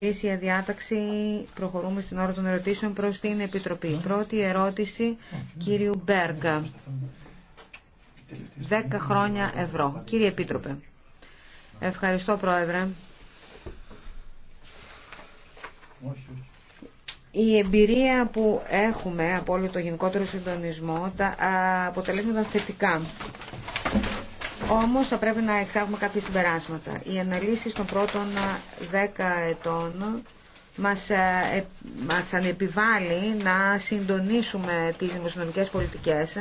η διάταξη προχωρούμε στην ώρα των ερωτήσεων προς την Επιτροπή. Πρώτη ερώτηση κύριου Μπέργκα. Δέκα χρόνια ευρώ. Κύριε Επίτροπε. Ευχαριστώ Πρόεδρε. Η εμπειρία που έχουμε από όλο το γενικότερο συντονισμό τα αποτελέσματα θετικά. Όμως θα πρέπει να εξάγουμε κάποια συμπεράσματα. Οι αναλύσεις των πρώτων 10 ετών μας, ε, ε, μας ανεπιβάλλει να συντονίσουμε τις δημοσιονομικές πολιτικές,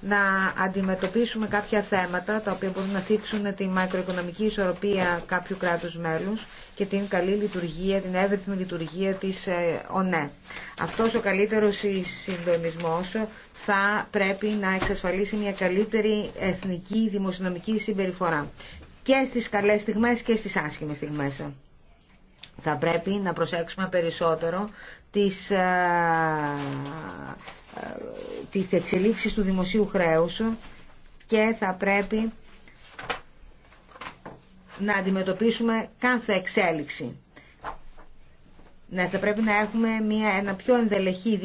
να αντιμετωπίσουμε κάποια θέματα τα οποία μπορούν να θίξουν τη μακροοικονομική ισορροπία κάποιου κράτους μέλους και την καλή λειτουργία, την εύρυθμη λειτουργία της ε, ΟΝΕ. Αυτός ο καλύτερος συντονισμός θα πρέπει να εξασφαλίσει μια καλύτερη εθνική δημοσιονομική συμπεριφορά και στις καλές στιγμές και στις άσχημες στιγμές. Θα πρέπει να προσέξουμε περισσότερο τις, ε, ε, τις εξελίξεις του δημοσίου χρέους και θα πρέπει να αντιμετωπίσουμε κάθε εξέλιξη. Ναι, θα πρέπει να έχουμε μια, ένα πιο ενδελεχή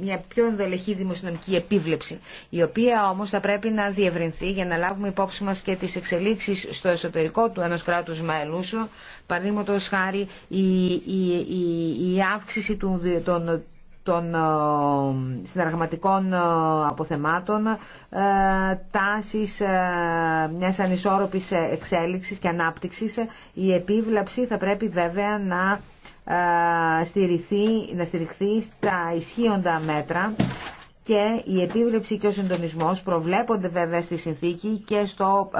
μια πιο ενδελεχή δημοσιονομική επίβλεψη, η οποία όμως θα πρέπει να διευρυνθεί για να λάβουμε υπόψη μας και τις εξελίξεις στο εσωτερικό του ενός κράτους μέλους, παραδείγματος χάρη η, η, η, η αύξηση του, των, των ε, συνεργαματικών ε, αποθεμάτων ε, τάσεις μιας ανισόρροπης εξέλιξης και ανάπτυξης. Η επίβλαψη θα πρέπει βέβαια να στηριχθεί, να στηριχθεί στα ισχύοντα μέτρα και η επίβλεψη και ο συντονισμός προβλέπονται βέβαια στη συνθήκη και στο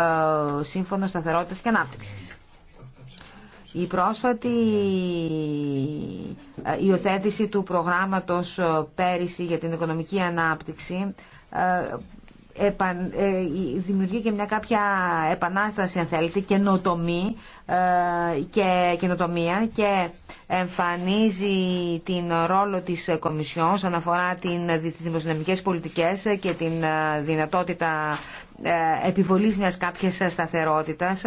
Σύμφωνο Σταθερότητας και Ανάπτυξης. Η πρόσφατη ε, υιοθέτηση του προγράμματος ε, πέρυσι για την οικονομική ανάπτυξη ε, δημιουργεί και μια κάποια επανάσταση αν θέλετε και καινοτομία και εμφανίζει την ρόλο της Κομισιόν αναφορά αφορά τις δημοσιονομικές πολιτικές και την ε, δυνατότητα ε, επιβολής μιας κάποιας σταθερότητας.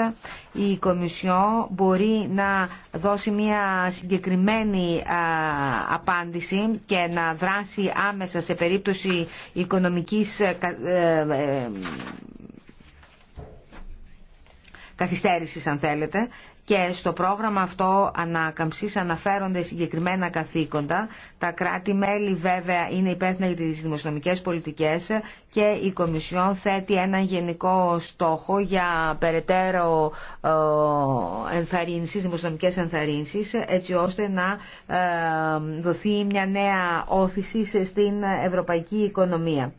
Η Κομισιόν μπορεί να δώσει μια συγκεκριμένη ε, απάντηση και να δράσει άμεσα σε περίπτωση οικονομικής καθυστέρησης αν θέλετε και στο πρόγραμμα αυτό ανάκαμψης αναφέρονται συγκεκριμένα καθήκοντα. Τα κράτη-μέλη βέβαια είναι υπεύθυνα για τις δημοσιονομικές πολιτικές και η Κομισιόν θέτει έναν γενικό στόχο για περαιτέρω ε, ενθαρρύνσεις, δημοσιονομικές ενθαρρύνσεις έτσι ώστε να ε, δοθεί μια νέα όθηση στην ευρωπαϊκή οικονομία.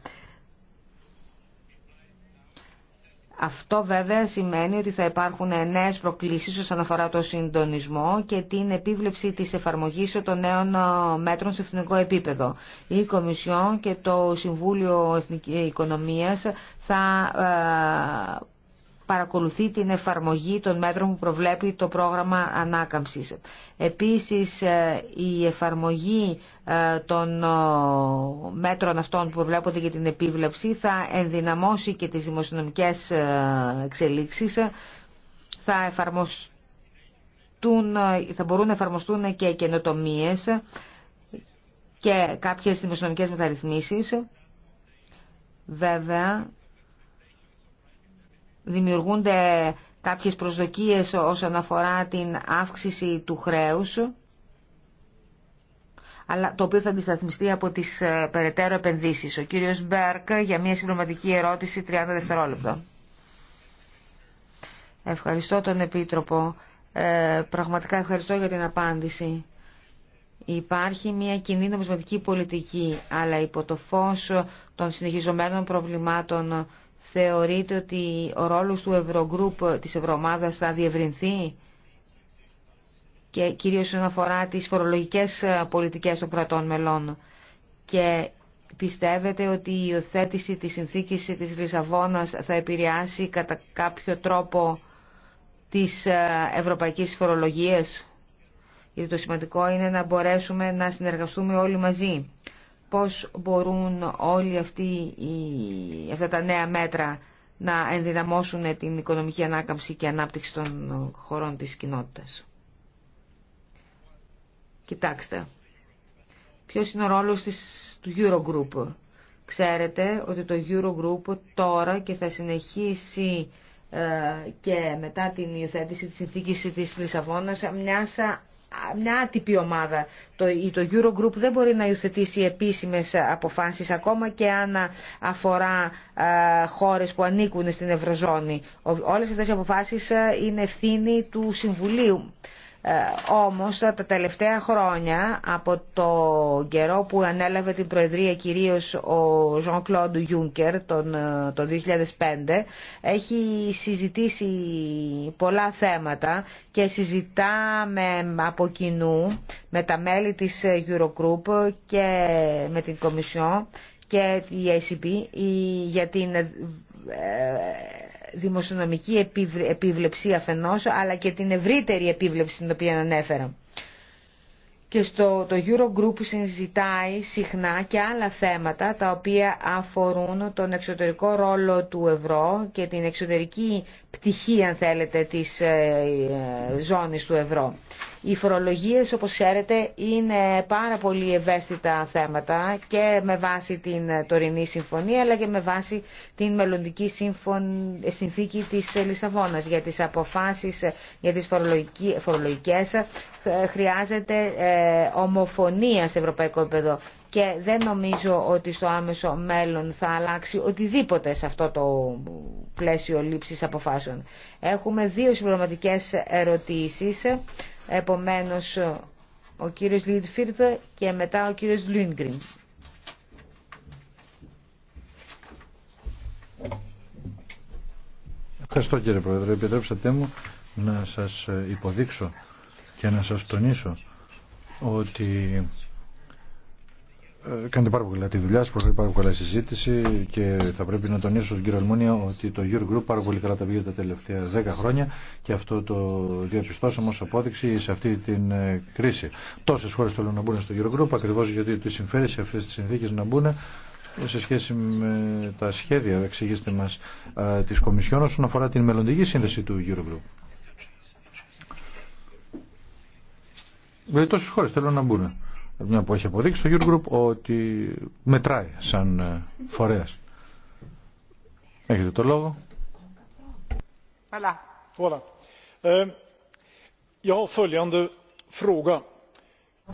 Αυτό βέβαια σημαίνει ότι θα υπάρχουν νέες προκλήσεις όσον αφορά το συντονισμό και την επίβλεψη της εφαρμογής των νέων ε, μέτρων σε εθνικό επίπεδο. Η Κομισιόν και το Συμβούλιο Εθνικής Οικονομίας θα ε, παρακολουθεί την εφαρμογή των μέτρων που προβλέπει το πρόγραμμα ανάκαμψης. Επίσης, ε, η εφαρμογή ε, των ε, μέτρων αυτών που προβλέπονται για την επίβλεψη θα ενδυναμώσει και τις δημοσιονομικές εξελίξεις, θα εφαρμοστούν, θα μπορούν να εφαρμοστούν και καινοτομίε και κάποιες δημοσιονομικές μεταρρυθμίσεις. Βέβαια, δημιουργούνται κάποιες προσδοκίες όσον αφορά την αύξηση του χρέους, αλλά το οποίο θα αντισταθμιστεί από τις ε, περαιτέρω επενδύσεις. Ο κύριος Μπέρκ για μια συγκροματική ερώτηση 30 δευτερόλεπτα. Ευχαριστώ τον Επίτροπο. Ε, πραγματικά ευχαριστώ για την απάντηση. Υπάρχει μια κοινή νομισματική πολιτική, αλλά υπό το φως των συνεχιζομένων προβλημάτων θεωρείτε ότι ο ρόλος του Ευρωγκρουπ της Ευρωομάδας θα διευρυνθεί και κυρίως όσον αφορά τις φορολογικές ε, πολιτικές των κρατών μελών και πιστεύετε ότι η υιοθέτηση της συνθήκης της Λισαβόνας θα επηρεάσει κατά κάποιο τρόπο τις ε, ευρωπαϊκής φορολογίες γιατί το σημαντικό είναι να μπορέσουμε να συνεργαστούμε όλοι μαζί πώς μπορούν όλοι αυτοί, αυτά τα νέα μέτρα να ενδυναμώσουν την οικονομική ανάκαμψη και ανάπτυξη των χωρών της κοινότητας. Κοιτάξτε, ποιος είναι ο ρόλος της, του Eurogroup. Ξέρετε ότι το Eurogroup τώρα και θα συνεχίσει ε, και μετά την υιοθέτηση της συνθήκης της Λισαβόνας μιας μια άτυπη ομάδα. Το, το Eurogroup δεν μπορεί να υιοθετήσει επίσημες αποφάσεις ακόμα και αν αφορά ε, χώρες που ανήκουν στην Ευρωζώνη. Όλες αυτές οι αποφάσεις ε, είναι ευθύνη του Συμβουλίου. Ε, όμως τα τελευταία χρόνια από το καιρό που ανέλαβε την Προεδρία κυρίως ο Ζων Κλοντ Γιούνκερ το 2005 έχει συζητήσει πολλά θέματα και συζητάμε από κοινού με τα μέλη της Eurogroup και με την Κομισιόν και η ACP για την ε, δημοσιονομική επίβλεψη αφενός, αλλά και την ευρύτερη επίβλεψη την οποία ανέφερα. Και στο το Eurogroup συζητάει συχνά και άλλα θέματα τα οποία αφορούν τον εξωτερικό ρόλο του ευρώ και την εξωτερική πτυχή, αν θέλετε, της ε, ε, ζώνης του ευρώ. Οι φορολογίες, όπως ξέρετε, είναι πάρα πολύ ευαίσθητα θέματα και με βάση την τωρινή συμφωνία, αλλά και με βάση την μελλοντική ε, συνθήκη της Λισαβόνας. Για τις αποφάσεις, ε, για τις φορολογικές, ε, χρειάζεται ομοφωνία σε ευρωπαϊκό επίπεδο και δεν νομίζω ότι στο άμεσο μέλλον θα αλλάξει οτιδήποτε σε αυτό το πλαίσιο λήψης αποφάσεων. Έχουμε δύο συμπληρωματικές ερωτήσεις Επομένως, ο κύριος Λίτφιρτ και μετά ο κύριος Λίνγκριν. Ευχαριστώ κύριε Πρόεδρε. Επιτρέψατε μου να σας υποδείξω και να σας τονίσω ότι ε, κάνετε πάρα πολύ τη δουλειά σα, προχωρεί πάρα πολύ καλά η συζήτηση και θα πρέπει να τονίσω στον κύριο Αλμούνια ότι το Eurogroup πάρα πολύ καλά τα πήγε τα τελευταία 10 χρόνια και αυτό το διαπιστώσαμε ω απόδειξη σε αυτή την ε, κρίση. Τόσε χώρε θέλουν να μπουν στο Eurogroup ακριβώ γιατί τι συμφέρει σε αυτέ τι συνθήκε να μπουν σε σχέση με τα σχέδια, εξηγήστε μα, ε, τη Κομισιόν όσον αφορά την μελλοντική σύνδεση του Eurogroup. Δηλαδή τόσε χώρε θέλουν να μπουν μια που έχει αποδείξει το Eurogroup ότι μετράει σαν ε, φορέας. Έχετε το λόγο. Ε,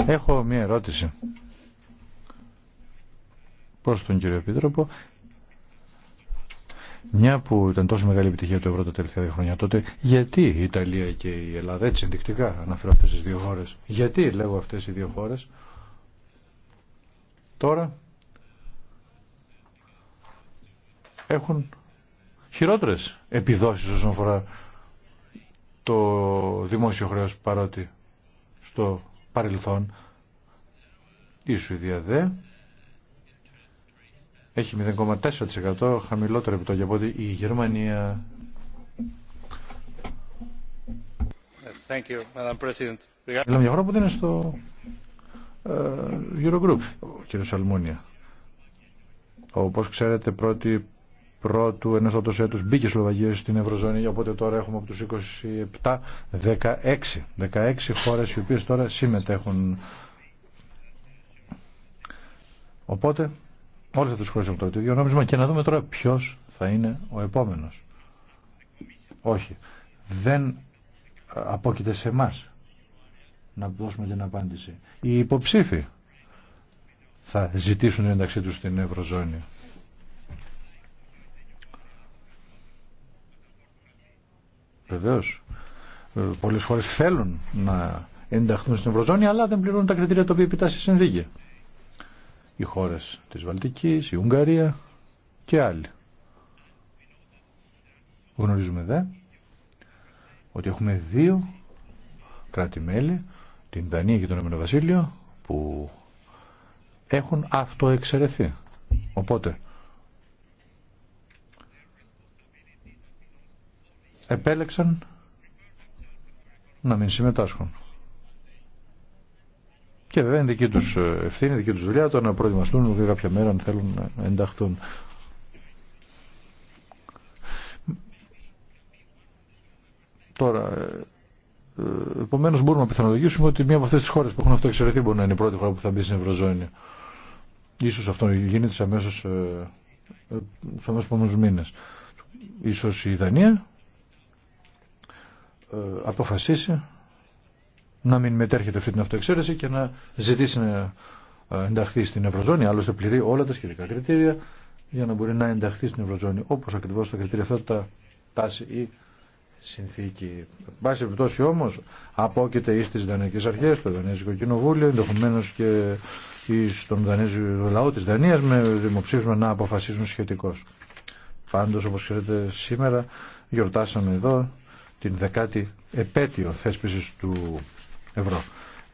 Έχω μια ερώτηση προς τον κύριο Επίτροπο. Μια που ήταν τόσο μεγάλη επιτυχία του ευρώ τα τελευταία δύο χρόνια τότε, γιατί η Ιταλία και η Ελλάδα έτσι ενδεικτικά αναφέρω αυτές τις δύο χώρες. Γιατί λέγω αυτές οι δύο χώρες τώρα έχουν χειρότερες επιδόσεις όσον αφορά το δημόσιο χρέος παρότι στο παρελθόν η Σουηδία δε έχει 0,4% χαμηλότερο επιτόκιο από η Γερμανία. Thank you, Madam Μιλάμε για που δεν είναι στο ε, Eurogroup. Ο κ. Σαλμούνια. Όπως ξέρετε πρώτη πρώτου ενό ότο έτου μπήκε η Σλοβαγία στην Ευρωζώνη, οπότε τώρα έχουμε από του 27 16. 16 χώρε οι οποίε τώρα συμμετέχουν. Οπότε όλε αυτέ τι χώρε έχουν το ίδιο νόμισμα και να δούμε τώρα ποιο θα είναι ο επόμενο. Όχι. Δεν απόκειται σε εμά να δώσουμε την απάντηση. Οι υποψήφοι θα ζητήσουν ένταξή τους στην Ευρωζώνη. Βεβαίω. Ε, Πολλέ χώρε θέλουν να ενταχθούν στην Ευρωζώνη, αλλά δεν πληρώνουν τα κριτήρια τα οποία επιτάσσει η συνθήκη. Οι χώρε τη Βαλτική, η Ουγγαρία και άλλοι. Γνωρίζουμε δε ότι έχουμε δύο κράτη-μέλη την Δανία και τον Ηνωμένο που έχουν αυτοεξαιρεθεί. Οπότε επέλεξαν να μην συμμετάσχουν. Και βέβαια είναι δική τους ε, ευθύνη, δική τους δουλειά το να προετοιμαστούν και κάποια μέρα αν θέλουν να ενταχθούν. Τώρα, ε, ε, Επομένω, μπορούμε να πιθανολογήσουμε ότι μία από αυτέ τι χώρε που έχουν αυτοεξαιρεθεί μπορεί να είναι η πρώτη χώρα που θα μπει στην Ευρωζώνη. σω αυτό γίνεται σε ε, αμέσω στου επόμενου μήνε. σω η Δανία ε, αποφασίσει να μην μετέρχεται αυτή την αυτοεξαίρεση και να ζητήσει να ενταχθεί στην Ευρωζώνη. Άλλωστε πληρεί όλα τα σχετικά κριτήρια για να μπορεί να ενταχθεί στην Ευρωζώνη. Όπω ακριβώ τα κριτήρια αυτά τα τάση συνθήκη. Πάση επιπτώσει όμως απόκειται ή στι Δανεικές αρχέ, το Δανέζικο Κοινοβούλιο, ενδεχομένω και στον Δανέζικο λαό τη Δανία, με δημοψήφισμα να αποφασίσουν σχετικώ. Πάντως όπω ξέρετε σήμερα γιορτάσαμε εδώ την δεκάτη επέτειο θέσπιση του ευρώ.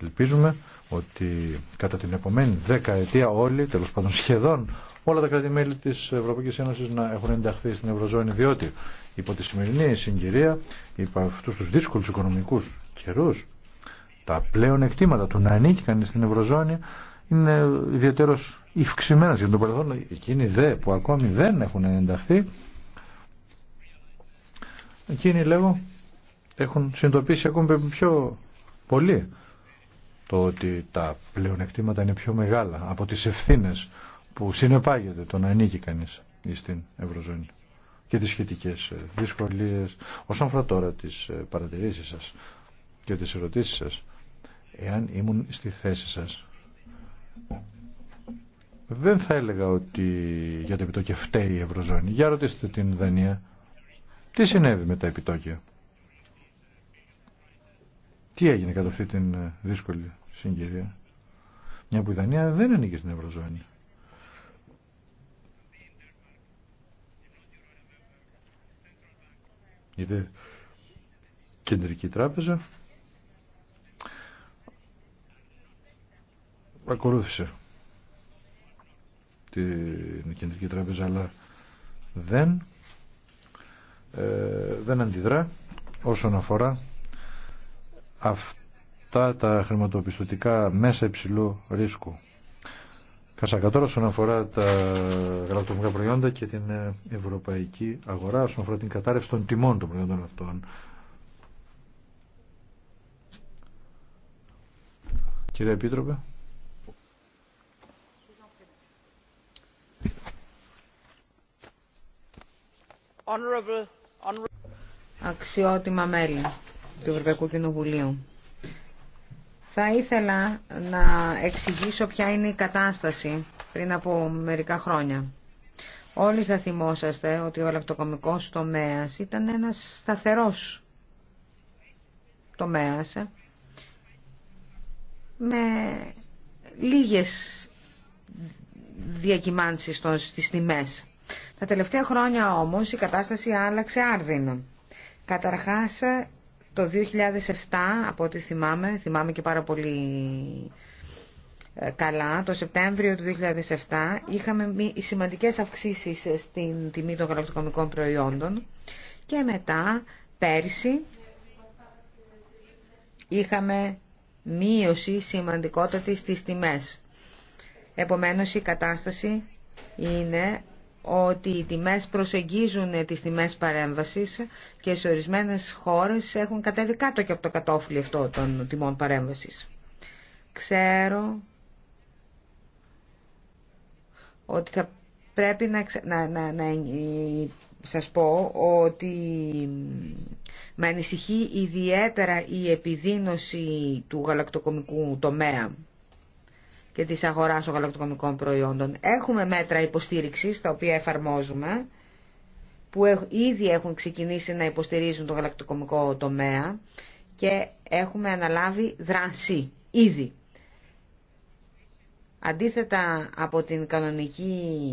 Ελπίζουμε ότι κατά την επομένη ετία όλοι, τέλο πάντων σχεδόν όλα τα κράτη-μέλη τη Ευρωπαϊκή Ένωση να έχουν ενταχθεί στην Ευρωζώνη, διότι υπό τη σημερινή συγκυρία, υπό αυτού του δύσκολου οικονομικούς καιρού, τα πλέον εκτίματα του να ανήκει κανεί στην Ευρωζώνη είναι ιδιαίτερω υυξημένα για τον παρελθόν. Εκείνοι δε που ακόμη δεν έχουν ενταχθεί, εκείνοι λέγω έχουν συνειδητοποιήσει ακόμη πιο πολύ το ότι τα πλεονεκτήματα είναι πιο μεγάλα από τις ευθύνες που συνεπάγεται το να ανήκει κανείς στην Ευρωζώνη και τις σχετικές ε, δυσκολίες. Όσον αφορά τώρα τις ε, παρατηρήσεις σας και τις ερωτήσεις σας, εάν ήμουν στη θέση σας, δεν θα έλεγα ότι για το επιτόκια φταίει η Ευρωζώνη. Για ρωτήστε την Δανία. Τι συνέβη με τα επιτόκια. Τι έγινε κατά αυτή την ε, δύσκολη συγκυρία. Μια που η Δανία δεν ανήκει στην Ευρωζώνη. Είδε κεντρική τράπεζα. Ακολούθησε την κεντρική τράπεζα αλλά δεν ε, δεν αντιδρά όσον αφορά αυτά τα χρηματοπιστωτικά μέσα υψηλού ρίσκου. Κασάκα. Τώρα όσον αφορά τα γαλακτοκομικά προϊόντα και την ε, ευρωπαϊκή αγορά, όσον αφορά την κατάρρευση των τιμών των προϊόντων αυτών. Κύριε Επίτροπε. Αξιότιμα μέλη του Ευρωπαϊκού Κοινοβουλίου. Θα ήθελα να εξηγήσω ποια είναι η κατάσταση πριν από μερικά χρόνια. Όλοι θα θυμόσαστε ότι ο λακτοκομικός τομέας ήταν ένας σταθερός τομέας με λίγες διακυμάνσεις στις τιμές. Τα τελευταία χρόνια όμως η κατάσταση άλλαξε άρδινα. Καταρχάς το 2007, από ό,τι θυμάμαι, θυμάμαι και πάρα πολύ ε, καλά, το Σεπτέμβριο του 2007 είχαμε σημαντικές αυξήσεις στην τιμή των γαλακτοκομικών προϊόντων και μετά πέρσι είχαμε μείωση σημαντικότητα στις τιμές. Επομένως η κατάσταση είναι ότι οι τιμές προσεγγίζουν τις τιμές παρέμβασης και σε ορισμένες χώρες έχουν κατέβει κάτω και από το κατόφλι αυτό των τιμών παρέμβασης. Ξέρω ότι θα πρέπει να, να, να σας πω ότι με ανησυχεί ιδιαίτερα η επιδείνωση του γαλακτοκομικού τομέα και της αγοράς των γαλακτοκομικών προϊόντων. Έχουμε μέτρα υποστήριξης, τα οποία εφαρμόζουμε, που ήδη έχουν ξεκινήσει να υποστηρίζουν το γαλακτοκομικό τομέα και έχουμε αναλάβει δράση ήδη. Αντίθετα από την κανονική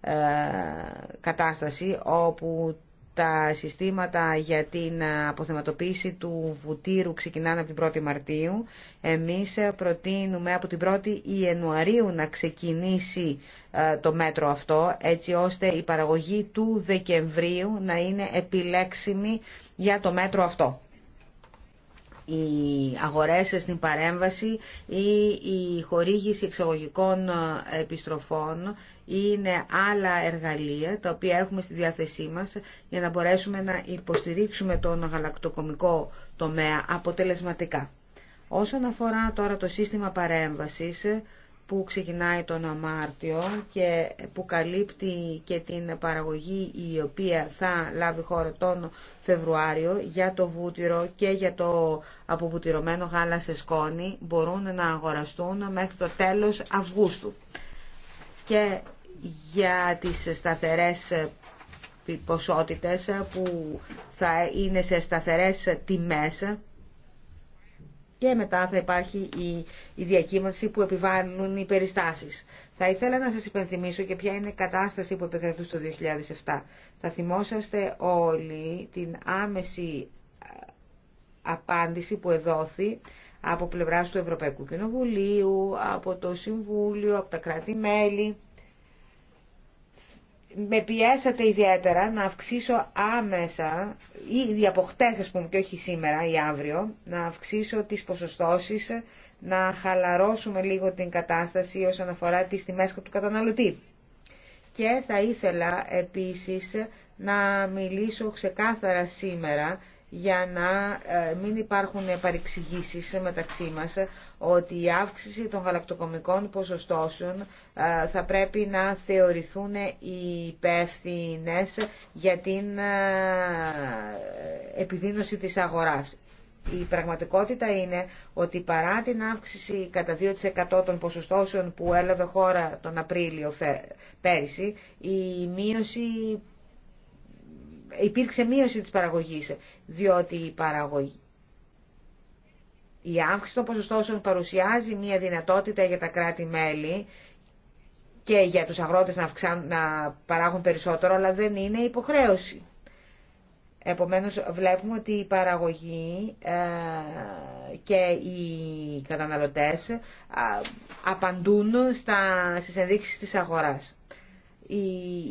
ε, κατάσταση όπου τα συστήματα για την αποθεματοποίηση του βουτύρου ξεκινάνε από την 1η Μαρτίου. Εμείς προτείνουμε από την 1η Ιανουαρίου να ξεκινήσει ε, το μέτρο αυτό, έτσι ώστε η παραγωγή του Δεκεμβρίου να είναι επιλέξιμη για το μέτρο αυτό οι αγορές στην παρέμβαση ή η χορήγηση εξαγωγικών επιστροφών είναι άλλα εργαλεία τα οποία έχουμε στη διάθεσή μας για να μπορέσουμε να υποστηρίξουμε τον γαλακτοκομικό τομέα αποτελεσματικά. Όσον αφορά τώρα το σύστημα παρέμβασης που ξεκινάει τον Μάρτιο και που καλύπτει και την παραγωγή η οποία θα λάβει χώρο τον Φεβρουάριο για το βούτυρο και για το αποβουτυρωμένο γάλα σε σκόνη μπορούν να αγοραστούν μέχρι το τέλος Αυγούστου. Και για τις σταθερές ποσότητες που θα είναι σε σταθερές τιμές και μετά θα υπάρχει η, η διακύμανση που επιβάλλουν οι περιστάσεις. Θα ήθελα να σας υπενθυμίσω και ποια είναι η κατάσταση που επικρατούσε το 2007. Θα θυμόσαστε όλοι την άμεση ε, απάντηση που εδόθη από πλευράς του Ευρωπαϊκού Κοινοβουλίου, από το Συμβούλιο, από τα κράτη-μέλη με πιέσατε ιδιαίτερα να αυξήσω άμεσα, ή από χτες ας πούμε και όχι σήμερα ή αύριο, να αυξήσω τις ποσοστώσεις, να χαλαρώσουμε λίγο την κατάσταση όσον αφορά τις τιμές του καταναλωτή. Και θα ήθελα επίσης να μιλήσω ξεκάθαρα σήμερα για να ε, μην υπάρχουν παρεξηγήσεις μεταξύ μας ότι η αύξηση των γαλακτοκομικών ποσοστώσεων ε, θα πρέπει να θεωρηθούν οι υπεύθυνε για την ε, επιδείνωση της αγοράς. Η πραγματικότητα είναι ότι παρά την αύξηση κατά 2% των ποσοστώσεων που έλαβε χώρα τον Απρίλιο πέρυσι, η μείωση υπήρξε μείωση της παραγωγής, διότι η παραγωγή, η αύξηση των ποσοστώσεων παρουσιάζει μια δυνατότητα για τα κράτη-μέλη και για τους αγρότες να, να παράγουν περισσότερο, αλλά δεν είναι υποχρέωση. Επομένως βλέπουμε ότι η παραγωγή ε, και οι καταναλωτές ε, απαντούν στα, στις ενδείξεις της αγοράς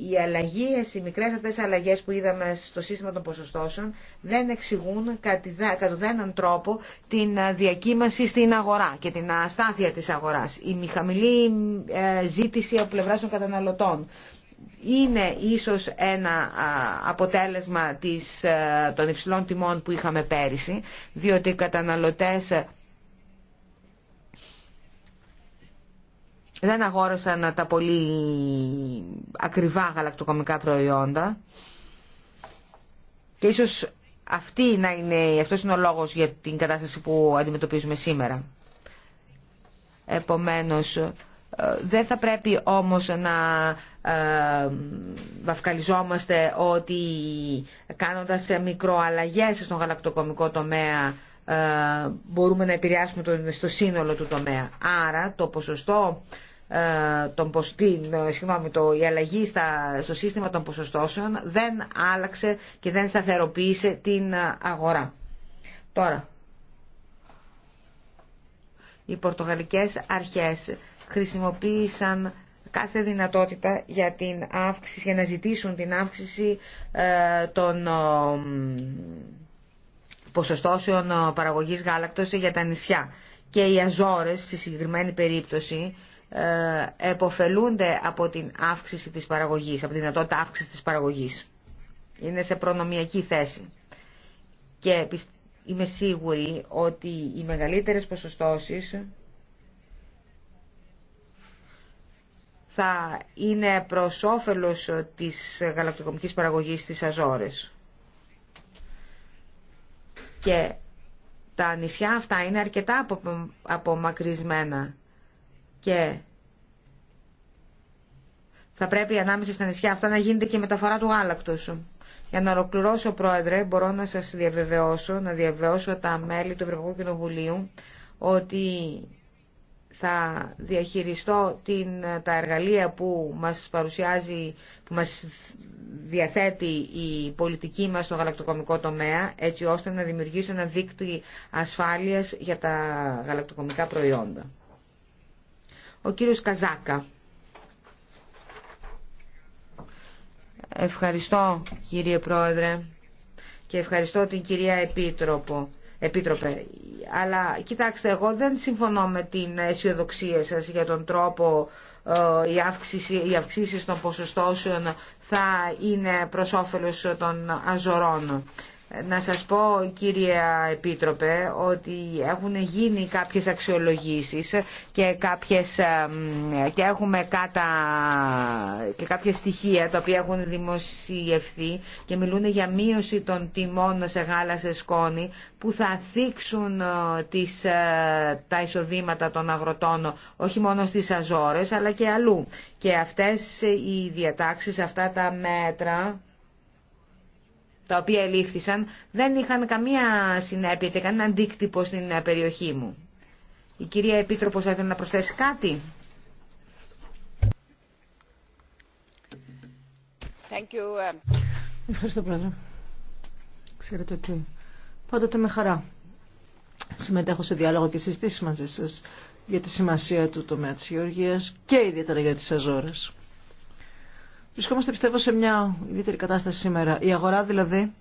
οι αλλαγές, οι μικρές αυτές αλλαγές που είδαμε στο σύστημα των ποσοστώσεων δεν εξηγούν κατά έναν τρόπο την ε, διακύμαση στην αγορά και την αστάθεια της αγοράς. Η μη χαμηλή ε, ζήτηση από πλευρά των καταναλωτών είναι ίσως ένα αποτέλεσμα της, ε, των υψηλών τιμών που είχαμε πέρυσι, διότι οι καταναλωτές δεν αγόρασαν τα πολύ ακριβά γαλακτοκομικά προϊόντα και ίσως αυτή να είναι, αυτός είναι ο λόγος για την κατάσταση που αντιμετωπίζουμε σήμερα. Επομένως, ε, δεν θα πρέπει όμως να ε, βαφκαλιζόμαστε ότι κάνοντας μικροαλλαγές στον γαλακτοκομικό τομέα ε, μπορούμε να επηρεάσουμε το, στο σύνολο του τομέα. Άρα το ποσοστό ε, ε, συγγνώμη, το, η αλλαγή στο σύστημα των ποσοστώσεων δεν άλλαξε και δεν σταθεροποίησε την ε, αγορά. Τώρα, οι πορτογαλικές αρχές χρησιμοποίησαν κάθε δυνατότητα για την αύξηση, για να ζητήσουν την αύξηση των ποσοστώσεων παραγωγής γάλακτος για τα νησιά. Και οι Αζόρες, στη συγκεκριμένη περίπτωση, ε, εποφελούνται από την αύξηση της παραγωγής, από τη δυνατότητα αύξηση της παραγωγής. Είναι σε προνομιακή θέση. Και είμαι σίγουρη ότι οι μεγαλύτερες ποσοστώσεις θα είναι προς όφελος της γαλακτοκομικής παραγωγής της Αζόρες. Και τα νησιά αυτά είναι αρκετά απομακρυσμένα και θα πρέπει ανάμεσα στα νησιά αυτά να γίνεται και η μεταφορά του γάλακτος. Για να ολοκληρώσω, Πρόεδρε, μπορώ να σας διαβεβαιώσω, να διαβεβαιώσω τα μέλη του Ευρωπαϊκού Κοινοβουλίου ότι θα διαχειριστώ την, τα εργαλεία που μας παρουσιάζει, που μας διαθέτει η πολιτική μας στο γαλακτοκομικό τομέα, έτσι ώστε να δημιουργήσω ένα δίκτυο ασφάλειας για τα γαλακτοκομικά προϊόντα. Ο κύριος Καζάκα. Ευχαριστώ κύριε Πρόεδρε και ευχαριστώ την κυρία Επίτροπο. Επίτροπε. Αλλά κοιτάξτε, εγώ δεν συμφωνώ με την αισιοδοξία σας για τον τρόπο ε, η αύξηση, οι αυξήσεις των ποσοστώσεων θα είναι προς όφελος των αζωρών να σας πω κυρία Επίτροπε ότι έχουν γίνει κάποιες αξιολογήσεις και, κάποιες, και έχουμε κάτα, και κάποια στοιχεία τα οποία έχουν δημοσιευθεί και μιλούν για μείωση των τιμών σε γάλα σε σκόνη που θα θίξουν ε, τις, ε, τα εισοδήματα των αγροτών όχι μόνο στις Αζόρες αλλά και αλλού. Και αυτές οι διατάξεις, αυτά τα μέτρα τα οποία ελήφθησαν δεν είχαν καμία συνέπεια και κανένα αντίκτυπο στην ε, περιοχή μου. Η κυρία Επίτροπος θα ήθελε να προσθέσει κάτι. Thank you. Ε. Ευχαριστώ πρόεδρε. Ξέρετε ότι πάντοτε με χαρά συμμετέχω σε διάλογο και συζητήσεις μαζί σας για τη σημασία του τομέα της γεωργίας και ιδιαίτερα για τις αζόρες. Βρισκόμαστε πιστεύω σε μια ιδιαίτερη κατάσταση σήμερα. Η αγορά δηλαδή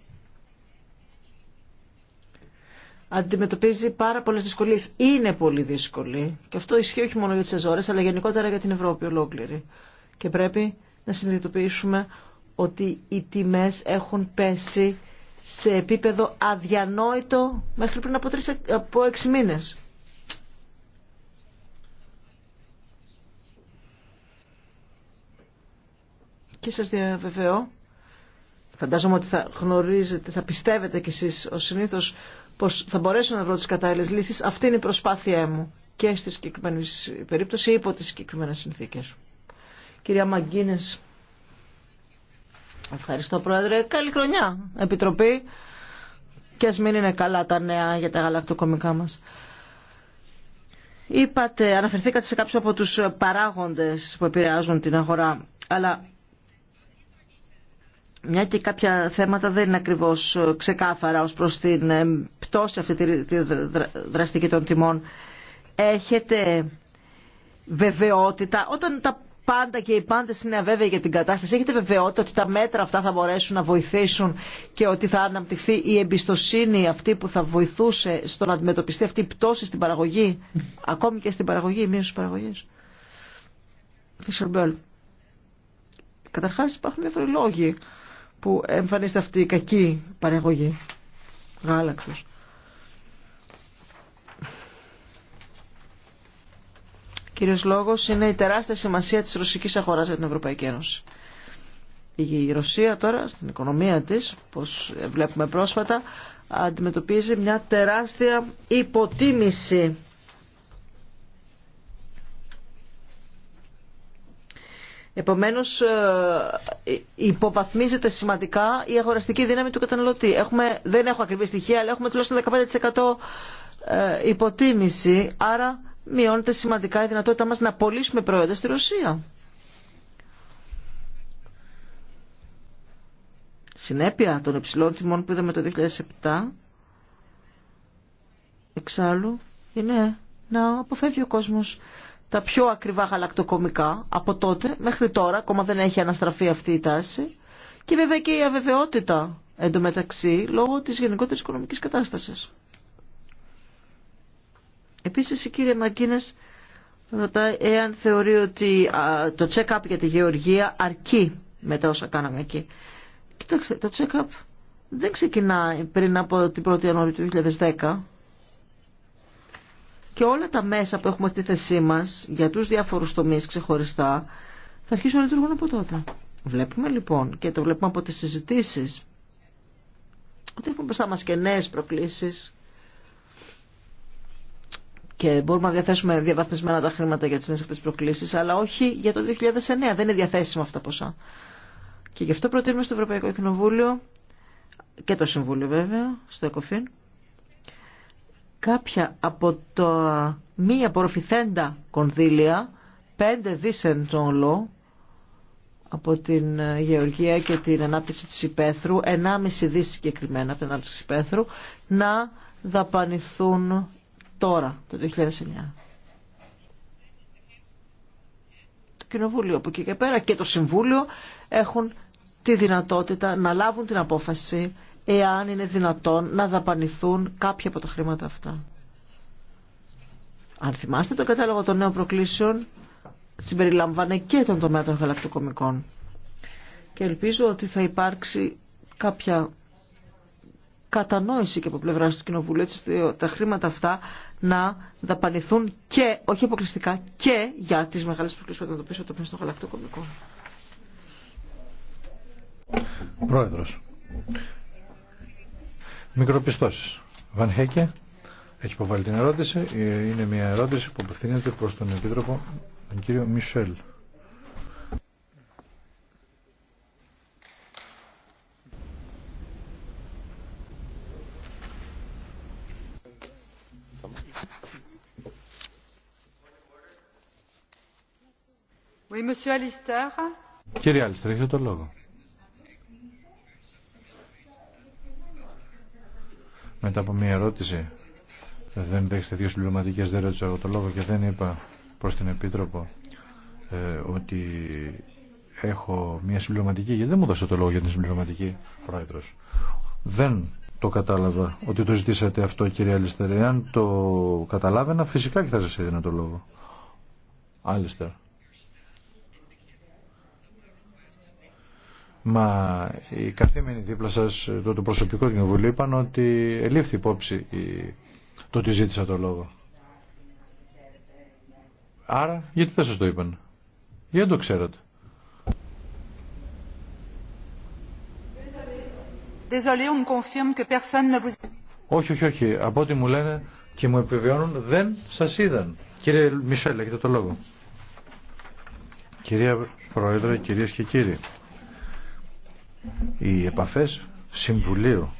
αντιμετωπίζει πάρα πολλές δυσκολίες. Είναι πολύ δύσκολη και αυτό ισχύει όχι μόνο για τις Αζόρες αλλά γενικότερα για την Ευρώπη ολόκληρη. Και πρέπει να συνειδητοποιήσουμε ότι οι τιμές έχουν πέσει σε επίπεδο αδιανόητο μέχρι πριν από, τρεις, από έξι μήνες. και σας διαβεβαιώ, φαντάζομαι ότι θα γνωρίζετε, θα πιστεύετε κι εσείς ως συνήθως, πως θα μπορέσω να βρω τις κατάλληλες λύσεις. Αυτή είναι η προσπάθειά μου και στη συγκεκριμένη περίπτωση υπό τις συγκεκριμένε συνθήκες. Κυρία Μαγκίνες, ευχαριστώ Πρόεδρε. Καλή χρονιά, Επιτροπή. Και ας μην είναι καλά τα νέα για τα γαλακτοκομικά μας. Είπατε, αναφερθήκατε σε κάποιους από τους παράγοντες που επηρεάζουν την αγορά, αλλά μια και κάποια θέματα δεν είναι ακριβώς ξεκάθαρα ως προς την ε, πτώση αυτή τη δραστική των τιμών. Έχετε βεβαιότητα, όταν τα πάντα και οι πάντε είναι αβέβαιοι για την κατάσταση. Έχετε βεβαιότητα ότι τα μέτρα αυτά θα μπορέσουν να βοηθήσουν και ότι θα αναπτυχθεί η εμπιστοσύνη αυτή που θα βοηθούσε στο να αντιμετωπιστεί αυτή η πτώση στην παραγωγή, ακόμη και στην παραγωγή, η μείωση τη παραγωγή. υπάρχουν διάφοροι λόγοι που εμφανίζεται αυτή η κακή παραγωγή γάλακτος. Κύριος λόγος είναι η τεράστια σημασία της ρωσικής αγοράς για την Ευρωπαϊκή Ένωση. Η Ρωσία τώρα στην οικονομία της, όπως βλέπουμε πρόσφατα, αντιμετωπίζει μια τεράστια υποτίμηση Επομένως ε, υποβαθμίζεται σημαντικά η αγοραστική δύναμη του καταναλωτή. Έχουμε, δεν έχω ακριβή στοιχεία, αλλά έχουμε τουλάχιστον 15% ε, υποτίμηση, άρα μειώνεται σημαντικά η δυνατότητά μας να πωλήσουμε προϊόντα στη Ρωσία. Συνέπεια των υψηλών τιμών που είδαμε το 2007, εξάλλου, είναι να αποφεύγει ο κόσμος τα πιο ακριβά γαλακτοκομικά από τότε μέχρι τώρα, ακόμα δεν έχει αναστραφεί αυτή η τάση και βέβαια και η αβεβαιότητα εντωμεταξύ λόγω της γενικότερη οικονομικής κατάστασης. Επίσης η κύριε Μακίνες ρωτάει εάν θεωρεί ότι το check-up για τη γεωργία αρκεί μετά όσα κάναμε εκεί. Κοιτάξτε, το check-up δεν ξεκινάει πριν από την 1η Ιανουαρίου του 2010 και όλα τα μέσα που έχουμε στη θέσή μα για του διαφορου τομεί ξεχωριστά θα αρχίσουν να λειτουργούν από τότε. Βλέπουμε λοιπόν και το βλέπουμε από τι συζητήσει ότι έχουμε μπροστά μα και νέε προκλήσει. και μπορούμε να διαθέσουμε διαβαθμισμένα τα χρήματα για τι νέε αυτέ προκλήσεις αλλά όχι για το 2009, δεν είναι διαθέσιμα αυτά ποσά. Και γι' αυτό προτείνουμε στο Ευρωπαϊκό Κοινοβούλιο και το Συμβούλιο βέβαια, στο ΕΚΟΦΗΝ, κάποια από τα μη απορροφηθέντα κονδύλια, 5 δίσεν από την ε, γεωργία και την ανάπτυξη της υπαίθρου, 1,5 δις συγκεκριμένα από την ανάπτυξη της υπαίθρου, να δαπανηθούν τώρα, το 2009. Το Κοινοβούλιο από εκεί και πέρα και το Συμβούλιο έχουν τη δυνατότητα να λάβουν την απόφαση εάν είναι δυνατόν να δαπανηθούν κάποια από τα χρήματα αυτά. Αν θυμάστε το κατάλογο των νέων προκλήσεων, συμπεριλαμβάνε και τον τομέα των γαλακτοκομικών. Και ελπίζω ότι θα υπάρξει κάποια κατανόηση και από πλευρά του Κοινοβουλίου, έτσι τα χρήματα αυτά να δαπανηθούν και, όχι αποκλειστικά, και για τις μεγάλες προκλήσεις που αντιμετωπίσουν το πνεύμα των γαλακτοκομικών. Μικροπιστώσει. Βαν Χέκε, έχει υποβάλει την ερώτηση. Ε, είναι μια ερώτηση που απευθύνεται προ τον Επίτροπο, τον κύριο Μισελ. Κύριε Άλιστερ, έχετε το λόγο. μετά από μία ερώτηση. Δεν δέχεστε δύο συμπληρωματικέ, δεν ρώτησα εγώ το λόγο και δεν είπα προ την Επίτροπο ε, ότι έχω μία συμπληρωματική, γιατί δεν μου δώσε το λόγο για την συμπληρωματική, Πρόεδρο. Δεν το κατάλαβα ότι το ζητήσατε αυτό, κύριε Αλιστερ. Αν το καταλάβαινα, φυσικά και θα σα έδινα το λόγο. Άλιστερ. Μα οι καθήμενοι δίπλα σα το, το προσωπικό κοινοβουλίο, είπαν ότι ελήφθη υπόψη το ότι ζήτησα το λόγο. Άρα, γιατί δεν σα το είπαν. Γιατί δεν το ξέρατε. Όχι, όχι, όχι. Από ό,τι μου λένε και μου επιβεβαιώνουν, δεν σα είδαν. Κύριε Μισελ, έχετε το λόγο. Κυρία Πρόεδρε, κυρίε και κύριοι οι επαφές Συμβουλίου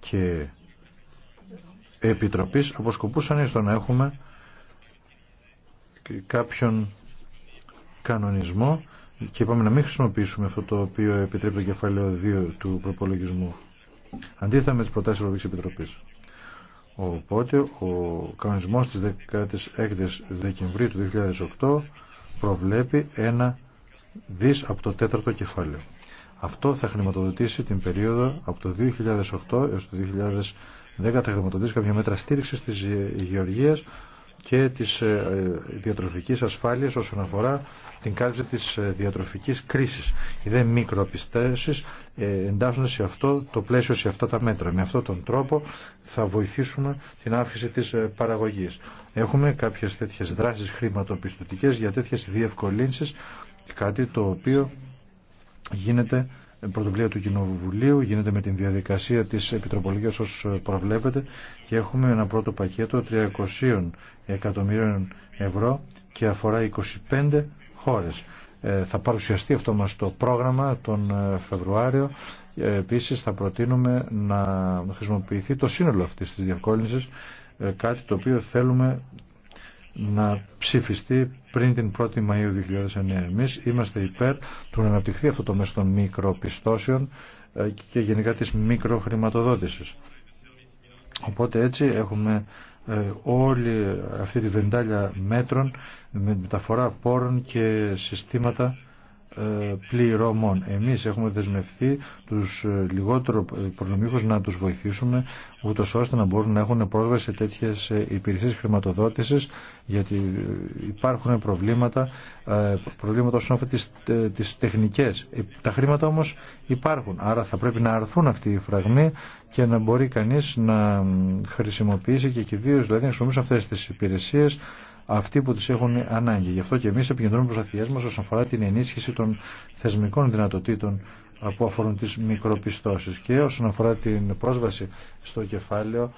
και Επιτροπής αποσκοπούσαν στο να έχουμε κάποιον κανονισμό και είπαμε να μην χρησιμοποιήσουμε αυτό το οποίο επιτρέπει το κεφάλαιο 2 του προπολογισμού. Αντίθετα με τις προτάσεις της Επιτροπής. Οπότε ο κανονισμός της 16ης Δεκεμβρίου του 2008 προβλέπει ένα δις από το τέταρτο κεφάλαιο. Αυτό θα χρηματοδοτήσει την περίοδο από το 2008 έως το 2010 θα χρηματοδοτήσει κάποια μέτρα στήριξης της γεωργίας και της ε, διατροφικής ασφάλειας όσον αφορά την κάλυψη της ε, διατροφικής κρίσης. Οι δε μικροαπιστέσεις ε, εντάσσονται σε αυτό το πλαίσιο, σε αυτά τα μέτρα. Με αυτόν τον τρόπο θα βοηθήσουμε την αύξηση της παραγωγής. Έχουμε κάποιες τέτοιες δράσεις χρηματοπιστωτικές για τέτοιες διευκολύνσεις, κάτι το οποίο γίνεται πρωτοβουλία του Κοινοβουλίου, γίνεται με την διαδικασία της Επιτροπολογίας όσο προβλέπετε και έχουμε ένα πρώτο πακέτο 300 εκατομμύριων ευρώ και αφορά 25 χώρες. Ε, θα παρουσιαστεί αυτό μας το πρόγραμμα τον ε, Φεβρουάριο. Ε, επίσης θα προτείνουμε να χρησιμοποιηθεί το σύνολο αυτής της διευκόλυνσης, κάτι το οποίο θέλουμε να ψηφιστεί πριν την 1η Μαΐου 2009. Εμείς είμαστε υπέρ του να αναπτυχθεί αυτό το μέσο των μικροπιστώσεων ε, και γενικά της μικροχρηματοδότησης. Οπότε έτσι έχουμε ε, όλη αυτή τη βεντάλια μέτρων με μεταφορά πόρων και συστήματα ε, πληρωμών. Εμείς έχουμε δεσμευθεί τους ε, λιγότερο προνομίχους να τους βοηθήσουμε ούτως ώστε να μπορούν να έχουν πρόσβαση σε τέτοιες ε, υπηρεσίες χρηματοδότησης γιατί υπάρχουν προβλήματα, προβλήματα όσον αφορά τις, τεχνικές. Τα χρήματα όμως υπάρχουν, άρα θα πρέπει να αρθούν αυτοί οι φραγμοί και να μπορεί κανείς να χρησιμοποιήσει και κυρίως δηλαδή να χρησιμοποιήσει αυτές τις υπηρεσίες αυτοί που τις έχουν ανάγκη. Γι' αυτό και εμείς επικεντρώνουμε προσπαθειές μας όσον αφορά την ενίσχυση των θεσμικών δυνατοτήτων που αφορούν τις μικροπιστώσεις και όσον αφορά την πρόσβαση στο κεφάλαιο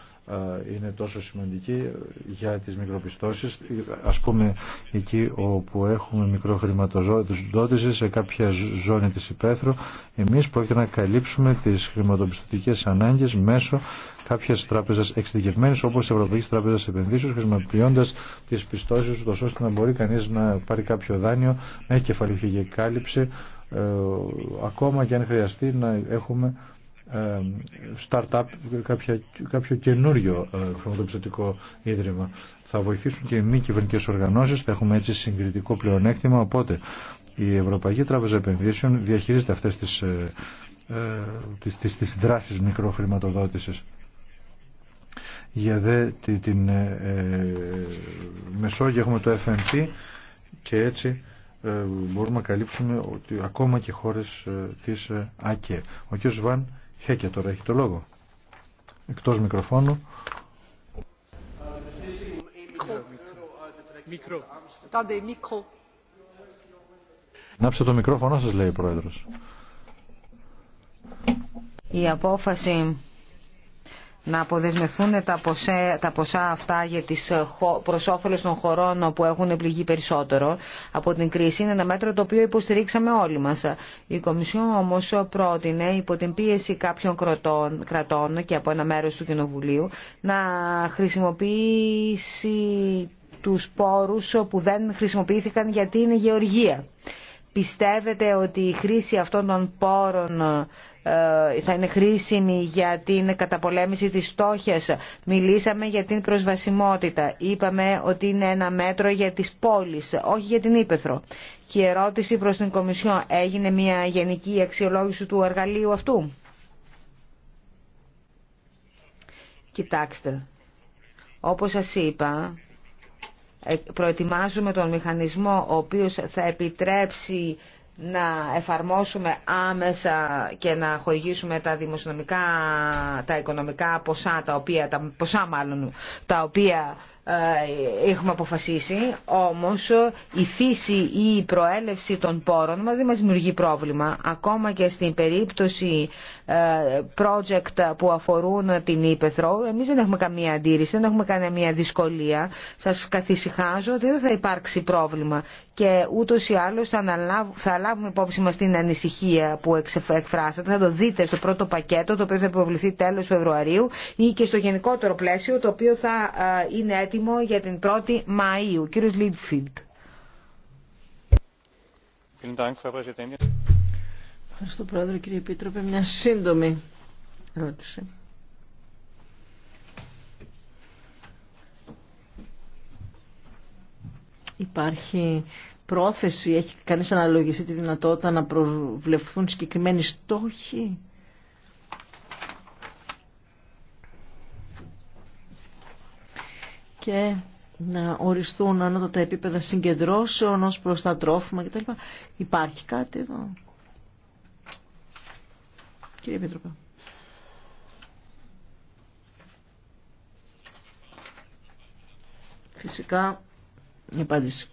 είναι τόσο σημαντική για τις μικροπιστώσεις ας πούμε εκεί όπου έχουμε μικροχρηματοδότηση σε κάποια ζώνη της υπαίθρου εμείς πρόκειται να καλύψουμε τις χρηματοπιστωτικές ανάγκες μέσω Κάποιε τράπεζες εξειδικευμένε όπω η Ευρωπαϊκή Τράπεζα Επενδύσεων χρησιμοποιώντα τι πιστώσει, τους ώστε να μπορεί κανεί να πάρει κάποιο δάνειο, να έχει και κάλυψη ε, ακόμα και αν χρειαστεί να έχουμε ε, startup, κάποιο καινούριο ε, χρηματοπιστωτικό ίδρυμα. Θα βοηθήσουν και οι μη κυβερνητικέ οργανώσει, θα έχουμε έτσι συγκριτικό πλεονέκτημα. Οπότε η Ευρωπαϊκή Τράπεζα Επενδύσεων διαχειρίζεται αυτέ τι ε, τις, τις, τις δράσεις μικροχρηματοδότησης. Για δε την ε, ε, Μεσόγειο έχουμε το FMP και έτσι ε, μπορούμε να καλύψουμε ότι ακόμα και χώρες της ΑΚΕ. Ο κ. Βαν χέκια τώρα έχει το λόγο. Εκτός μικροφώνου. Μικρό. Νάψε το μικρόφωνο σας λέει ο Πρόεδρος. Η απόφαση να αποδεσμευθούν τα ποσά, τα ποσά αυτά για τις, ε, προς των χωρών που έχουν πληγεί περισσότερο από την κρίση είναι ένα μέτρο το οποίο υποστηρίξαμε όλοι μας. Η Κομισιόν όμως πρότεινε υπό την πίεση κάποιων κρατών, κρατών και από ένα μέρος του Κοινοβουλίου να χρησιμοποιήσει τους πόρους που δεν χρησιμοποιήθηκαν γιατί είναι γεωργία. Πιστεύετε ότι η χρήση αυτών των πόρων ε, θα είναι χρήσιμη για την καταπολέμηση της φτώχειας. Μιλήσαμε για την προσβασιμότητα. Είπαμε ότι είναι ένα μέτρο για τις πόλεις, όχι για την Ήπεθρο. Και η ερώτηση προς την Κομισιόν έγινε μια γενική αξιολόγηση του εργαλείου αυτού. Κοιτάξτε, όπως σας είπα, προετοιμάζουμε τον μηχανισμό ο οποίος θα επιτρέψει να εφαρμόσουμε άμεσα και να χορηγήσουμε τα δημοσιονομικά, τα οικονομικά ποσά, τα οποία, τα ποσά μάλλον, τα οποία ε, έχουμε αποφασίσει, όμως η φύση ή η προέλευση των πόρων μα δεν μας δημιουργεί πρόβλημα. Ακόμα και στην περίπτωση ε, project που αφορούν την Ήπεθρο, εμείς δεν έχουμε καμία αντίρρηση, δεν έχουμε καμία δυσκολία. Σας καθησυχάζω ότι δεν θα υπάρξει πρόβλημα και ούτως ή άλλως θα, λάβουμε υπόψη μας την ανησυχία που εκφράσατε, θα το δείτε στο πρώτο πακέτο το οποίο θα υποβληθεί τέλος Φεβρουαρίου ή και στο γενικότερο πλαίσιο το οποίο θα ε, είναι έτοιμο έτοιμο για την 1η Μαΐου. Κύριος Λίμπφιλτ. Ευχαριστώ Πρόεδρε κύριε Επίτροπε. Μια σύντομη ερώτηση. Υπάρχει πρόθεση, έχει κανείς αναλογιστεί τη δυνατότητα να προβλεφθούν συγκεκριμένοι στόχοι και να οριστούν ανώτατα επίπεδα συγκεντρώσεων ως προς τα τρόφιμα κτλ. Υπάρχει κάτι εδώ. Κύριε Πίτροπε. Φυσικά, η απάντηση.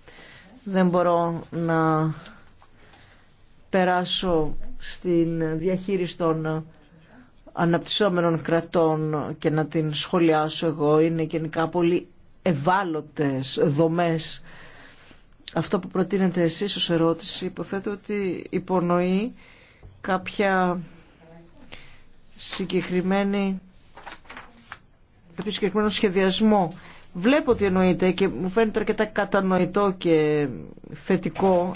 Δεν μπορώ να περάσω στην διαχείριση των αναπτυσσόμενων κρατών και να την σχολιάσω εγώ. Είναι γενικά πολύ ευάλωτες δομές. Αυτό που προτείνετε εσείς ως ερώτηση υποθέτω ότι υπονοεί κάποια συγκεκριμένη κάποιο συγκεκριμένο σχεδιασμό. Βλέπω ότι εννοείται και μου φαίνεται αρκετά κατανοητό και θετικό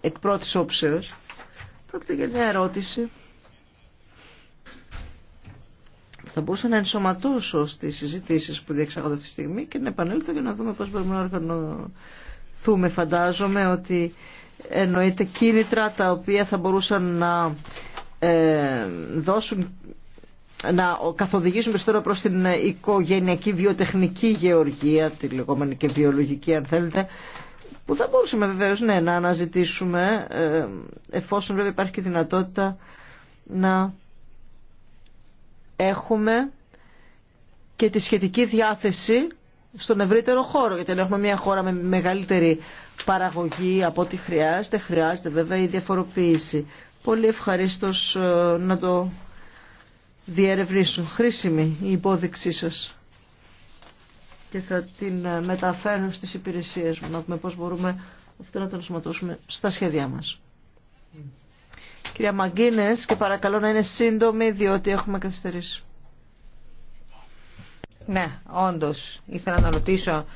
εκ πρώτης όψεως. Πρόκειται για μια ερώτηση θα μπορούσα να ενσωματώσω στις συζητήσεις που διεξάγονται αυτή τη στιγμή και να επανέλθω για να δούμε πώς μπορούμε να οργανωθούμε. Φαντάζομαι ότι εννοείται κίνητρα τα οποία θα μπορούσαν να ε, δώσουν να καθοδηγήσουν περισσότερο προς την οικογενειακή βιοτεχνική γεωργία, τη λεγόμενη και βιολογική αν θέλετε, που θα μπορούσαμε βεβαίω ναι, να αναζητήσουμε ε, εφόσον βέβαια υπάρχει και δυνατότητα να έχουμε και τη σχετική διάθεση στον ευρύτερο χώρο. Γιατί έχουμε μια χώρα με μεγαλύτερη παραγωγή από ό,τι χρειάζεται, χρειάζεται βέβαια η διαφοροποίηση. Πολύ ευχαρίστω ε, να το διερευνήσουν. Χρήσιμη η υπόδειξή σας και θα την ε, μεταφέρω στις υπηρεσίες μου, να δούμε πώς μπορούμε αυτό να το ενσωματώσουμε στα σχέδιά μας. Mm. Κυρία Μαγκίνες και παρακαλώ να είναι σύντομη διότι έχουμε καθυστερήσει. Ναι, όντως ήθελα να ρωτήσω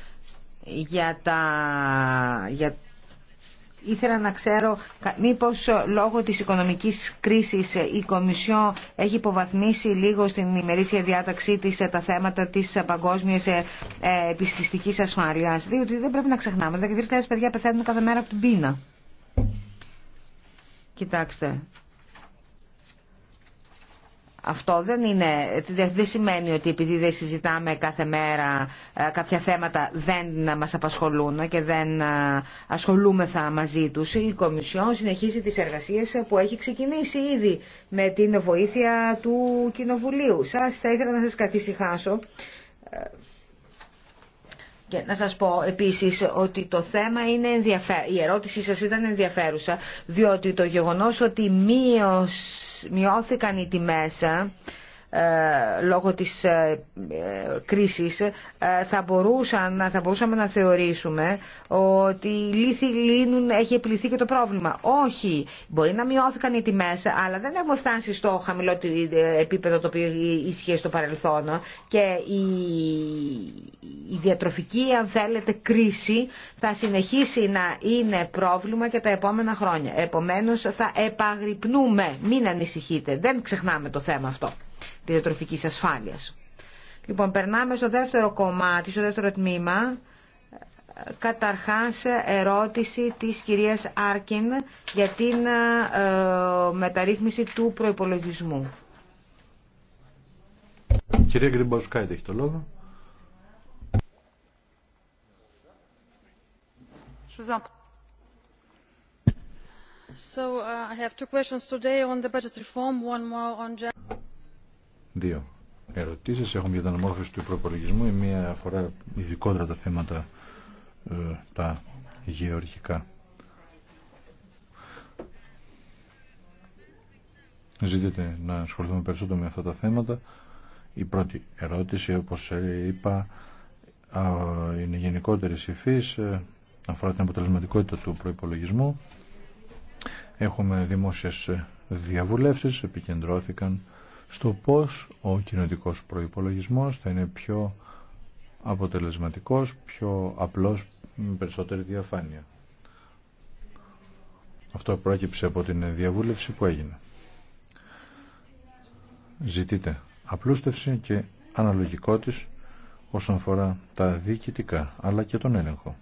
για τα... Για... Ήθελα να ξέρω μήπως λόγω της οικονομικής κρίσης η Κομισιό έχει υποβαθμίσει λίγο στην ημερήσια διάταξή της τα θέματα της παγκόσμιας ε, ε, επιστηστικής ασφάλειας διότι δεν πρέπει να ξεχνάμε, τα παιδιά πεθαίνουν κάθε μέρα από την πείνα. Κοιτάξτε, αυτό δεν, είναι, δεν σημαίνει ότι επειδή δεν συζητάμε κάθε μέρα ε, κάποια θέματα δεν μας απασχολούν και δεν ε, ασχολούμεθα μαζί τους. Η Κομισιόν συνεχίζει τις εργασίες που έχει ξεκινήσει ήδη με την βοήθεια του Κοινοβουλίου. Σας θα ήθελα να σας καθησυχάσω. Ε, και να σας πω επίσης ότι το θέμα είναι ενδιαφέρον, η ερώτησή σας ήταν ενδιαφέρουσα, διότι το γεγονός ότι μείωσ... μειώθηκαν οι τιμές ε, λόγω της ε, ε, κρίσης θα, μπορούσαν, θα μπορούσαμε να θεωρήσουμε ότι λύθη έχει επιληθεί και το πρόβλημα. Όχι, μπορεί να μειώθηκαν οι τιμές αλλά δεν έχουμε φτάσει στο χαμηλό επίπεδο το οποίο ισχύει στο παρελθόν και η, η διατροφική αν θέλετε κρίση θα συνεχίσει να είναι πρόβλημα και τα επόμενα χρόνια. Επομένως θα επαγρυπνούμε, μην ανησυχείτε, δεν ξεχνάμε το θέμα αυτό διατροφικής ασφάλειας. Λοιπόν, περνάμε στο δεύτερο κομμάτι, στο δεύτερο τμήμα. Καταρχάς, ερώτηση της κυρίας Άρκιν για την ε, μεταρρύθμιση του προϋπολογισμού. Κυρία Γκριμπαουσκάιτε, έχει το λόγο. Δύο ερωτήσεις έχουμε για την ομόρφωση του προπολογισμού. Η μία αφορά ειδικότερα τα θέματα ε, τα γεωργικά. Ζήτεται να ασχοληθούμε περισσότερο με αυτά τα θέματα. Η πρώτη ερώτηση, όπως είπα, είναι γενικότερη υφής, ε, αφορά την αποτελεσματικότητα του προϋπολογισμού. Έχουμε δημόσιες ε, διαβουλεύσεις, επικεντρώθηκαν στο πώς ο κοινοτικός προϋπολογισμός θα είναι πιο αποτελεσματικός, πιο απλός, με περισσότερη διαφάνεια. Αυτό πρόκειψε από την διαβούλευση που έγινε. Ζητείτε απλούστευση και αναλογικότης όσον αφορά τα διοικητικά αλλά και τον έλεγχο.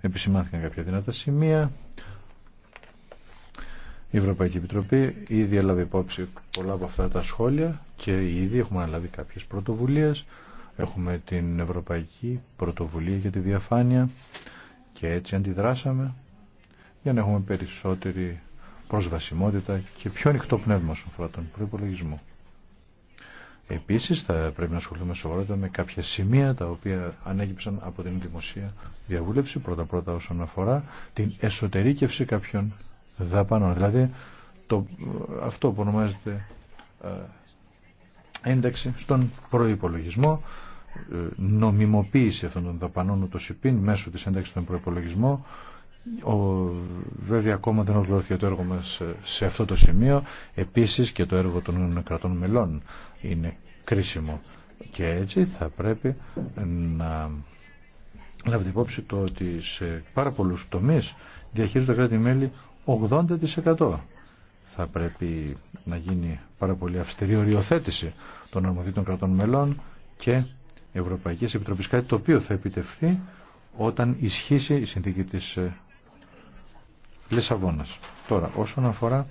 Επισημάθηκαν κάποια δυνατά σημεία, η Ευρωπαϊκή Επιτροπή ήδη έλαβε υπόψη πολλά από αυτά τα σχόλια και ήδη έχουμε αναλάβει κάποιες πρωτοβουλίες. Έχουμε την Ευρωπαϊκή Πρωτοβουλία για τη Διαφάνεια και έτσι αντιδράσαμε για να έχουμε περισσότερη προσβασιμότητα και πιο ανοιχτό πνεύμα στον αφορά τον προπολογισμό. Επίσης θα πρέπει να ασχοληθούμε σοβαρότητα με κάποια σημεία τα οποία ανέγυψαν από την δημοσία διαβούλευση πρώτα-πρώτα όσον αφορά την εσωτερήκευση κάποιων δαπανών. Δηλαδή το, αυτό που ονομάζεται ε, ένταξη στον προϋπολογισμό, ε, νομιμοποίηση αυτών των δαπανών ούτως υπήν μέσω της ένταξης στον προϋπολογισμό. Ο, βέβαια ακόμα δεν ολοκληρώθηκε το έργο μας ε, σε αυτό το σημείο. Επίσης και το έργο των κρατών μελών είναι κρίσιμο. Και έτσι θα πρέπει να λάβετε υπόψη το ότι σε πάρα πολλούς τομείς διαχειρίζονται κράτη-μέλη 80%. Θα πρέπει να γίνει πάρα πολύ αυστηρή οριοθέτηση των αρμοδίτων κρατών μελών και Ευρωπαϊκής Επιτροπής, κάτι το οποίο θα επιτευχθεί όταν ισχύσει η συνθήκη της ε, Λισαβόνας. Τώρα, όσον αφορά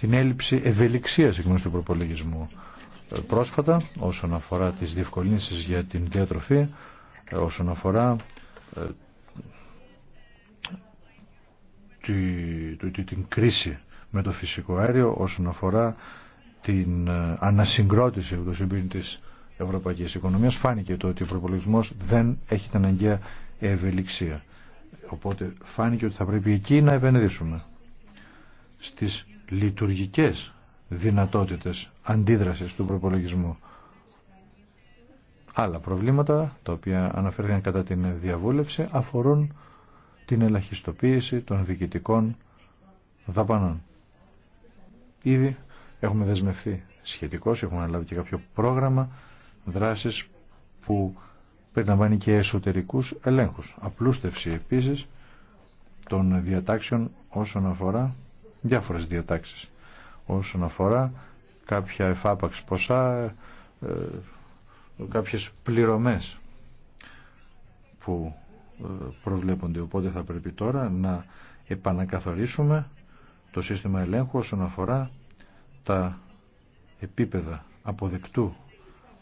την έλλειψη ευελιξίας εκ του προπολογισμού ε, πρόσφατα, όσον αφορά τις διευκολύνσεις για την διατροφή, ε, όσον αφορά την κρίση με το φυσικό αέριο όσον αφορά την ε, ανασυγκρότηση τη της ευρωπαϊκής οικονομίας φάνηκε το ότι ο προπολογισμό δεν έχει την αναγκαία ευελιξία. Οπότε φάνηκε ότι θα πρέπει εκεί να επενδύσουμε στις λειτουργικές δυνατότητες αντίδρασης του προπολογισμού. Άλλα προβλήματα τα οποία αναφέρθηκαν κατά την διαβούλευση αφορούν την ελαχιστοποίηση των διοικητικών δαπανών. Ήδη έχουμε δεσμευθεί σχετικώς, έχουμε αναλάβει και κάποιο πρόγραμμα δράσης που περιλαμβάνει και εσωτερικούς ελέγχους. Απλούστευση επίσης των διατάξεων όσον αφορά διάφορες διατάξεις. Όσον αφορά κάποια εφάπαξ ποσά, ε, κάποιες πληρωμές που προβλέπονται. Οπότε θα πρέπει τώρα να επανακαθορίσουμε το σύστημα ελέγχου όσον αφορά τα επίπεδα αποδεκτού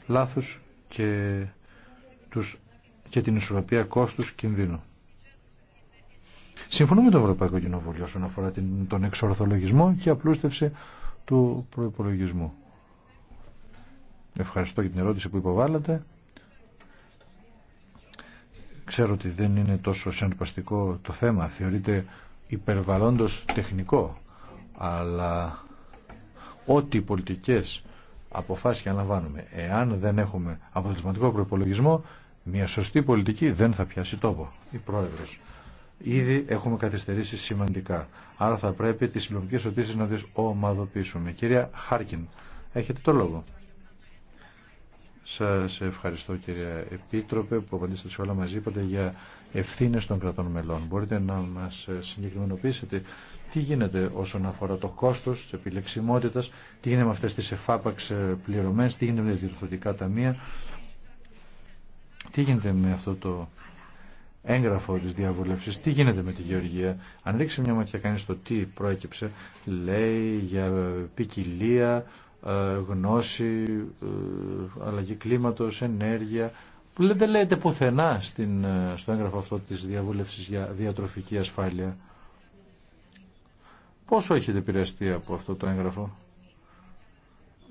λάθους και, τους, και την ισορροπία κόστους κινδύνου. Συμφωνούμε με το Ευρωπαϊκό Κοινοβούλιο όσον αφορά την, τον εξορθολογισμό και απλούστευση του προϋπολογισμού. Ευχαριστώ για την ερώτηση που υποβάλλατε. Ξέρω ότι δεν είναι τόσο συναρπαστικό το θέμα, θεωρείται υπερβαλλόντος τεχνικό, αλλά ό,τι πολιτικές αποφάσεις και εάν δεν έχουμε αποτελεσματικό προπολογισμό, μια σωστή πολιτική δεν θα πιάσει τόπο. Η Πρόεδρος. Ήδη έχουμε καθυστερήσει σημαντικά. Άρα θα πρέπει τις συλλογικές οτήσεις να τις ομαδοποιήσουμε. Κυρία Χάρκιν, έχετε το λόγο. Σας ευχαριστώ κυρία Επίτροπε που απαντήσατε σε όλα μαζί είπατε για ευθύνες των κρατών μελών. Μπορείτε να μας συγκεκριμενοποιήσετε τι γίνεται όσον αφορά το κόστος της επιλεξιμότητας, τι γίνεται με αυτές τις εφάπαξ πληρωμές, τι γίνεται με τα διευθυντικά ταμεία, τι γίνεται με αυτό το έγγραφο της διαβούλευσης, τι γίνεται με τη Γεωργία. Αν ρίξει μια ματιά κανείς το τι προέκυψε, λέει για ποικιλία, ε, γνώση, ε, αλλαγή κλίματος, ενέργεια. Δεν λέτε πουθενά στην, ε, στο έγγραφο αυτό της διαβούλευσης για διατροφική ασφάλεια. Πόσο έχετε επηρεαστεί από αυτό το έγγραφο.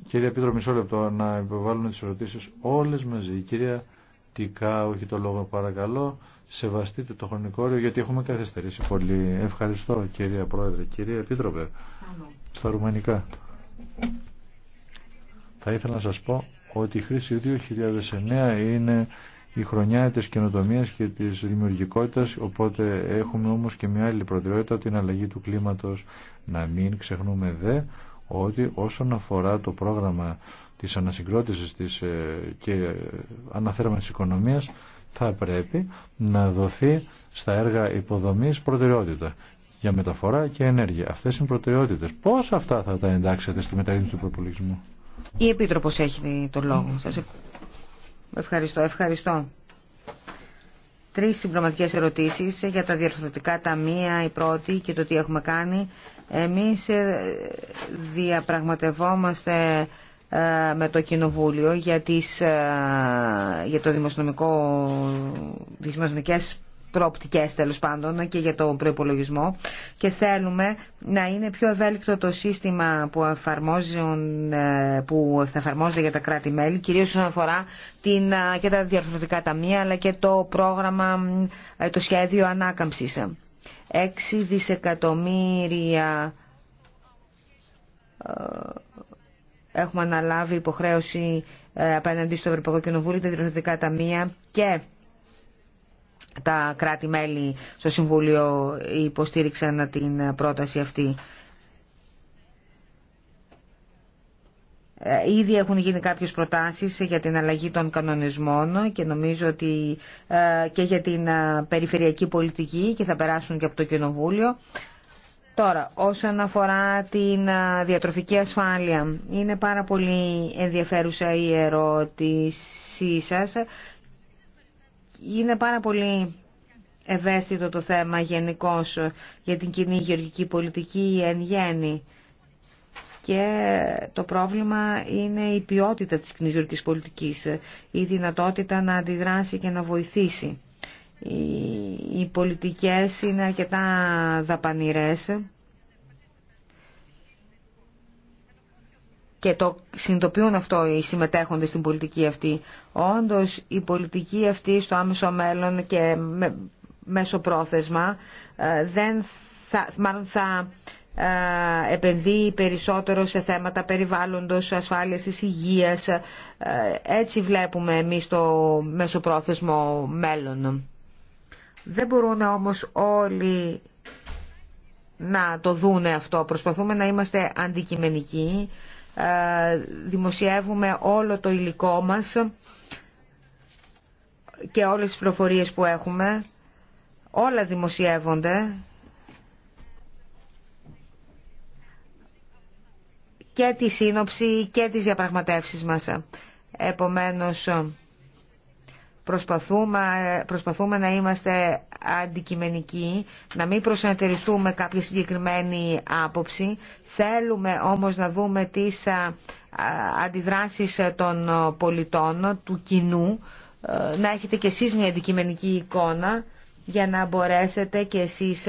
Κυρία Πίτρο, μισό λεπτό να υποβάλουμε τις ερωτήσεις όλες μαζί. Η κυρία Τικά, όχι το λόγο παρακαλώ, σεβαστείτε το χρονικό όριο γιατί έχουμε καθυστερήσει πολύ. Ευχαριστώ κυρία Πρόεδρε, κυρία Επίτροπε, στα ρουμανικά. Θα ήθελα να σας πω ότι η χρήση 2009 είναι η χρονιά της καινοτομία και της δημιουργικότητας, οπότε έχουμε όμως και μια άλλη προτεραιότητα, την αλλαγή του κλίματος. Να μην ξεχνούμε δε ότι όσον αφορά το πρόγραμμα της ανασυγκρότησης της, ε, και αναθέρμανσης οικονομίας, θα πρέπει να δοθεί στα έργα υποδομής προτεραιότητα για μεταφορά και ενέργεια. Αυτές είναι προτεραιότητες. Πώς αυτά θα τα εντάξετε στη μεταρρύθμιση του προπολογισμού. Η Επίτροπος έχει το λόγο. Mm. Σας ευχαριστώ. Ευχαριστώ. Τρεις συμπληρωματικές ερωτήσεις για τα τα ταμεία, η πρώτη και το τι έχουμε κάνει. Εμείς ε, διαπραγματευόμαστε ε, με το Κοινοβούλιο για, τις, ε, για το δημοσιονομικό, δημοσιονομικές προοπτικές τέλος πάντων και για τον προπολογισμό και θέλουμε να είναι πιο ευέλικτο το σύστημα που, ε, που θα εφαρμόζεται για τα κράτη-μέλη κυρίως όσον αφορά την, ε, και τα διαρθρωτικά ταμεία αλλά και το πρόγραμμα, ε, το σχέδιο ανάκαμψης. 6 δισεκατομμύρια έχουμε αναλάβει υποχρέωση απέναντι στο Ευρωπαϊκό Κοινοβούλιο, τα διαρθρωτικά ταμεία και τα κράτη-μέλη στο Συμβούλιο υποστήριξαν την πρόταση αυτή. Ε, ήδη έχουν γίνει κάποιες προτάσεις για την αλλαγή των κανονισμών και νομίζω ότι ε, και για την ε, περιφερειακή πολιτική και θα περάσουν και από το Κοινοβούλιο. Τώρα, όσον αφορά την διατροφική ασφάλεια, είναι πάρα πολύ ενδιαφέρουσα η ερώτησή σας είναι πάρα πολύ ευαίσθητο το θέμα γενικώ για την κοινή γεωργική πολιτική εν γέννη. Και το πρόβλημα είναι η ποιότητα της κοινής γεωργικής πολιτικής, η δυνατότητα να αντιδράσει και να βοηθήσει. Οι πολιτικές είναι αρκετά δαπανηρές και το συνειδητοποιούν αυτό οι συμμετέχοντες στην πολιτική αυτή. Όντως η πολιτική αυτή στο άμεσο μέλλον και με, μέσω πρόθεσμα ε, δεν θα, μάλλον θα ε, επενδύει περισσότερο σε θέματα περιβάλλοντος, ασφάλειας της υγείας. Ε, έτσι βλέπουμε εμείς το πρόθεσμο μέλλον. Δεν μπορούν όμως όλοι να το δούνε αυτό. Προσπαθούμε να είμαστε αντικειμενικοί ε, δημοσιεύουμε όλο το υλικό μας και όλες τις πληροφορίες που έχουμε. Όλα δημοσιεύονται. και τη σύνοψη και τις διαπραγματεύσεις μας. Επομένως, Προσπαθούμε, προσπαθούμε να είμαστε αντικειμενικοί, να μην προσανατεριστούμε κάποια συγκεκριμένη άποψη. Θέλουμε όμως να δούμε τις αντιδράσεις των πολιτών, του κοινού, ε, να έχετε κι εσείς μια αντικειμενική εικόνα για να μπορέσετε κι εσείς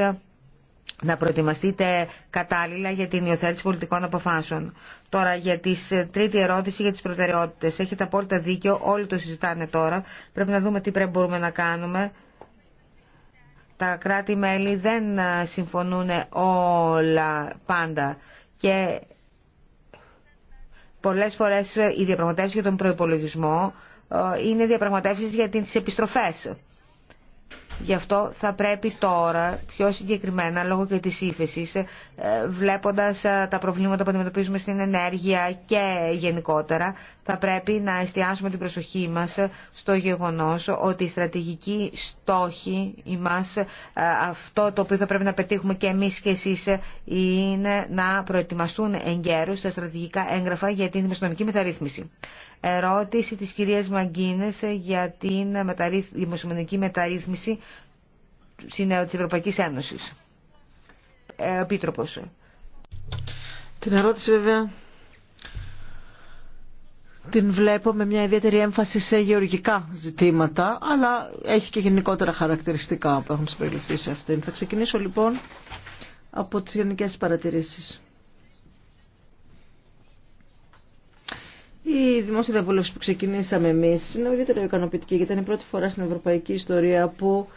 να προετοιμαστείτε κατάλληλα για την υιοθέτηση πολιτικών αποφάσεων. Τώρα για τη ε, τρίτη ερώτηση για τις προτεραιότητες. Έχετε απόλυτα δίκιο, όλοι το συζητάνε τώρα. Πρέπει να δούμε τι πρέπει μπορούμε να κάνουμε. Τα κράτη-μέλη δεν ε, συμφωνούν όλα πάντα και πολλές φορές ε, οι διαπραγματεύσεις για τον προϋπολογισμό είναι διαπραγματεύσεις για τις επιστροφές Γι' αυτό θα πρέπει τώρα, πιο συγκεκριμένα, λόγω και της ύφεση, ε, βλέποντας ε, τα προβλήματα που αντιμετωπίζουμε στην ενέργεια και γενικότερα, θα πρέπει να εστιάσουμε την προσοχή μας στο γεγονός ότι η στρατηγική στόχη μας, ε, αυτό το οποίο θα πρέπει να πετύχουμε και εμείς και εσείς, είναι να προετοιμαστούν εγκαίρους τα στρατηγικά έγγραφα για την δημοσιονομική μεταρρύθμιση ερώτηση της κυρίας Μαγκίνες για την μεταρρύθ... μεταρρύθμιση ε, της Ευρωπαϊκή Ένωση. Ε, Την ερώτηση βέβαια την βλέπω με μια ιδιαίτερη έμφαση σε γεωργικά ζητήματα, αλλά έχει και γενικότερα χαρακτηριστικά που έχουν συμπεριληφθεί σε αυτήν. Θα ξεκινήσω λοιπόν από τις γενικές παρατηρήσεις. Η δημόσια διαβούλευση που ξεκινήσαμε εμεί είναι ιδιαίτερα ικανοποιητική γιατί ήταν η πρώτη φορά στην ευρωπαϊκή ιστορία που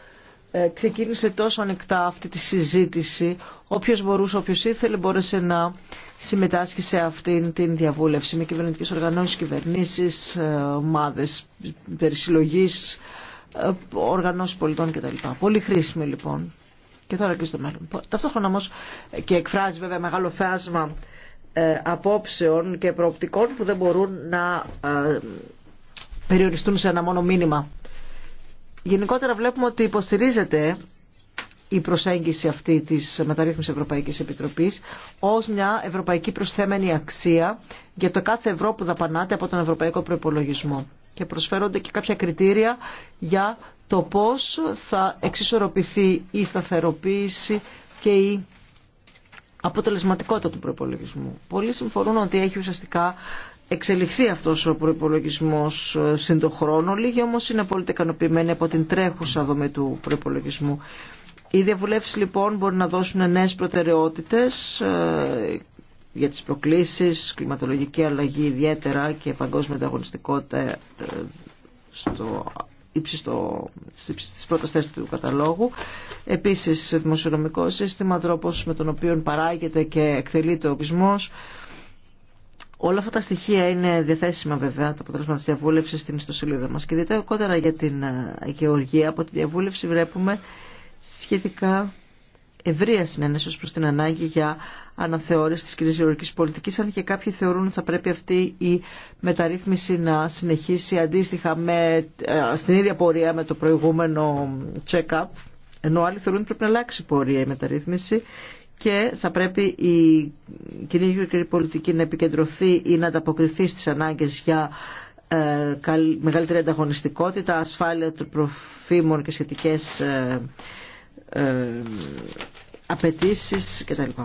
ε, ξεκίνησε τόσο ανοιχτά αυτή τη συζήτηση. Όποιο μπορούσε, όποιο ήθελε, μπόρεσε να συμμετάσχει σε αυτήν την διαβούλευση με κυβερνητικέ οργανώσει, κυβερνήσει, ε, ομάδε περισυλλογή, ε, οργανώσει πολιτών κτλ. Πολύ χρήσιμη λοιπόν και τώρα και στο μέλλον. Ταυτόχρονα όμω και εκφράζει βέβαια μεγάλο φάσμα ε, απόψεων και προοπτικών που δεν μπορούν να ε, περιοριστούν σε ένα μόνο μήνυμα. Γενικότερα βλέπουμε ότι υποστηρίζεται η προσέγγιση αυτή της μεταρρύθμισης Ευρωπαϊκής Επιτροπής ως μια ευρωπαϊκή προσθέμενη αξία για το κάθε ευρώ που δαπανάται από τον ευρωπαϊκό προϋπολογισμό. Και προσφέρονται και κάποια κριτήρια για το πώς θα εξισορροπηθεί η σταθεροποίηση και η αποτελεσματικότητα του προπολογισμού. Πολλοί συμφωνούν ότι έχει ουσιαστικά εξελιχθεί αυτό ο προπολογισμό ε, σύν χρόνο. Λίγοι όμω είναι πολύ ικανοποιημένοι από την τρέχουσα δομή του προπολογισμού. Οι διαβουλεύσει λοιπόν μπορούν να δώσουν νέε προτεραιότητες ε, για τις προκλήσεις, κλιματολογική αλλαγή ιδιαίτερα και παγκόσμια ανταγωνιστικότητα ε, στο ύψιστο, στις πρώτες θέσεις του καταλόγου. Επίσης δημοσιονομικό σύστημα, τρόπος με τον οποίο παράγεται και εκτελείται ο οπισμός. Όλα αυτά τα στοιχεία είναι διαθέσιμα βέβαια, τα αποτελέσματα τη διαβούλευση στην ιστοσελίδα μα. Και ιδιαίτερα για την ε, Γεωργία, από τη διαβούλευση βλέπουμε σχετικά ευρεία συνένεση ως προ την ανάγκη για αναθεώρηση τη κυρία γεωργικής πολιτική, αν και κάποιοι θεωρούν ότι θα πρέπει αυτή η μεταρρύθμιση να συνεχίσει αντίστοιχα με, ε, στην ίδια πορεία με το προηγούμενο check-up ενώ άλλοι θεωρούν ότι πρέπει να αλλάξει πορεία η μεταρρύθμιση και θα πρέπει η κοινή πολιτική να επικεντρωθεί ή να ανταποκριθεί στις ανάγκες για ε, μεγαλύτερη ανταγωνιστικότητα, ασφάλεια των προφήμων και σχετικές ε, ε, απαιτήσει κτλ.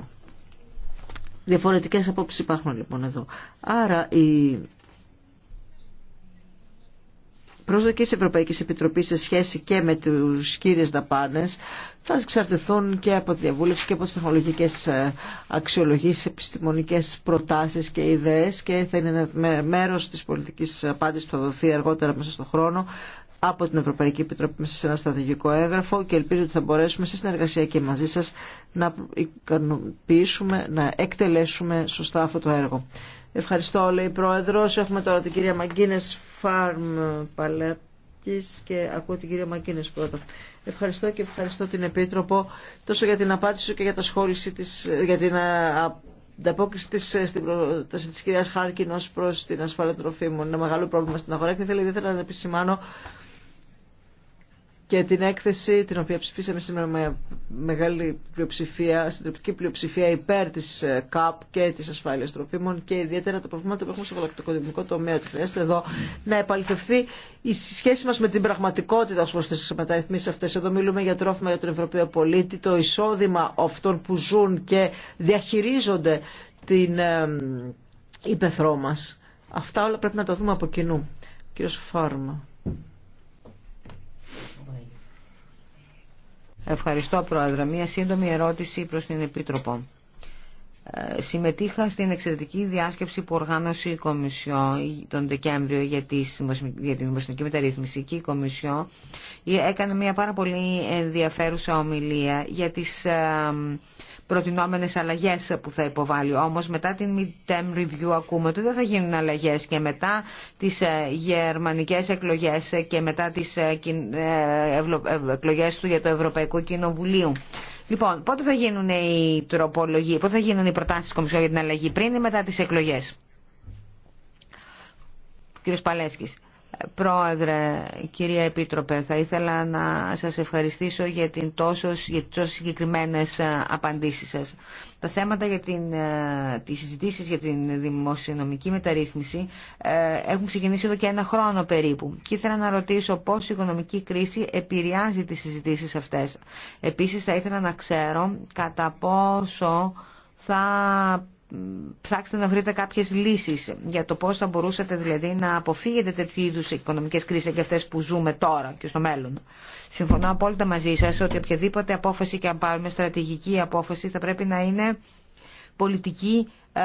Διαφορετικές απόψεις υπάρχουν λοιπόν εδώ. Άρα η προσδοκίες Ευρωπαϊκής Επιτροπής σε σχέση και με τους κύριες δαπάνες θα εξαρτηθούν και από τη διαβούλευση και από τις τεχνολογικές ε, αξιολογήσεις, επιστημονικές προτάσεις και ιδέες και θα είναι μέρο μέρος της πολιτικής απάντησης που θα δοθεί αργότερα μέσα στον χρόνο από την Ευρωπαϊκή Επιτροπή μέσα σε ένα στρατηγικό έγγραφο και ελπίζω ότι θα μπορέσουμε σε συνεργασία και μαζί σας να ικανοποιήσουμε, να εκτελέσουμε σωστά αυτό το έργο. Ευχαριστώ, όλοι οι Πρόεδρος. Έχουμε τώρα την κυρία Μαγκίνες Φάρμ Παλέτης και ακούω την κυρία Μαγκίνες πρώτα. Ευχαριστώ και ευχαριστώ την Επίτροπο τόσο για την απάντηση και για, τα σχόληση της, για την ε, ανταπόκριση της, ε, στην πρόταση της κυρίας Χάρκιν ως προς την ασφάλεια τροφίμων. Ένα μεγάλο πρόβλημα στην αγορά και θέλω ήθελα να επισημάνω και την έκθεση την οποία ψηφίσαμε σήμερα με μεγάλη πλειοψηφία, συντριπτική πλειοψηφία υπέρ τη ε, ΚΑΠ και τη ασφάλεια τροφίμων και ιδιαίτερα τα προβλήματα που έχουμε στο γαλακτοκομικό τομέα. Ότι χρειάζεται εδώ να επαληθευτεί η σχέση μα με την πραγματικότητα ω προ τι μεταρρυθμίσει αυτέ. Εδώ μιλούμε για τρόφιμα για τον Ευρωπαίο πολίτη, το εισόδημα αυτών που ζουν και διαχειρίζονται την ε, ε, υπεθρό μα. Αυτά όλα πρέπει να τα δούμε από κοινού. Κύριο Φάρμα. Ευχαριστώ Πρόεδρε. Μία σύντομη ερώτηση προς την Επίτροπο. Ε, συμμετείχα στην εξαιρετική διάσκεψη που οργάνωσε η Κομισιό τον Δεκέμβριο για την δημοσιονομική μεταρρύθμιση και η Κομισιό ε, έκανε μια πάρα πολύ ενδιαφέρουσα ομιλία για τις ε, προτινόμενες αλλαγές που θα υποβάλει. Όμως μετά την mid-term review ακούμε ότι δεν θα γίνουν αλλαγές και μετά τις ε, γερμανικές εκλογές και μετά τις ε, ε, εκλογές του για το Ευρωπαϊκό Κοινοβουλίο. Λοιπόν, πότε θα γίνουν οι τροπολογίες, πότε θα γίνουν οι προτάσεις της Κομισιόν για την αλλαγή, πριν ή μετά τις εκλογές. Κύριος Παλέσκης. Πρόεδρε, κυρία Επίτροπε, θα ήθελα να σας ευχαριστήσω για, την τόσο, για τις τόσο συγκεκριμένες ε, απαντήσεις σας. Τα θέματα για την, ε, τις συζητήσεις για την δημοσιονομική μεταρρύθμιση ε, έχουν ξεκινήσει εδώ και ένα χρόνο περίπου και ήθελα να ρωτήσω πώς η οικονομική κρίση επηρεάζει τις συζητήσεις αυτές. Επίσης θα ήθελα να ξέρω κατά πόσο θα ψάξτε να βρείτε κάποιες λύσεις για το πώς θα μπορούσατε δηλαδή να αποφύγετε τέτοιου είδου οικονομικέ κρίσει και αυτέ που ζούμε τώρα και στο μέλλον. Συμφωνώ απόλυτα μαζί σα ότι οποιαδήποτε απόφαση και αν πάρουμε στρατηγική απόφαση θα πρέπει να είναι πολιτική ε,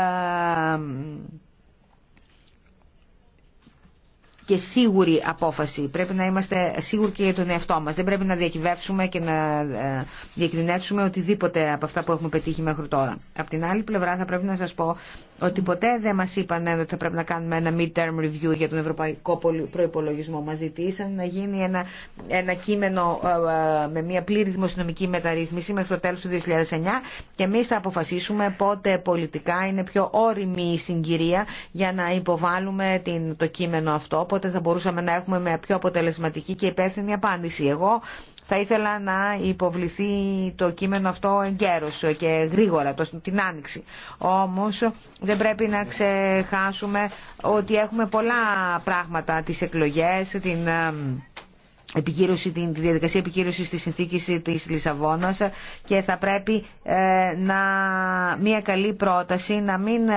και σίγουρη απόφαση. Πρέπει να είμαστε σίγουροι και για τον εαυτό μα. Δεν πρέπει να διακυβεύσουμε και να ε, διακρινεύσουμε οτιδήποτε από αυτά που έχουμε πετύχει μέχρι τώρα. Απ' την άλλη πλευρά θα πρέπει να σα πω ότι ποτέ δεν μας είπαν ναι, ότι θα πρέπει να κάνουμε ένα mid-term review για τον ευρωπαϊκό προϋπολογισμό. Μας ζητήσαν να γίνει ένα, ένα κείμενο ε, ε, με μια πλήρη δημοσιονομική μεταρρύθμιση μέχρι το τέλος του 2009 και εμείς θα αποφασίσουμε πότε πολιτικά είναι πιο όριμη η συγκυρία για να υποβάλουμε το κείμενο αυτό, πότε θα μπορούσαμε να έχουμε μια πιο αποτελεσματική και υπεύθυνη απάντηση. Εγώ θα ήθελα να υποβληθεί το κείμενο αυτό εγκαίρως και γρήγορα την άνοιξη. Όμως δεν πρέπει να ξεχάσουμε ότι έχουμε πολλά πράγματα, τις εκλογές, την επικύρωση, την διαδικασία επικύρωσης της συνθήκης της Λισαβόνας και θα πρέπει ε, να μια καλή πρόταση να μην ε,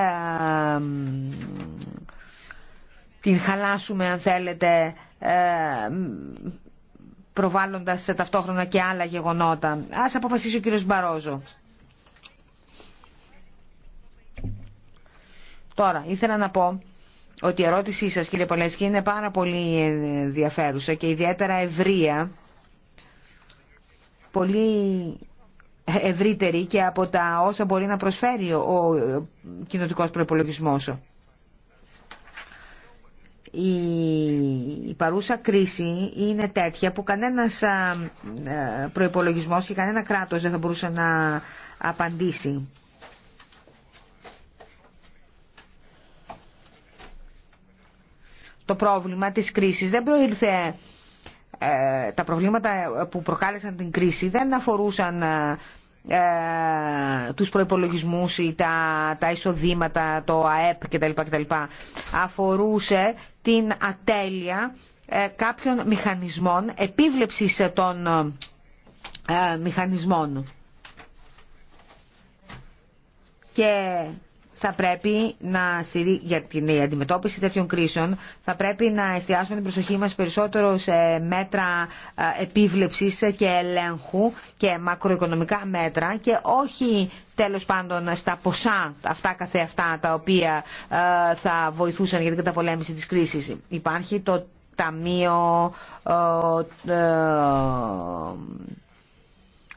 την χαλάσουμε αν θέλετε ε, προβάλλοντας ταυτόχρονα και άλλα γεγονότα. Ας αποφασίσει ο κύριος Μπαρόζο. Τώρα, ήθελα να πω ότι η ερώτησή σας κύριε Πολέσκη είναι πάρα πολύ ενδιαφέρουσα και ιδιαίτερα ευρεία, πολύ ευρύτερη και από τα όσα μπορεί να προσφέρει ο κοινοτικός προϋπολογισμός η, παρούσα κρίση είναι τέτοια που κανένας ε, προϋπολογισμός και κανένα κράτος δεν θα μπορούσε να απαντήσει. Το πρόβλημα της κρίσης δεν προήλθε... Ε, τα προβλήματα που προκάλεσαν την κρίση δεν αφορούσαν ε, ε, τους προϋπολογισμούς ή τα, τα εισοδήματα, το ΑΕΠ κτλ. κτλ. Αφορούσε την ατέλεια ε, κάποιων μηχανισμών, επίβλεψης των ε, μηχανισμών. Και θα πρέπει να για την αντιμετώπιση τέτοιων κρίσεων θα πρέπει να εστιάσουμε την προσοχή μας περισσότερο σε μέτρα επίβλεψης και ελέγχου και μακροοικονομικά μέτρα και όχι τέλος πάντων στα ποσά αυτά καθεαυτά τα οποία θα βοηθούσαν για την καταπολέμηση της κρίσης. Υπάρχει το Ταμείο ε,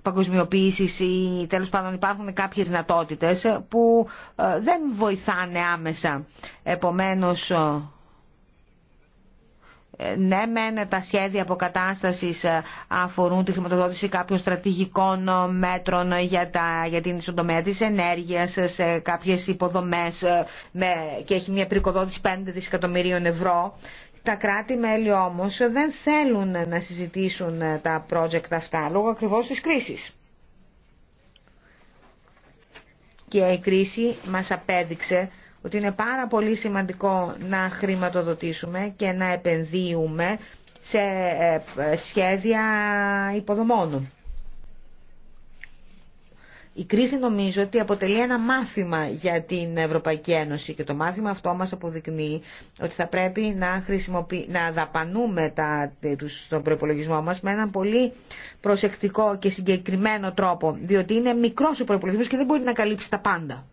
παγκοσμιοποίηση, ή τέλος πάντων υπάρχουν κάποιες δυνατότητε που ε, δεν βοηθάνε άμεσα. Επομένως, ε, ναι, μεν τα σχέδια αποκατάστασης ε, αφορούν τη χρηματοδότηση κάποιων στρατηγικών μέτρων για, τα, για την ισοτομία της ενέργειας σε κάποιες υποδομές με, και έχει μια πρικοδότηση 5 δισεκατομμυρίων ευρώ τα κράτη-μέλη όμως δεν θέλουν να συζητήσουν τα project αυτά λόγω ακριβώς της κρίσης. Και η κρίση μας απέδειξε ότι είναι πάρα πολύ σημαντικό να χρηματοδοτήσουμε και να επενδύουμε σε ε, ε, σχέδια υποδομών. Η κρίση νομίζω ότι αποτελεί ένα μάθημα για την Ευρωπαϊκή Ένωση και το μάθημα αυτό μας αποδεικνύει ότι θα πρέπει να, χρησιμοποιη... να δαπανούμε τα... τον προπολογισμό μας με έναν πολύ προσεκτικό και συγκεκριμένο τρόπο, διότι είναι μικρός ο προπολογισμό και δεν μπορεί να καλύψει τα πάντα.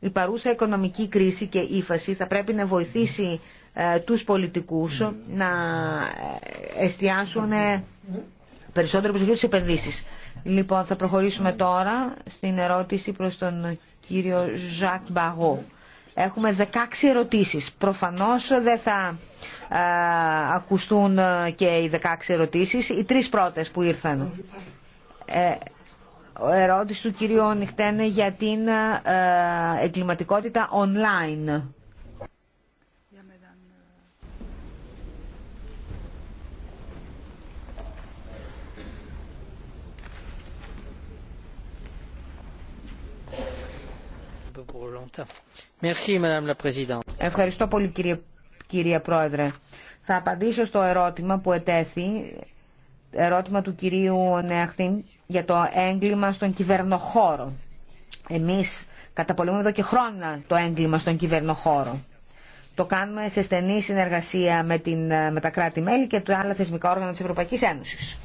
Η παρούσα οικονομική κρίση και ύφαση θα πρέπει να βοηθήσει ε, τους πολιτικούς να ε, εστιάσουν περισσότερο προσοχή στις επενδύσεις. Λοιπόν, θα προχωρήσουμε τώρα στην ερώτηση προς τον κύριο Ζακ Μπαγό. Έχουμε 16 ερωτήσεις. Προφανώς δεν θα α, ε, ακουστούν ε, και οι 16 ερωτήσεις, οι τρεις πρώτες που ήρθαν. Ε, ερώτηση του κυρίου Νιχτένε για την ε, εγκληματικότητα online. Ευχαριστώ πολύ κύριε, Πρόεδρε. Θα απαντήσω στο ερώτημα που ετέθη, ερώτημα του κυρίου Νέχτη για το έγκλημα στον κυβερνοχώρο. Εμείς καταπολεμούμε εδώ και χρόνια το έγκλημα στον κυβερνοχώρο. Το κάνουμε σε στενή συνεργασία με, την, με τα κράτη-μέλη και τα άλλα θεσμικά όργανα της Ευρωπαϊκής Ένωσης.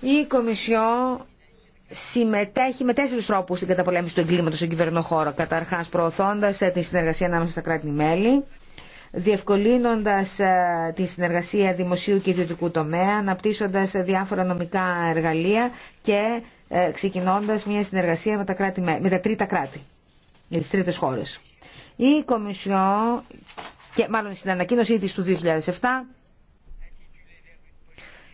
Η Κομισιόν συμμετέχει με τέσσερις τρόπους στην καταπολέμηση του εγκλήματος στον χώρο. Καταρχάς προωθώντας ε, τη συνεργασία ανάμεσα στα κράτη-μέλη, διευκολύνοντας ε, τη συνεργασία δημοσίου και ιδιωτικού τομέα, αναπτύσσοντας ε, διάφορα νομικά εργαλεία και ξεκινώντας μια συνεργασία με τα, κράτη, με τα τρίτα κράτη, με τις τρίτες χώρε Η Κομισιό, και μάλλον στην ανακοίνωσή της του 2007,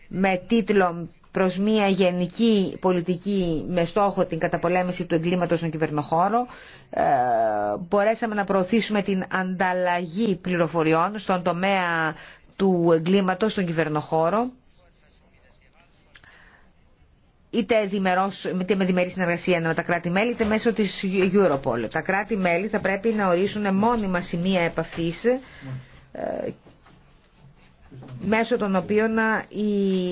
με τίτλο προς μια γενική πολιτική με στόχο την καταπολέμηση του εγκλήματος στον κυβερνοχώρο. Ε, μπορέσαμε να προωθήσουμε την ανταλλαγή πληροφοριών στον τομέα του εγκλήματος στον κυβερνοχώρο είτε, διμερός, με διμερή συνεργασία με τα κράτη-μέλη, είτε μέσω της Europol. Τα κράτη-μέλη θα πρέπει να ορίσουν μόνιμα σημεία επαφής ε, μέσω των οποίων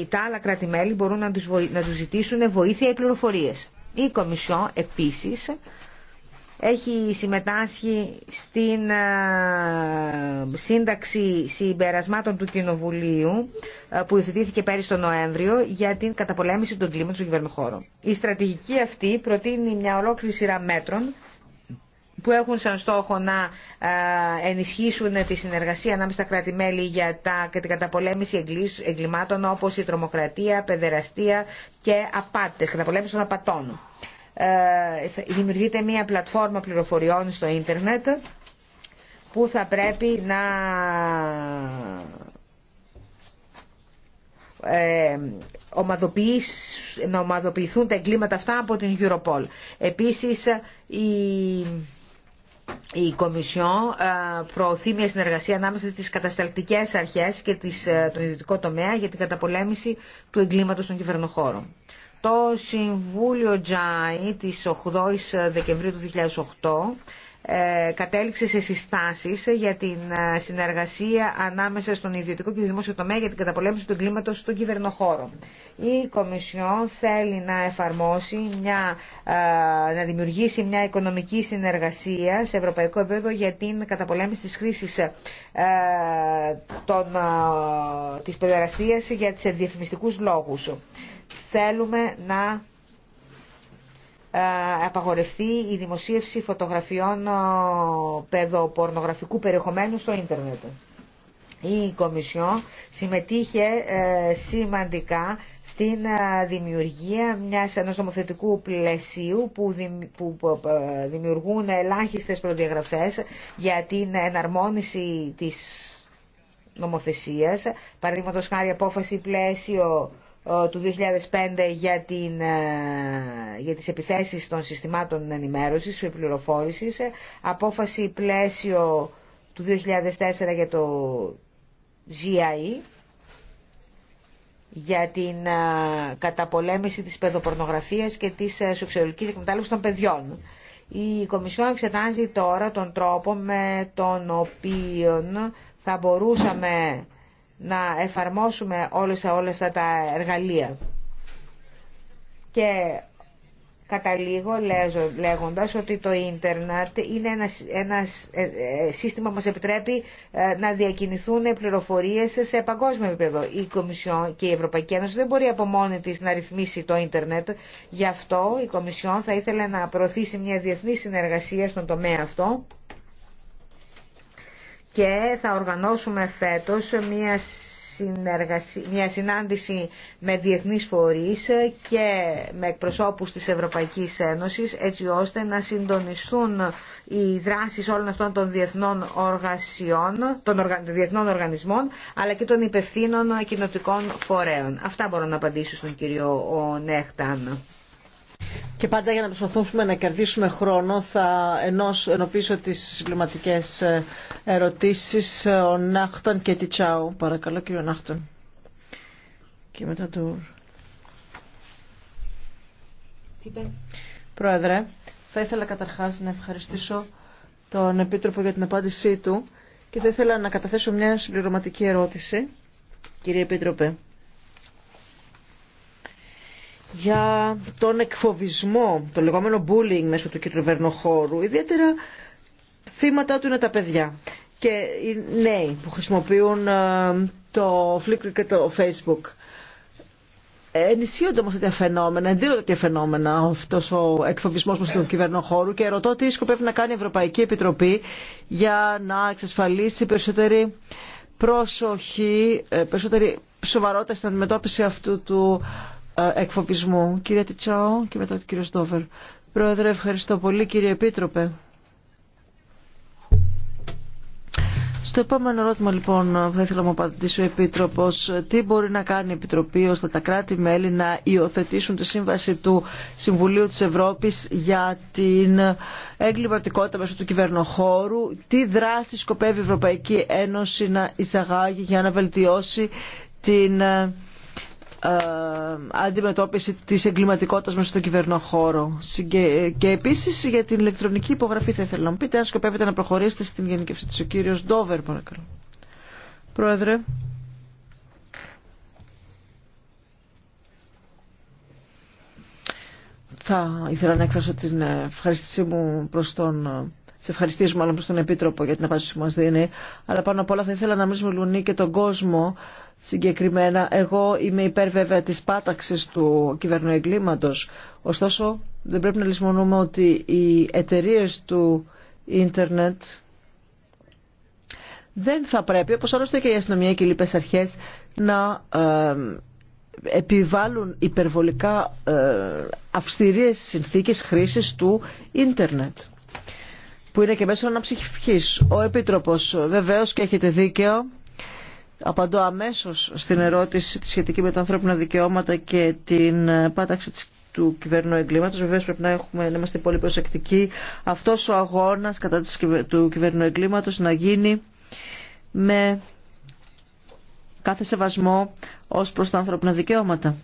τα άλλα κράτη-μέλη μπορούν να τους, να τους ζητήσουν βοήθεια ή πληροφορίες. Η Κομισιό επίσης έχει συμμετάσχει στην ε, σύνταξη συμπερασμάτων του Κοινοβουλίου ε, που υιοθετήθηκε πέρυσι τον Νοέμβριο για την καταπολέμηση του εγκλήματος στον κυβερνοχώρο. Η στρατηγική αυτή προτείνει μια ολόκληρη σειρά μέτρων που έχουν σαν στόχο να ε, ενισχύσουν τη συνεργασία ανάμεσα στα κράτη-μέλη για τα, και την καταπολέμηση εγκλημάτων όπως η τρομοκρατία, παιδεραστία και απάτες, καταπολέμηση των απατών. Ε, δημιουργείται μια πλατφόρμα πληροφοριών στο ίντερνετ που θα πρέπει να ε, να ομαδοποιηθούν τα εγκλήματα αυτά από την Europol. Επίσης, η η Κομισιόν ε, προωθεί μια συνεργασία ανάμεσα στις κατασταλτικές αρχές και ε, τον ιδιωτικό τομέα για την καταπολέμηση του εγκλήματος των κυβερνοχώρων. Το Συμβούλιο Τζάι της 8 ε, Δεκεμβρίου του 2008 ε, κατέληξε σε συστάσεις για την ε, συνεργασία ανάμεσα στον ιδιωτικό και δημόσιο τομέα για την καταπολέμηση του κλίματος στον κυβερνοχώρο. Η Κομισιόν θέλει να εφαρμόσει, μια, ε, να δημιουργήσει μια οικονομική συνεργασία σε ευρωπαϊκό επίπεδο για την καταπολέμηση της χρήσης των, της παιδεραστίας για τις διαφημιστικούς λόγους. Θέλουμε να ε, απαγορευτεί η δημοσίευση φωτογραφιών ε, παιδοπορνογραφικού περιεχομένου στο ίντερνετ. Η Κομισιόν συμμετείχε ε, σημαντικά στην δημιουργία μιας ενός νομοθετικού πλαισίου που, δημιουργούν ελάχιστες προδιαγραφές για την εναρμόνιση της νομοθεσίας, παραδείγματος χάρη απόφαση πλαίσιο ε, του 2005 για, την, ε, για τις επιθέσεις των συστημάτων ενημέρωσης και πληροφόρησης, ε, απόφαση πλαίσιο του 2004 για το GIE, για την καταπολέμηση της παιδοπορνογραφίας και της σεξουαλικής εκμετάλλευσης των παιδιών. Η Κομισιόν εξετάζει τώρα τον τρόπο με τον οποίο θα μπορούσαμε να εφαρμόσουμε όλες, όλα αυτά τα εργαλεία. Και καταλήγω λέγοντας ότι το ίντερνετ είναι ένα, ε, ε, σύστημα που μας επιτρέπει ε, να διακινηθούν πληροφορίες σε παγκόσμιο επίπεδο. Η Κομισιόν και η Ευρωπαϊκή Ένωση δεν μπορεί από μόνη της να ρυθμίσει το ίντερνετ. Γι' αυτό η Κομισιόν θα ήθελε να προωθήσει μια διεθνή συνεργασία στον τομέα αυτό και θα οργανώσουμε φέτος μια, μια συνάντηση με διεθνείς φορείς και με εκπροσώπους της Ευρωπαϊκής Ένωσης έτσι ώστε να συντονιστούν οι δράσεις όλων αυτών των διεθνών, οργασιών, των, των διεθνών οργανισμών αλλά και των υπευθύνων κοινοτικών φορέων. Αυτά μπορώ να απαντήσω στον κύριο Νέχταν. Και πάντα για να προσπαθούμε να κερδίσουμε χρόνο θα ενώσω, ενωπίσω τις συμπληματικές ε, ερωτήσεις ο Νάχταν και τη Τσάου. Παρακαλώ κύριο Νάχταν. Και μετά το... Πρόεδρε, θα ήθελα καταρχάς να ευχαριστήσω τον Επίτροπο για την απάντησή του και θα ήθελα να καταθέσω μια συμπληρωματική ερώτηση. Κύριε Επίτροπε, για τον εκφοβισμό, το λεγόμενο bullying μέσω του κυβερνοχώρου. Ιδιαίτερα θύματα του είναι τα παιδιά και οι νέοι που χρησιμοποιούν ε, το Flickr και το Facebook. Ενισχύονται όμω τέτοια φαινόμενα, εντείνονται τέτοια φαινόμενα αυτό ο εκφοβισμό μα του κυβερνό και ρωτώ τι σκοπεύει να κάνει η Ευρωπαϊκή Επιτροπή για να εξασφαλίσει περισσότερη προσοχή, ε, περισσότερη σοβαρότητα στην αντιμετώπιση αυτού του ε, εκφοβισμού. Κύριε Τιτσάο και μετά του κύριο Στόβερ. Πρόεδρε, ευχαριστώ πολύ κύριε Επίτροπε. Στο επόμενο ερώτημα λοιπόν θα ήθελα να μου απαντήσει ο Επίτροπος τι μπορεί να κάνει η Επιτροπή ώστε τα κράτη-μέλη να υιοθετήσουν τη σύμβαση του Συμβουλίου της Ευρώπης για την εγκληματικότητα μέσω του κυβερνοχώρου τι δράση σκοπεύει η Ευρωπαϊκή Ένωση να εισαγάγει για να βελτιώσει την ε, ε, αντιμετώπιση της εγκληματικότητας μέσα στον κυβερνό χώρο. Και επίσης για την ηλεκτρονική υπογραφή θα ήθελα να μου πείτε αν σκοπεύετε να προχωρήσετε στην γενικευσή της. Ο κύριος Ντόβερ παρακαλώ. Πρόεδρε. Θα ήθελα να εκφράσω την ευχαριστήσή μου προς τον σε ευχαριστήσουμε μάλλον προς τον Επίτροπο για την απάντηση που μας δίνει, αλλά πάνω απ' όλα θα ήθελα να μιλήσουμε και τον κόσμο συγκεκριμένα. Εγώ είμαι υπέρ βέβαια της πάταξης του κυβερνοεγκλήματος. Ωστόσο δεν πρέπει να λησμονούμε ότι οι εταιρείε του ίντερνετ δεν θα πρέπει, όπως άλλωστε και η αστυνομία και οι λοιπές αρχές, να επιβάλλουν υπερβολικά ε, αυστηρίες συνθήκες χρήσης του ίντερνετ που είναι και μέσω αναψυχής. Ο Επίτροπος βεβαίως και έχετε δίκαιο Απαντώ αμέσως στην ερώτηση σχετική με τα ανθρώπινα δικαιώματα και την πάταξη του κυβερνού εγκλήματος. Βεβαίως πρέπει να, έχουμε, να είμαστε πολύ προσεκτικοί. Αυτός ο αγώνας κατά της, του κυβερνού εγκλήματος να γίνει με κάθε σεβασμό ως προς τα ανθρώπινα δικαιώματα.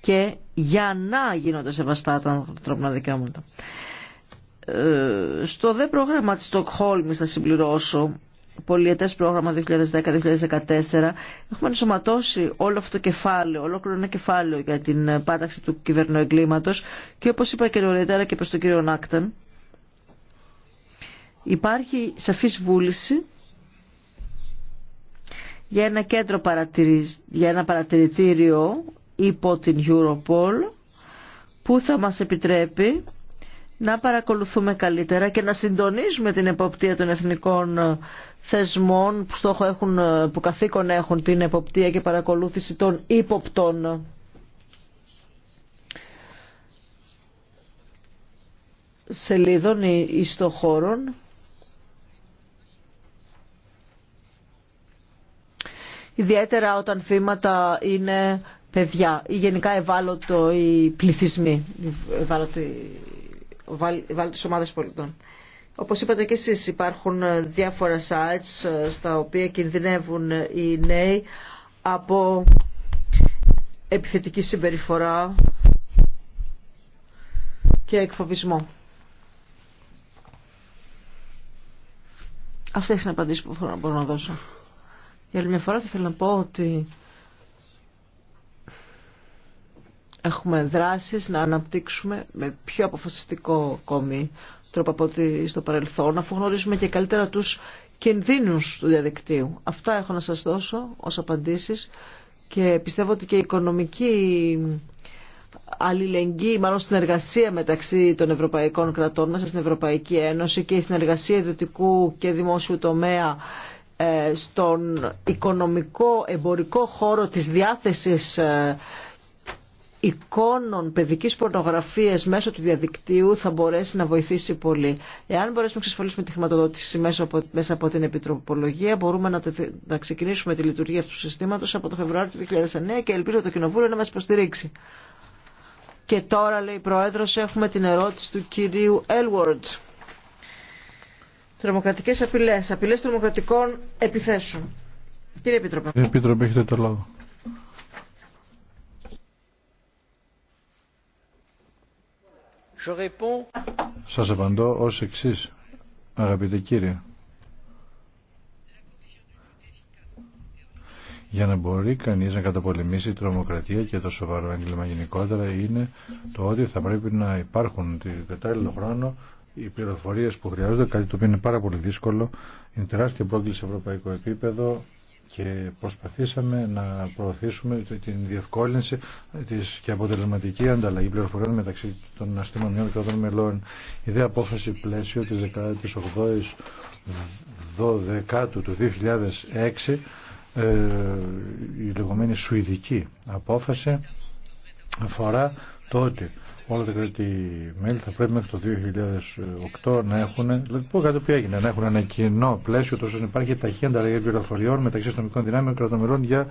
Και για να γίνονται σεβαστά τα ανθρώπινα δικαιώματα. Ε, στο δε πρόγραμμα της Στοκχόλμης θα συμπληρώσω πολιετε προγραμμα πρόγραμμα 2010-2014 έχουμε ενσωματώσει όλο αυτό το κεφάλαιο, ολόκληρο ένα κεφάλαιο για την ε, πάταξη του κυβερνοεγκλήματος και όπως είπα και νωρίτερα και προς τον κύριο Νάκταν, υπάρχει σαφής βούληση για ένα κέντρο για ένα παρατηρητήριο υπό την Europol που θα μας επιτρέπει να παρακολουθούμε καλύτερα και να συντονίζουμε την εποπτεία των εθνικών ε, θεσμών που, στόχο έχουν, ε, που καθήκον έχουν την εποπτεία και παρακολούθηση των ύποπτων. σελίδων ή χώρο ιδιαίτερα όταν θύματα είναι παιδιά ή γενικά οι πληθυσμοί ευάλωτοι βάλει ομάδες πολιτών. Όπως είπατε και εσείς υπάρχουν ε, διάφορα sites ε, στα οποία κινδυνεύουν ε, οι νέοι από επιθετική συμπεριφορά και εκφοβισμό. Αυτές είναι οι απαντήσεις που μπορώ να δώσω. Για άλλη μια φορά θα ήθελα να πω ότι έχουμε δράσεις να αναπτύξουμε με πιο αποφασιστικό ακόμη τρόπο από ότι στο παρελθόν, αφού γνωρίζουμε και καλύτερα τους κινδύνους του διαδικτύου. Αυτά έχω να σας δώσω ως απαντήσεις και πιστεύω ότι και η οικονομική αλληλεγγύη, μάλλον συνεργασία μεταξύ των ευρωπαϊκών κρατών μέσα στην Ευρωπαϊκή Ένωση και η συνεργασία ιδιωτικού και δημόσιου τομέα ε, στον οικονομικό εμπορικό χώρο της διάθεσης ε, εικόνων παιδικής πορνογραφίας μέσω του διαδικτύου θα μπορέσει να βοηθήσει πολύ. Εάν μπορέσουμε να εξασφαλίσουμε τη χρηματοδότηση μέσα από, μέσα από την Επιτροπολογία, μπορούμε να, να ξεκινήσουμε τη λειτουργία αυτού του συστήματος από το Φεβρουάριο του 2009 και ελπίζω το Κοινοβούλιο να μας υποστηρίξει. Και τώρα, λέει η Πρόεδρος, έχουμε την ερώτηση του κυρίου Έλουαρτ. Τρομοκρατικές απειλές, απειλές τρομοκρατικών επιθέσεων. Κύριε Επίτροπε. Επίτροπε, έχετε το λόγο. Σας απαντώ ως εξής, αγαπητέ κύριε. Για να μπορεί κανείς να καταπολεμήσει η τρομοκρατία και το σοβαρό έγκλημα γενικότερα είναι το ότι θα πρέπει να υπάρχουν την κατάλληλο χρόνο οι πληροφορίες που χρειάζονται, κάτι το οποίο είναι πάρα πολύ δύσκολο, είναι τεράστια πρόκληση σε ευρωπαϊκό επίπεδο, και προσπαθήσαμε να προωθήσουμε την διευκόλυνση της και αποτελεσματική ανταλλαγή πληροφοριών μεταξύ των αστυνομιών και των μελών. Η δε απόφαση πλαίσιο της 18ης 12 του 2006 ε, η λεγόμενη σουηδική απόφαση αφορά το ότι όλα τα κράτη-μέλη θα πρέπει μέχρι το 2008 να έχουν, δηλαδή που να έχουν ένα κοινό πλαίσιο τόσο να υπάρχει ταχύ ανταλλαγή πληροφοριών μεταξύ αστυνομικών δυνάμεων και κρατομερών για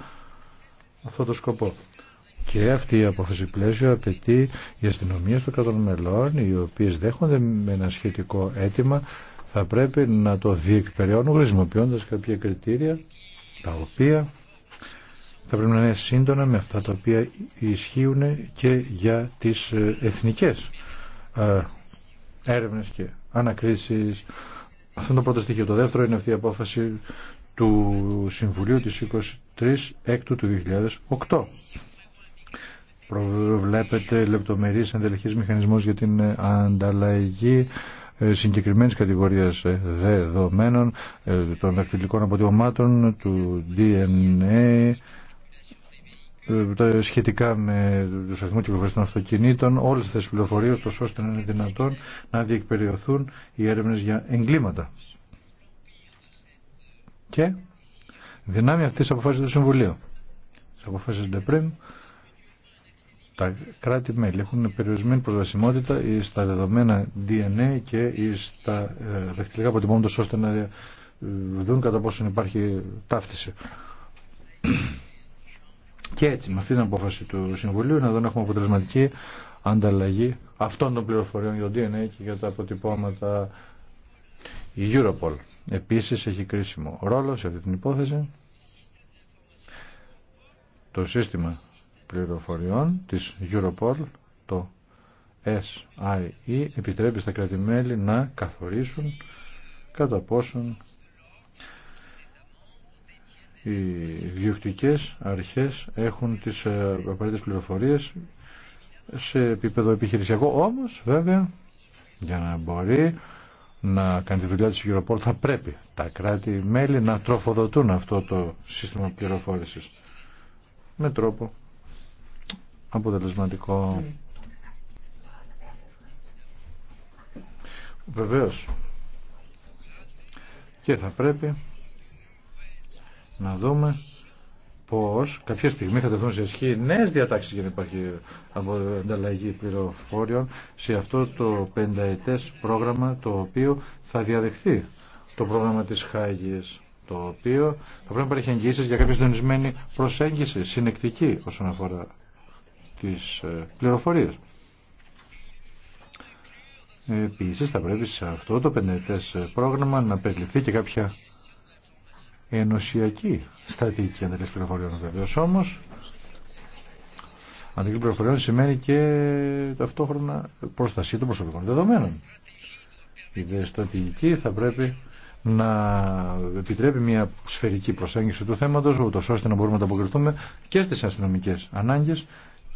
αυτό το σκοπό. Και αυτή η απόφαση πλαίσιο απαιτεί οι αστυνομίε των κρατών οι οποίε δέχονται με ένα σχετικό αίτημα, θα πρέπει να το διεκπεραιώνουν χρησιμοποιώντα κάποια κριτήρια τα οποία θα πρέπει να είναι σύντονα με αυτά τα οποία ισχύουν και για τις ε, εθνικές ε, έρευνες και ανακρίσεις. Αυτό είναι το πρώτο στοιχείο. Το δεύτερο είναι αυτή η απόφαση του Συμβουλίου της 23 έκτου του 2008. Προβλέπεται λεπτομερής ενδελεχής μηχανισμός για την ανταλλαγή ε, συγκεκριμένης κατηγορίας δεδομένων των δακτυλικών αποτυπωμάτων του DNA ε, σχετικά με τους αριθμούς κυκλοφορία των αυτοκινήτων, όλε αυτές τι πληροφορίες, ώστε να είναι δυνατόν να διεκπεριωθούν οι έρευνε για εγκλήματα. Και δυνάμει αυτή τη αποφάση του Συμβουλίου. Τις αποφάσεις Ντεπρέμ, τα κράτη-μέλη έχουν περιορισμένη προσβασιμότητα στα δεδομένα DNA και στα ε, δακτυλικά αποτυπώματα ώστε να ε, δουν κατά πόσο υπάρχει ταύτιση. Και έτσι με αυτή την απόφαση του Συμβουλίου να δούμε έχουμε αποτελεσματική ανταλλαγή αυτών των πληροφοριών για το DNA και για τα αποτυπώματα η Europol. Επίσης έχει κρίσιμο ρόλο σε αυτή την υπόθεση το σύστημα πληροφοριών της Europol, το SIE, επιτρέπει στα κράτη-μέλη να καθορίσουν κατά πόσον οι διοκτικές αρχές έχουν τις ε, απαραίτητες πληροφορίες σε επίπεδο επιχειρησιακό. Όμως, βέβαια, για να μπορεί να κάνει τη δουλειά της Europol θα πρέπει τα κράτη-μέλη να τροφοδοτούν αυτό το σύστημα πληροφόρησης με τρόπο αποτελεσματικό. Βεβαίως. Και θα πρέπει να δούμε πως κάποια στιγμή θα τεθούν σε ισχύ νέες διατάξεις για να υπάρχει ανταλλαγή πληροφόριων σε αυτό το πενταετές πρόγραμμα το οποίο θα διαδεχθεί το πρόγραμμα της Χάγης το οποίο θα πρέπει να υπάρχει εγγύησης για κάποια συντονισμένη προσέγγιση συνεκτική όσον αφορά τις ε, πληροφορίες. Επίσης θα πρέπει σε αυτό το πενταετές ε, πρόγραμμα να περιληφθεί και κάποια ενωσιακή στατική ανταλλαγή πληροφοριών βεβαίω. Όμω, ανταλλαγή πληροφοριών σημαίνει και ταυτόχρονα προστασία των προσωπικών δεδομένων. Η δε στρατηγική θα πρέπει να επιτρέπει μια σφαιρική προσέγγιση του θέματος, ούτως ώστε να μπορούμε να ανταποκριθούμε και στις αστυνομικέ ανάγκες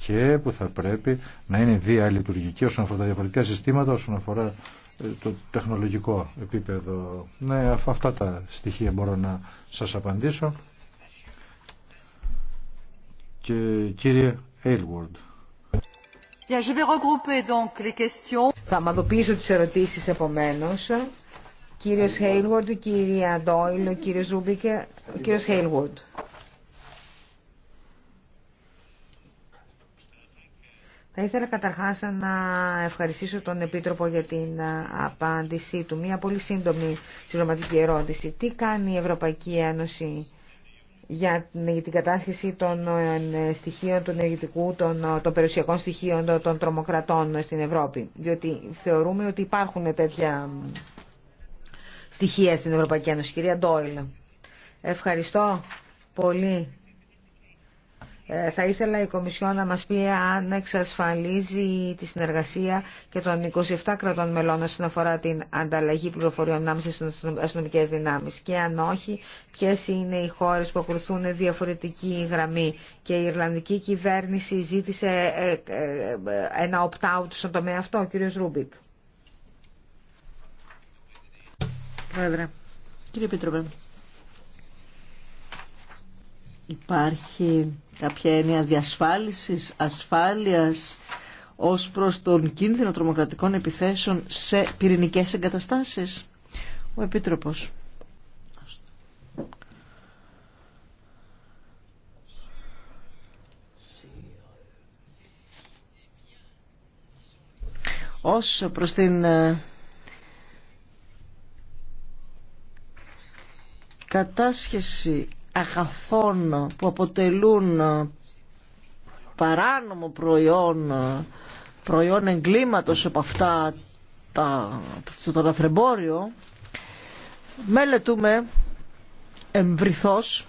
και που θα πρέπει να είναι διαλειτουργική όσον αφορά τα διαφορετικά συστήματα, όσον αφορά ε, το τεχνολογικό επίπεδο. Ναι, αυτά τα στοιχεία μπορώ να σας απαντήσω. Και κύριε Aylward. Θα μαδοποιήσω τις ερωτήσεις επομένως. Κύριος Hailward, κύριε Ντόιλ, Κύριε κύριος Ζούμπικε, κύριος Θα ήθελα καταρχάς να ευχαριστήσω τον Επίτροπο για την απάντησή του. Μία πολύ σύντομη συμπληρωματική ερώτηση. Τι κάνει η Ευρωπαϊκή Ένωση για ναι, την κατάσχεση των ε, ε, στοιχείων του ενεργητικού, των, ε, των περιουσιακών στοιχείων των τρομοκρατών στην Ευρώπη. Διότι θεωρούμε ότι υπάρχουν τέτοια στοιχεία στην Ευρωπαϊκή Ένωση. Κυρία Ντόιλ, ευχαριστώ πολύ ε, θα ήθελα η Κομισιό να μας πει αν εξασφαλίζει τη συνεργασία και των 27 κρατών μελών όσον αφορά την ανταλλαγή πληροφοριών ανάμεσα στις αστυνομικές δυνάμεις και αν όχι ποιες είναι οι χώρες που ακολουθούν διαφορετική γραμμή και η Ιρλανδική κυβέρνηση ζήτησε ε, ε, ένα opt-out στον τομέα αυτό, ο κύριος Ρούμπικ. Πρόεδρε, κύριε Πίτροπε, Υπάρχει κάποια έννοια διασφάλισης, ασφάλειας ως προς τον κίνδυνο τρομοκρατικών επιθέσεων σε πυρηνικές εγκαταστάσεις. Ο Επίτροπος. Ως προς την ε, κατάσχεση αγαθών που αποτελούν παράνομο προϊόν, προϊόν εγκλήματος από αυτά τα, στο μελετούμε εμβριθώς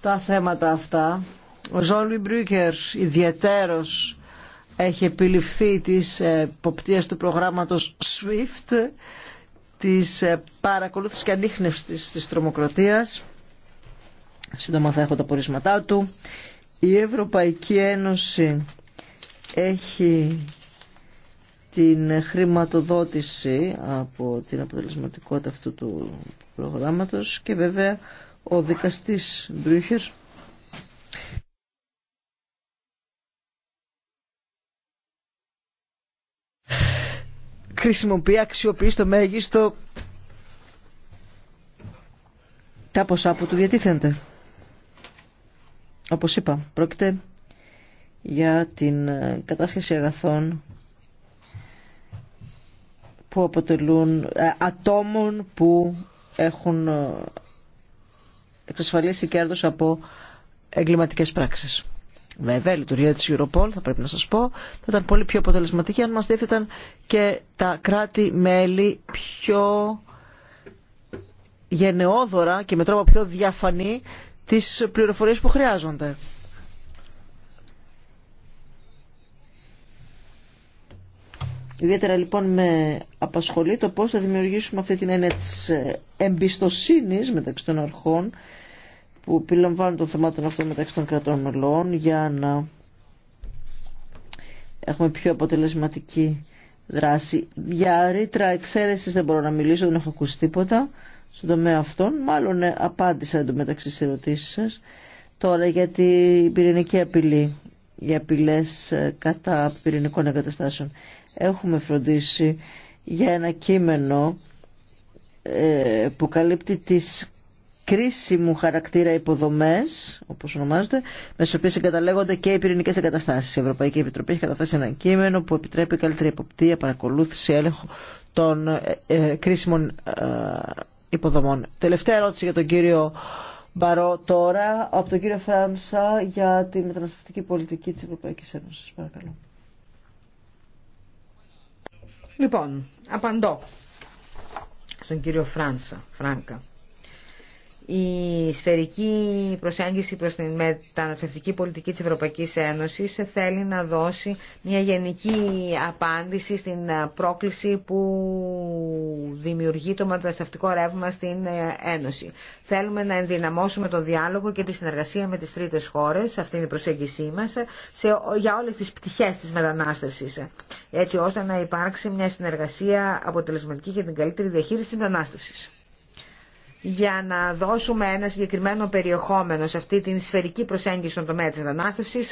τα θέματα αυτά. Ο Ζων Μπρίκερ, ιδιαίτερος έχει επιληφθεί τις εποπτείας του προγράμματος SWIFT της ε, παρακολούθησης και ανείχνευσης της τρομοκρατίας. Σύντομα θα έχω τα πορίσματά του. Η Ευρωπαϊκή Ένωση έχει την χρηματοδότηση από την αποτελεσματικότητα αυτού του προγράμματος και βέβαια ο δικαστής Μπρούχερ χρησιμοποιεί, αξιοποιεί στο μέγιστο τα ποσά που του διατίθενται. Όπως είπα, πρόκειται για την ε, κατάσχεση αγαθών που αποτελούν ε, ατόμων που έχουν ε, εξασφαλίσει κέρδος από εγκληματικές πράξεις. Με η λειτουργία της Europol θα πρέπει να σας πω θα ήταν πολύ πιο αποτελεσματική αν μας δίθεταν και τα κράτη-μέλη πιο γενναιόδωρα και με τρόπο πιο διαφανή τις πληροφορίες που χρειάζονται. Ιδιαίτερα λοιπόν με απασχολεί το πώς θα δημιουργήσουμε αυτή την έννοια της εμπιστοσύνης μεταξύ των αρχών που επιλαμβάνουν των θεμάτων αυτών μεταξύ των κρατών μελών για να έχουμε πιο αποτελεσματική δράση. Για ρήτρα εξαίρεση δεν μπορώ να μιλήσω, δεν έχω ακούσει τίποτα στον τομέα αυτών. Μάλλον ε, απάντησα εντωμεταξύ στι ερωτήσεις σας. Τώρα για την πυρηνική απειλή, για απειλέ ε, κατά πυρηνικών εγκαταστάσεων. Έχουμε φροντίσει για ένα κείμενο ε, που καλύπτει τις κρίσιμου χαρακτήρα υποδομές, όπως ονομάζονται, με τι οποίες εγκαταλέγονται και οι πυρηνικές εγκαταστάσεις. Η Ευρωπαϊκή Επιτροπή έχει καταθέσει ένα κείμενο που επιτρέπει καλύτερη εποπτεία, παρακολούθηση, έλεγχο των ε, ε, κρίσιμων ε, υποδομών. Τελευταία ερώτηση για τον κύριο Μπαρό τώρα, από τον κύριο Φράνσα για τη μεταναστευτική πολιτική της Ευρωπαϊκής Ένωσης. Παρακαλώ. Λοιπόν, απαντώ στον κύριο Φράνσα, Φράνκα η σφαιρική προσέγγιση προς την μεταναστευτική πολιτική της Ευρωπαϊκής Ένωσης θέλει να δώσει μια γενική απάντηση στην πρόκληση που δημιουργεί το μεταναστευτικό ρεύμα στην Ένωση. Θέλουμε να ενδυναμώσουμε τον διάλογο και τη συνεργασία με τις τρίτες χώρες, αυτή είναι η προσέγγισή μας, σε, για όλες τις πτυχές της μετανάστευσης, έτσι ώστε να υπάρξει μια συνεργασία αποτελεσματική για την καλύτερη διαχείριση της μετανάστευσης για να δώσουμε ένα συγκεκριμένο περιεχόμενο σε αυτή την σφαιρική προσέγγιση στον τομέα της μετανάστευσης.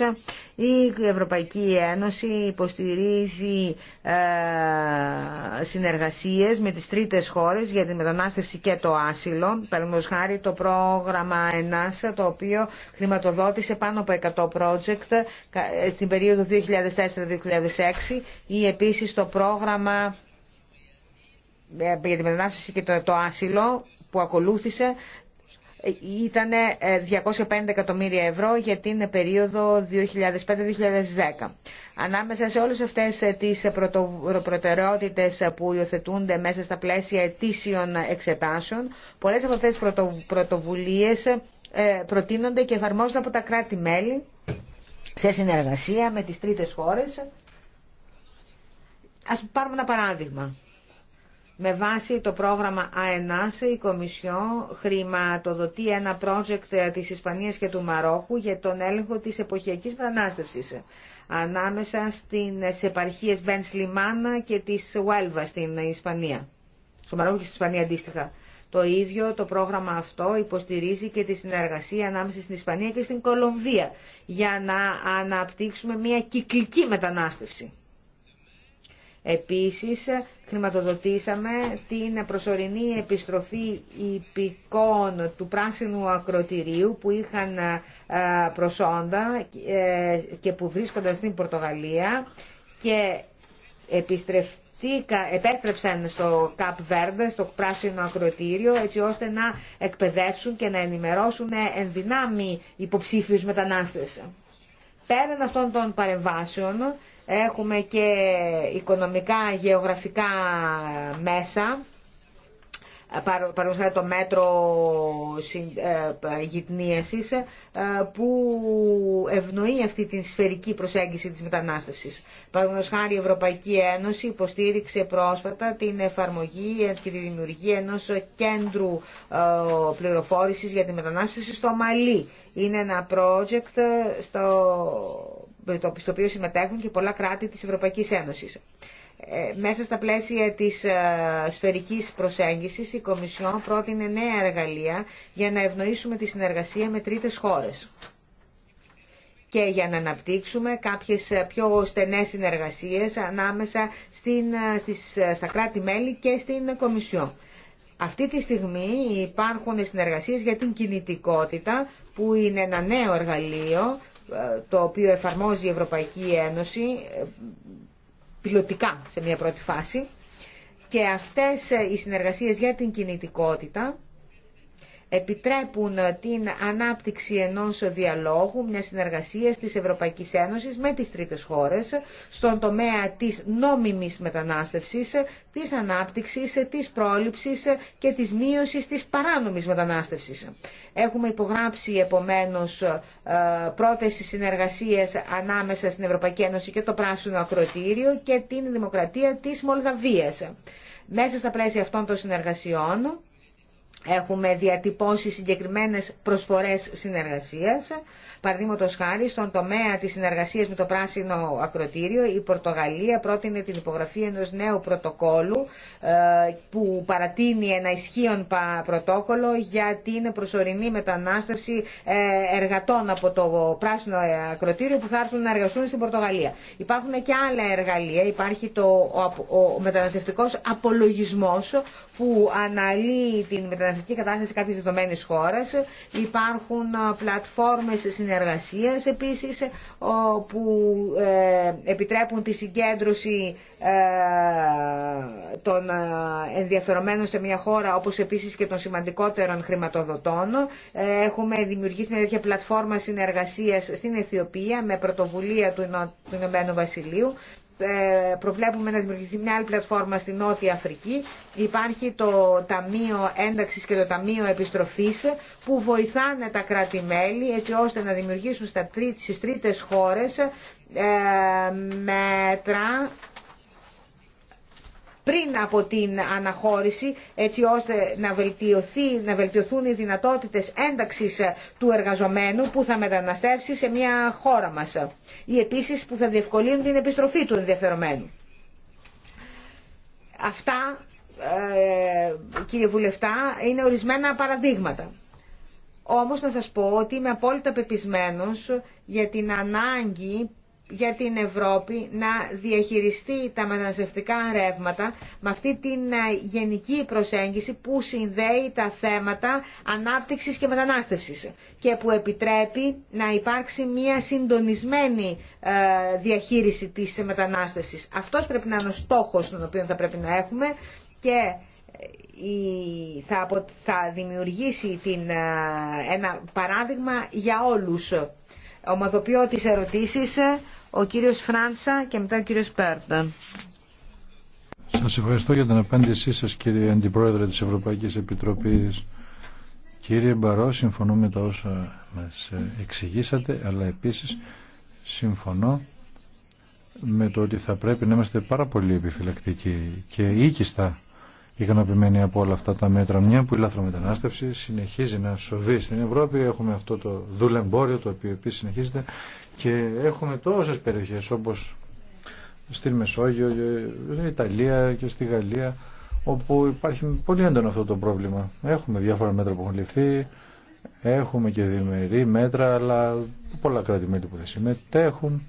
Η Ευρωπαϊκή Ένωση υποστηρίζει ε, συνεργασίες με τις τρίτες χώρες για τη μετανάστευση και το άσυλο. Παραδείγματος χάρη το πρόγραμμα ΕΝΑΣΑ, το οποίο χρηματοδότησε πάνω από 100 project στην ε, περίοδο 2004-2006 ή επίσης το πρόγραμμα ε, για τη μετανάστευση και το άσυλο που ακολούθησε ήταν 205 ε, εκατομμύρια ευρώ για την περίοδο 2005-2010. Ανάμεσα σε όλες αυτές ε, τις προτεραιότητες ε, που υιοθετούνται μέσα στα πλαίσια ετήσιων εξετάσεων, πολλές από αυτές τις πρωτοβουλίες προτείνονται και εφαρμόζονται από τα κράτη-μέλη σε συνεργασία με τις τρίτες χώρες. Ας πάρουμε ένα παράδειγμα. Με βάση το πρόγραμμα ΑΕΝΑΣ, η Κομισιό χρηματοδοτεί ένα project της Ισπανίας και του Μαρόκου για τον έλεγχο της εποχιακής μετανάστευσης ανάμεσα στις επαρχίες Μπεν Σλιμάνα και της Ουέλβα στην Ισπανία. Στο Μαρόκο και στην Ισπανία αντίστοιχα. Το ίδιο το πρόγραμμα αυτό υποστηρίζει και τη συνεργασία ανάμεσα στην Ισπανία και στην Κολομβία για να αναπτύξουμε μια κυκλική μετανάστευση. Επίσης, χρηματοδοτήσαμε την προσωρινή επιστροφή υπηκών του πράσινου ακροτηρίου που είχαν ε, προσόντα ε, και που βρίσκονταν στην Πορτογαλία και επέστρεψαν στο ΚΑΠ Βέρντε, στο πράσινο ακροτήριο, έτσι ώστε να εκπαιδεύσουν και να ενημερώσουν δυνάμει υποψήφιους μετανάστες. Πέραν αυτών των παρεμβάσεων, Έχουμε και οικονομικά, γεωγραφικά μέσα, παραδείγματος το μέτρο ε, γυτνίασης ε, που ευνοεί αυτή την σφαιρική προσέγγιση της μετανάστευσης. Παραδείγματος χάρη η Ευρωπαϊκή Ένωση υποστήριξε πρόσφατα την εφαρμογή και τη δημιουργία ενός κέντρου ε, πληροφόρησης για τη μετανάστευση στο Μαλί. Είναι ένα project στο στο οποίο συμμετέχουν και πολλά κράτη της Ευρωπαϊκής Ένωσης. Ε, μέσα στα πλαίσια της ε, σφαιρικής προσέγγισης, η Κομισιόν πρότεινε νέα εργαλεία για να ευνοήσουμε τη συνεργασία με τρίτες χώρες και για να αναπτύξουμε κάποιες ε, πιο στενές συνεργασίες ανάμεσα στην, στις, στα κράτη-μέλη και στην Κομισιόν. Αυτή τη στιγμή υπάρχουν συνεργασίες για την κινητικότητα που είναι ένα νέο εργαλείο ε, το οποίο εφαρμόζει η Ευρωπαϊκή Ένωση ε, πιλωτικά σε μια πρώτη φάση και αυτές ε, οι συνεργασίες για την κινητικότητα επιτρέπουν ε, την ανάπτυξη ενός διαλόγου, μια συνεργασία της Ευρωπαϊκής Ένωσης με τις τρίτες χώρες στον τομέα της νόμιμης μετανάστευσης, της ανάπτυξης, της πρόληψης και της μείωσης της παράνομης μετανάστευσης. Έχουμε υπογράψει επομένως ε, πρώτες συνεργασίες ανάμεσα στην Ευρωπαϊκή Ένωση και το Πράσινο Ακροτήριο και την Δημοκρατία της Μολδαβίας. Μέσα στα πλαίσια αυτών των συνεργασιών Έχουμε διατυπώσει συγκεκριμένες προσφορές συνεργασίας. Παραδείγματο χάρη, στον τομέα τη συνεργασία με το Πράσινο Ακροτήριο, η Πορτογαλία πρότεινε την υπογραφή ενό νέου πρωτοκόλου ε, που παρατείνει ένα ισχύον πρωτόκολλο για την προσωρινή μετανάστευση ε, εργατών από το Πράσινο Ακροτήριο που θα έρθουν να εργαστούν στην Πορτογαλία. Υπάρχουν και άλλα εργαλεία. Υπάρχει το, ο, ο μεταναστευτικό απολογισμό που αναλύει την μεταναστευτική κατάσταση κάποιες δεδομένε χώρας. Υπάρχουν πλατφόρμες συνεργασίας επίσης που ε, επιτρέπουν τη συγκέντρωση ε, των ε, ενδιαφερομένων σε μια χώρα όπως επίσης και των σημαντικότερων χρηματοδοτών. Έχουμε δημιουργήσει μια τέτοια πλατφόρμα συνεργασίας στην Αιθιοπία με πρωτοβουλία του Ηνωμένου Βασιλείου ε, προβλέπουμε να δημιουργηθεί μια άλλη πλατφόρμα στην Νότια Αφρική. Υπάρχει το Ταμείο Ένταξης και το Ταμείο Επιστροφής που βοηθάνε τα κράτη-μέλη έτσι ώστε να δημιουργήσουν στα στις τρίτες χώρες ε, μέτρα πριν από την αναχώρηση έτσι ώστε να, βελτιωθεί, να βελτιωθούν οι δυνατότητες ένταξης του εργαζομένου που θα μεταναστεύσει σε μια χώρα μας ή επίσης που θα διευκολύνουν την επιστροφή του ενδιαφερομένου. Αυτά, ε, κύριε Βουλευτά, είναι ορισμένα παραδείγματα. Όμως να σας πω ότι είμαι απόλυτα πεπισμένος για την ανάγκη για την Ευρώπη να διαχειριστεί τα μεταναστευτικά ρεύματα με αυτή την ε, γενική προσέγγιση που συνδέει τα θέματα ανάπτυξης και μετανάστευσης και που επιτρέπει να υπάρξει μια συντονισμένη ε, διαχείριση της μετανάστευσης. Αυτός πρέπει να είναι ο στόχος τον οποίο θα πρέπει να έχουμε και ε, θα δημιουργήσει ένα παράδειγμα για όλους ομαδοποιώ τις ερωτήσεις ο κύριος Φράνσα και μετά ο κύριος Πέρτα. Σας ευχαριστώ για την απάντησή σας κύριε Αντιπρόεδρε της Ευρωπαϊκής Επιτροπής. Κύριε Μπαρό, συμφωνώ με τα όσα μας εξηγήσατε, αλλά επίσης συμφωνώ με το ότι θα πρέπει να είμαστε πάρα πολύ επιφυλακτικοί και οίκιστα ικανοποιημένοι από όλα αυτά τα μέτρα. Μια που η λάθρομετανάστευση συνεχίζει να σοβεί στην Ευρώπη. Έχουμε αυτό το δουλεμπόριο το οποίο επίσης συνεχίζεται και έχουμε τόσες περιοχές όπως στην Μεσόγειο, στην Ιταλία και στη Γαλλία όπου υπάρχει πολύ έντονο αυτό το πρόβλημα. Έχουμε διάφορα μέτρα που έχουν ληφθεί, έχουμε και διμερεί μέτρα, αλλά πολλά κράτη-μέλη που δεν συμμετέχουν.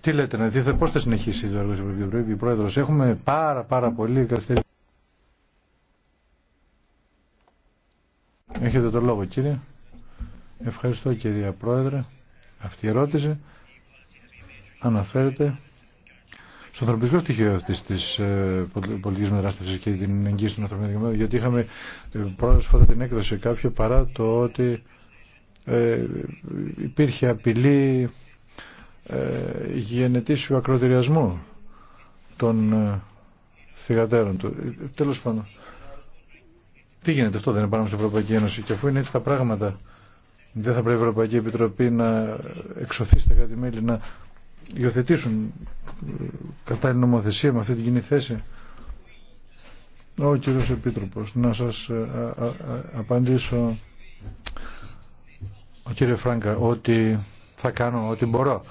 Τι λέτε, να δείτε πώς θα συνεχίσει το έργο του Ευρωπαϊκής Πρόεδρος. Έχουμε πάρα πάρα πολύ καθυστερήσει. Έχετε το λόγο κύριε. Ευχαριστώ κυρία Πρόεδρε. Αυτή η ερώτηση αναφέρεται στον ανθρωπιστικό στοιχείο αυτή τη ε, πολιτική μετανάστευση και την εγγύηση των ανθρωπίνων δικαιωμάτων, γιατί είχαμε ε, πρόσφατα την έκδοση κάποιο παρά το ότι ε, υπήρχε απειλή γενετήσιου ακροτηριασμού των θυγατέρων του. Τέλος πάντων, τι γίνεται αυτό δεν είναι πάνω στην Ευρωπαϊκή Ένωση και αφού είναι έτσι τα πράγματα δεν θα πρέπει η Ευρωπαϊκή Επιτροπή να εξωθεί στα κράτη-μέλη να υιοθετήσουν κατάλληλη νομοθεσία με αυτή την κοινή θέση. Ο κύριος Επίτροπος, να σας ε, απαντήσω, ο κύριε Φράγκα, ότι θα κάνω ό,τι μπορώ,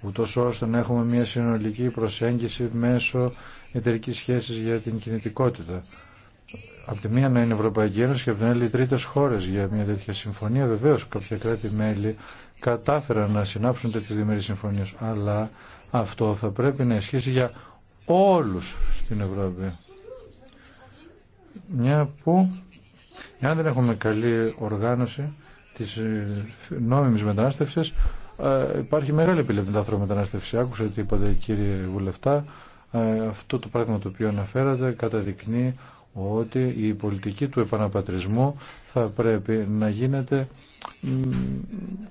ούτως ώστε να έχουμε μια συνολική προσέγγιση μέσω εταιρικής σχέσης για την κινητικότητα από τη μία να είναι Ευρωπαϊκή Ένωση και από την άλλη τρίτε χώρε για μια τέτοια συμφωνία. Βεβαίω κάποια κράτη-μέλη κατάφεραν να συνάψουν τέτοιε διμερεί συμφωνίε. Αλλά αυτό θα πρέπει να ισχύσει για όλου στην Ευρώπη. Μια που, εάν δεν έχουμε καλή οργάνωση τη ε, νόμιμη μετανάστευση, ε, υπάρχει μεγάλη επιλογή μετανάστευση. Άκουσα ότι είπατε κύριε Βουλευτά, ε, αυτό το πράγμα το οποίο αναφέρατε καταδεικνύει ότι η πολιτική του επαναπατρισμού θα πρέπει να γίνεται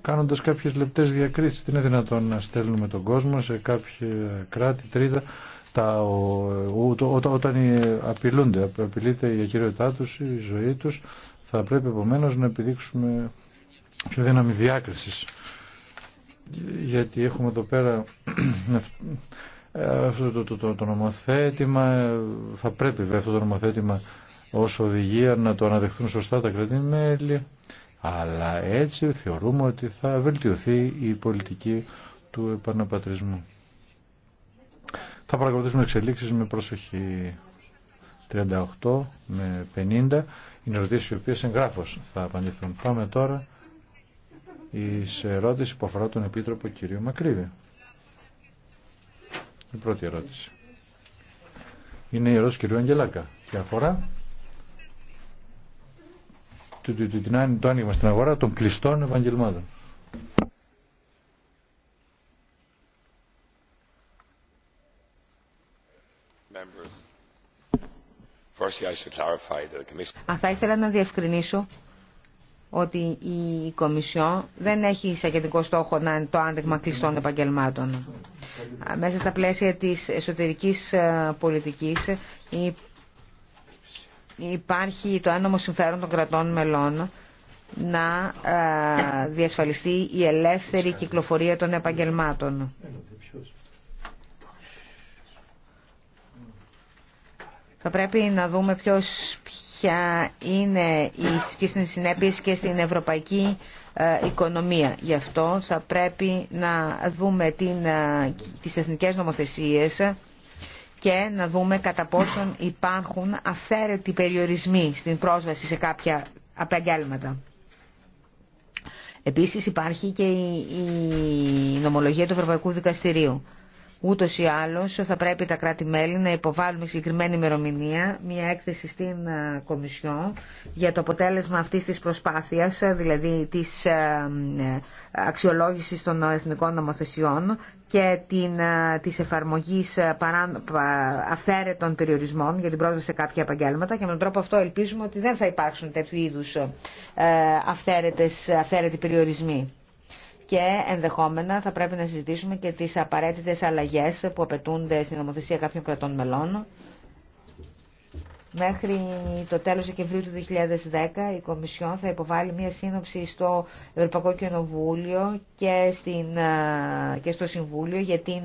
κάνοντας κάποιες λεπτές διακρίσεις. Δεν είναι δυνατόν να στέλνουμε τον κόσμο σε κάποια κράτη, τρίτα, τα, όταν απειλούνται, απειλείται η ακυριότητά τους, η ζωή τους, θα πρέπει επομένω να επιδείξουμε πιο δύναμη διάκρισης. Γιατί έχουμε εδώ πέρα Ε, αυτό το, το, το, το νομοθέτημα ε, θα πρέπει βέβαια αυτό το νομοθέτημα ως οδηγία να το αναδεχθούν σωστά τα κρατη αλλά έτσι θεωρούμε ότι θα βελτιωθεί η πολιτική του επαναπατρισμού. Θα παρακολουθήσουμε εξελίξεις με προσοχή 38 με 50 είναι ερωτήσεις οι οποίες εγγράφως θα απαντηθούν. Πάμε τώρα η ερώτηση που αφορά τον Επίτροπο κ. Μακρύβη. Η πρώτη ερώτηση. Είναι η ερώτηση κυρίου Αγγελάκα και αφορά το άνοιγμα στην αγορά των κλειστών ευαγγελμάτων. Αν θα ήθελα να διευκρινίσω ότι η Κομισιό δεν έχει σαν στόχο να είναι το άντεγμα κλειστών επαγγελμάτων. Μέσα στα πλαίσια της εσωτερικής ε, πολιτικής υπάρχει το άνομο συμφέρον των κρατών μελών να ε, διασφαλιστεί η ελεύθερη κυκλοφορία των επαγγελμάτων. Θα πρέπει να δούμε ποιος, και είναι στις συνέπειες και στην ευρωπαϊκή ε, οικονομία. Γι' αυτό θα πρέπει να δούμε την, ε, τις εθνικές νομοθεσίες και να δούμε κατά πόσον υπάρχουν αυθαίρετοι περιορισμοί στην πρόσβαση σε κάποια απεγγέλματα. Επίσης υπάρχει και η νομολογία του Ευρωπαϊκού Δικαστηρίου. Ούτως ή άλλως θα πρέπει τα κράτη-μέλη να υποβάλουν συγκεκριμένη ημερομηνία, μια έκθεση στην ε, Κομισιό για το αποτέλεσμα αυτής της προσπάθειας, ε, δηλαδή της ε, αξιολόγησης των εθνικών νομοθεσιών και την, της εφαρμογής αυθαίρετων περιορισμών για την πρόσβαση σε κάποια επαγγέλματα και με τον τρόπο αυτό ελπίζουμε ότι δεν θα υπάρξουν τέτοιου είδους αυθαίρετες, περιορισμοί και ενδεχόμενα θα πρέπει να συζητήσουμε και τις απαραίτητες αλλαγές που απαιτούνται στην νομοθεσία κάποιων κρατών μελών. Μέχρι το τέλος Δεκεμβρίου του 2010 η Κομισιόν θα υποβάλει μια σύνοψη στο Ευρωπαϊκό Κοινοβούλιο και, στην, και στο Συμβούλιο για την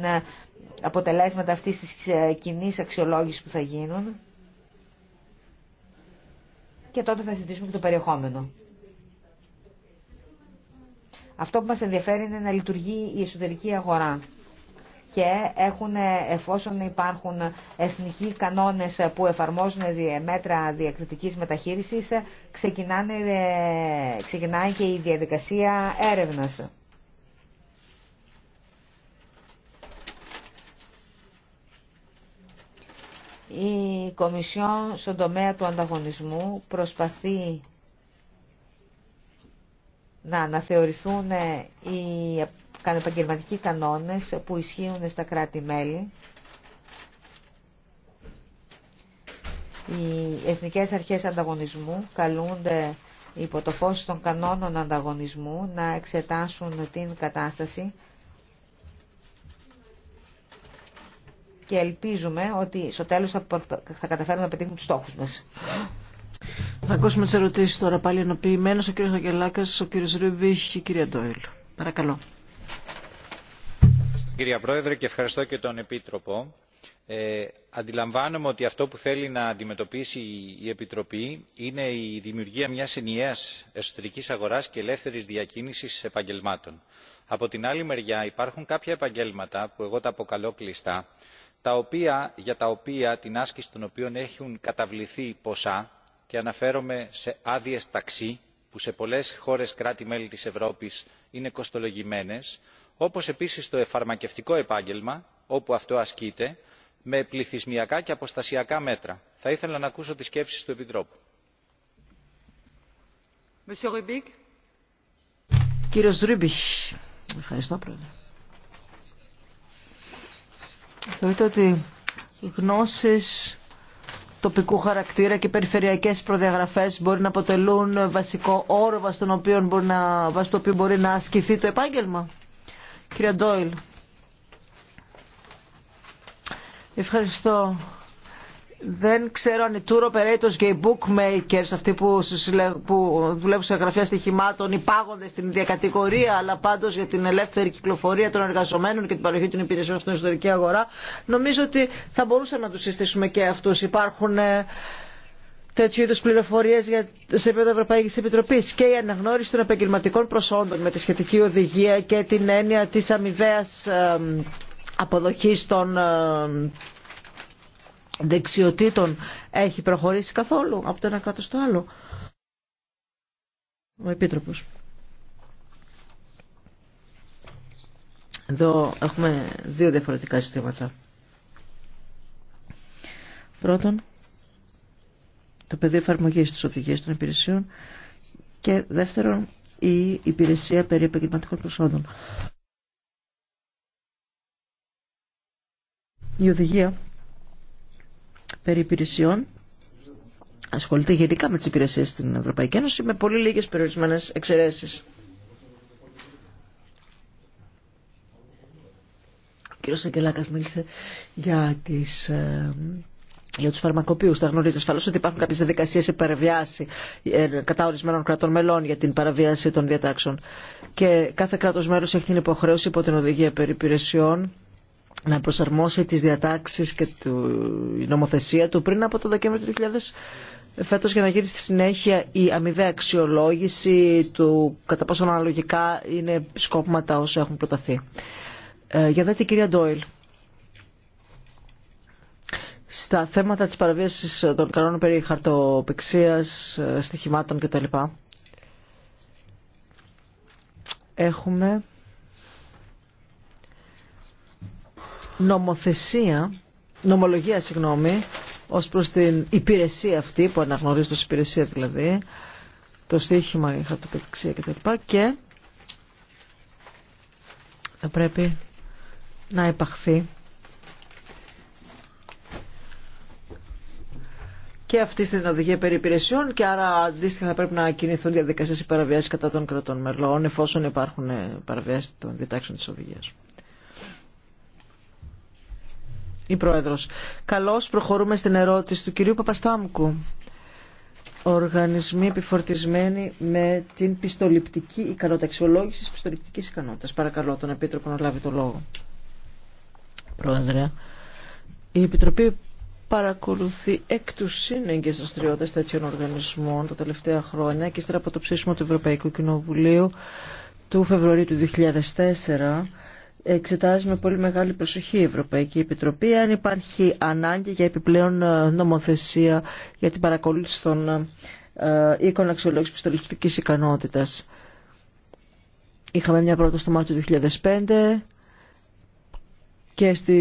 αποτελέσματα αυτής της κοινή αξιολόγησης που θα γίνουν και τότε θα συζητήσουμε και το περιεχόμενο. Αυτό που μας ενδιαφέρει είναι να λειτουργεί η εσωτερική αγορά και έχουν, εφόσον υπάρχουν εθνικοί κανόνες που εφαρμόζουν μέτρα διακριτικής μεταχείρισης, ξεκινάνε, ξεκινάει και η διαδικασία έρευνας. Η Κομισιόν στον τομέα του ανταγωνισμού προσπαθεί να αναθεωρηθούν ε, οι επαγγελματικοί κανόνες που ισχύουν στα κράτη-μέλη. Οι εθνικές αρχές ανταγωνισμού καλούνται υπό το φως των κανόνων ανταγωνισμού να εξετάσουν την κατάσταση και ελπίζουμε ότι στο τέλος θα καταφέρουμε να πετύχουμε τους στόχους μας. Θα ακούσουμε τι ερωτήσει τώρα πάλι ενωποιημένο ο κύριο Αγγελάκα, ο κύριο Ρούβιχ και η κυρία Ντόιλ. Παρακαλώ. Κυρία Πρόεδρε και ευχαριστώ και τον Επίτροπο. Ε, αντιλαμβάνομαι ότι αυτό που θέλει να αντιμετωπίσει η Επιτροπή είναι η δημιουργία μιας ενιαίας εσωτερικής αγοράς και ελεύθερης διακίνησης επαγγελμάτων. Από την άλλη μεριά υπάρχουν κάποια επαγγέλματα που εγώ τα αποκαλώ κλειστά, τα οποία, για τα οποία την άσκηση των οποίων έχουν καταβληθεί ποσά και αναφέρομαι σε άδειε ταξί που σε πολλέ χώρε κράτη μέλη της Ευρώπη είναι κοστολογημένες όπως επίσης το φαρμακευτικό επάγγελμα όπου αυτό ασκείται με πληθυσμιακά και αποστασιακά μέτρα. θα ήθελα να ακούσω τις σκέψεις του επιτρόπου. ότι τοπικού χαρακτήρα και περιφερειακές προδιαγραφές μπορεί να αποτελούν βασικό όρο βάσει το οποίο μπορεί να ασκηθεί το επάγγελμα. Κύριε Ντόιλ. Ευχαριστώ δεν ξέρω αν οι tour operators και οι bookmakers, αυτοί που, που δουλεύουν σε γραφεία στοιχημάτων, υπάγονται στην ίδια κατηγορία, αλλά πάντως για την ελεύθερη κυκλοφορία των εργαζομένων και την παροχή των υπηρεσιών στην ιστορική αγορά, νομίζω ότι θα μπορούσαμε να τους συστήσουμε και αυτούς. Υπάρχουν ε, τέτοιου είδου πληροφορίε σε επίπεδο Ευρωπαϊκή Επιτροπή και η αναγνώριση των επαγγελματικών προσόντων με τη σχετική οδηγία και την έννοια τη αμοιβαία ε, αποδοχή των ε, δεξιοτήτων έχει προχωρήσει καθόλου από το ένα κράτος στο άλλο. Ο Επίτροπος. Εδώ έχουμε δύο διαφορετικά συστήματα. Πρώτον, το πεδίο εφαρμογή τη οδηγία των υπηρεσιών και δεύτερον, η υπηρεσία περί επαγγελματικών προσόντων. Η οδηγία περί υπηρεσιών ασχολείται γενικά με τις υπηρεσίες στην Ευρωπαϊκή Ένωση με πολύ λίγες περιορισμένες εξαιρέσεις. Ο κύριος Αγγελάκα, μίλησε για τις ε, για του φαρμακοποιού. Θα γνωρίζετε ασφαλώ ότι υπάρχουν κάποιε διαδικασίε σε παραβιάση ε, κατά ορισμένων κρατών μελών για την παραβίαση των διατάξεων. Και κάθε κράτο μέρο έχει την υποχρέωση υπό την οδηγία περί υπηρεσιών να προσαρμόσει τις διατάξεις και η νομοθεσία του πριν από το Δεκέμβριο του 2000 φέτος για να γίνει στη συνέχεια η αμοιβαία αξιολόγηση του κατά πόσο αναλογικά είναι σκόπματα όσα έχουν προταθεί. Ε, για δε κυρία Ντόιλ. Στα θέματα της παραβίασης των κανόνων περί χαρτοπεξίας, ε, στοιχημάτων κτλ. Έχουμε νομοθεσία, νομολογία συγγνώμη, ως προς την υπηρεσία αυτή που αναγνωρίζεται ως υπηρεσία δηλαδή, το στοίχημα, η το κτλ. Και θα πρέπει να επαχθεί και αυτή στην οδηγία περί υπηρεσιών και άρα αντίστοιχα θα πρέπει να κινηθούν διαδικασίες παραβιάσεις κατά των κρατών μελών εφόσον υπάρχουν παραβιάσεις των διτάξεων της οδηγίας η Πρόεδρος. Καλώς προχωρούμε στην ερώτηση του κυρίου Παπαστάμκου. Οργανισμοί επιφορτισμένοι με την πιστοληπτική ικανότητα, αξιολόγηση της πιστοληπτικής ικανότητας. Παρακαλώ τον Επίτροπο να λάβει το λόγο. Πρόεδρε, η Επιτροπή παρακολουθεί εκ του σύνεγγες δραστηριότητες τέτοιων οργανισμών τα τελευταία χρόνια και ύστερα από το ψήσιμο του Ευρωπαϊκού Κοινοβουλίου του Φεβρουαρίου του 2004 εξετάζει με πολύ μεγάλη προσοχή η Ευρωπαϊκή Επιτροπή αν υπάρχει ανάγκη για επιπλέον ε, νομοθεσία για την παρακολούθηση των ε, ε, οίκων αξιολόγηση πιστολιστικής ικανότητας. Είχαμε μια πρόταση το Μάρτιο 2005 και στο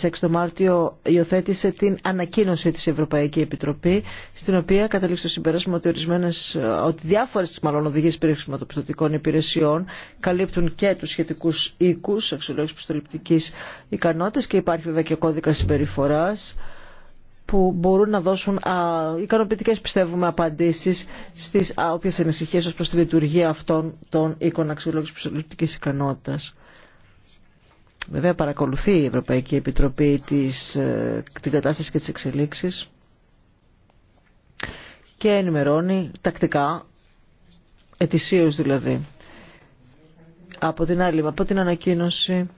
2006 το Μάρτιο υιοθέτησε την ανακοίνωση της Ευρωπαϊκή Επιτροπή στην οποία καταλήξει το συμπέρασμα ότι, ορισμένες, ότι διάφορες μάλλον οδηγίες περί υπηρεσιών καλύπτουν και τους σχετικούς οίκους αξιολόγηση πιστοληπτικής ικανότητας και υπάρχει βέβαια και κώδικα συμπεριφοράς που μπορούν να δώσουν α, ικανοποιητικές πιστεύουμε απαντήσεις στις όποιες ανησυχίες ως προς τη λειτουργία αυτών των οίκων αξιολόγησης πιστοληπτικής ικανότητας. Βέβαια παρακολουθεί η Ευρωπαϊκή Επιτροπή της, ε, την κατάσταση και τις εξελίξεις και ενημερώνει τακτικά, ετησίως δηλαδή. Από την άλλη, από την ανακοίνωση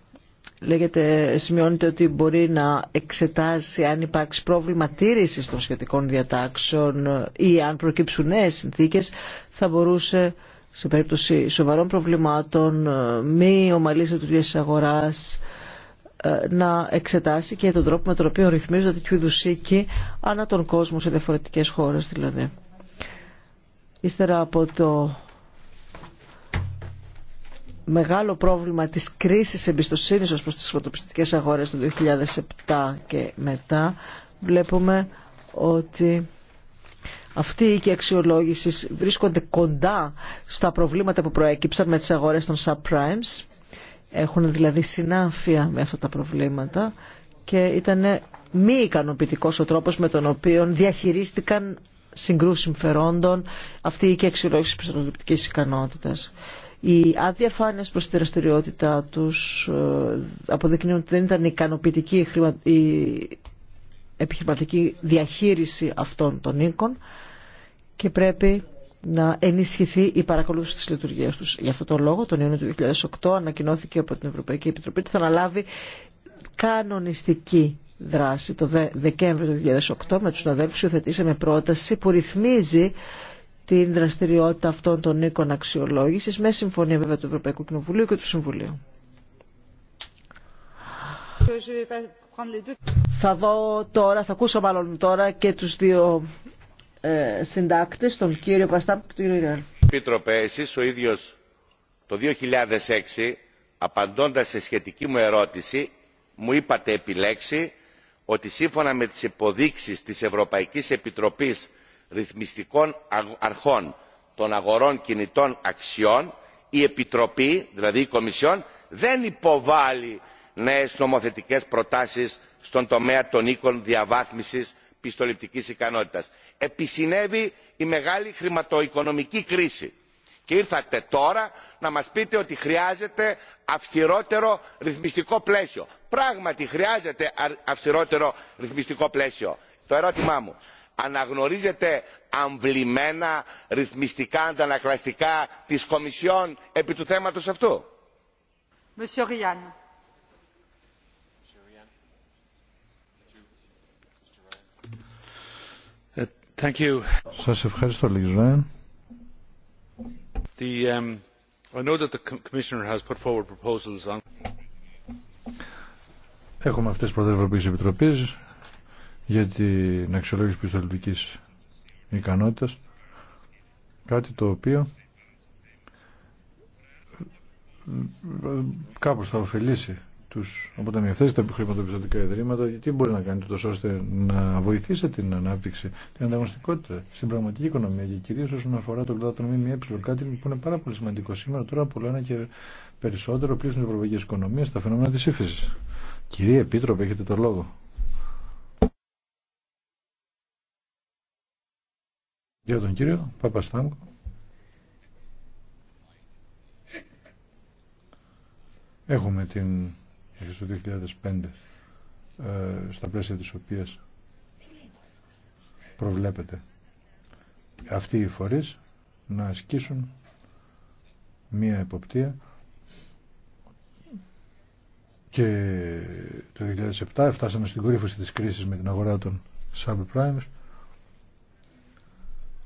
λέγεται, σημειώνεται ότι μπορεί να εξετάσει αν υπάρξει πρόβλημα τήρησης των σχετικών διατάξεων ή αν προκύψουν νέες συνθήκες θα μπορούσε σε περίπτωση σοβαρών προβλημάτων, ε, μη ομαλής λειτουργία τη αγορά, ε, να εξετάσει και τον τρόπο με τον οποίο ρυθμίζονται τέτοιου είδου οίκοι ανά τον κόσμο σε διαφορετικέ χώρε δηλαδή. Ύστερα από το μεγάλο πρόβλημα της κρίσης εμπιστοσύνης ως προς τις φωτοπιστικές αγορές το 2007 και μετά βλέπουμε ότι αυτή η αξιολόγηση βρίσκονται κοντά στα προβλήματα που προέκυψαν με τις αγορές των subprimes. Έχουν δηλαδή συνάφεια με αυτά τα προβλήματα και ήταν μη ικανοποιητικό ο τρόπος με τον οποίο διαχειρίστηκαν συγκρούς συμφερόντων αυτή η αξιολόγηση αξιολόγηση πιστοληπτικής ικανότητας. Οι αδιαφάνειες προς τη δραστηριότητά τους ε, αποδεικνύουν ότι δεν ήταν ικανοποιητική η επιχειρηματική διαχείριση αυτών των οίκων και πρέπει να ενισχυθεί η παρακολούθηση της λειτουργίας τους. Γι' αυτό τον λόγο, τον Ιούνιο του 2008 ανακοινώθηκε από την Ευρωπαϊκή Επιτροπή ότι θα αναλάβει κανονιστική δράση. Το Δεκέμβριο του 2008 με τους αδέλφους υιοθετήσαμε πρόταση που ρυθμίζει την δραστηριότητα αυτών των οίκων αξιολόγηση με συμφωνία βέβαια του Ευρωπαϊκού Κοινοβουλίου και του Συμβουλίου. Θα δω τώρα, θα ακούσω μάλλον τώρα και τους δύο ε, συντάκτης, τον κύριο Παστάπ και τον κύριο Ρερ. Επίτροπε, εσείς ο ίδιος το 2006, απαντώντας σε σχετική μου ερώτηση, μου είπατε επιλέξει ότι σύμφωνα με τις υποδείξεις της Ευρωπαϊκής Επιτροπής Ρυθμιστικών Αρχών των Αγορών Κινητών Αξιών, η Επιτροπή, δηλαδή η Κομισιόν, δεν υποβάλλει νέες νομοθετικές προτάσεις στον τομέα των οίκων διαβάθμισης πιστοληπτικής ικανότητας. επισυνέβη η μεγάλη χρηματοοικονομική κρίση και ήρθατε τώρα να μας πείτε ότι χρειάζεται αυστηρότερο ρυθμιστικό πλαίσιο. πράγματι χρειάζεται αυστηρότερο ρυθμιστικό πλαίσιο. το ερώτημά μου αναγνωρίζετε αμβλημένα ρυθμιστικά αντανακλαστικά της κομισιόν επί του θέματος αυτού. Monsieur Thank Σας ευχαριστώ, Λίγης Ράιν. Um, Έχουμε αυτές τις πρωτεύουσες επιτροπής για την αξιολόγηση πιστοληπτικής ικανότητας. Κάτι το οποίο ε, ε, κάπως θα ωφελήσει τους αποταμιευτές, τα χρηματοπιστωτικά ιδρύματα, γιατί μπορεί να κάνει τούτος ώστε να βοηθήσει την ανάπτυξη, την ανταγωνιστικότητα στην πραγματική οικονομία και κυρίως όσον αφορά τον κλάδο των ΜΜΕ, κάτι που είναι πάρα πολύ σημαντικό σήμερα, τώρα που λένε και περισσότερο πλήρως της ευρωπαϊκής οικονομίας, στα φαινόμενα της ύφεσης. Κυρία Επίτροπε, έχετε το λόγο. Για τον κύριο Παπαστάμκο. Έχουμε την στο το 2005 ε, στα πλαίσια της οποίας προβλέπεται αυτοί οι φορείς να ασκήσουν μία εποπτεία και το 2007 φτάσαμε στην κορύφωση της κρίσης με την αγορά των subprimes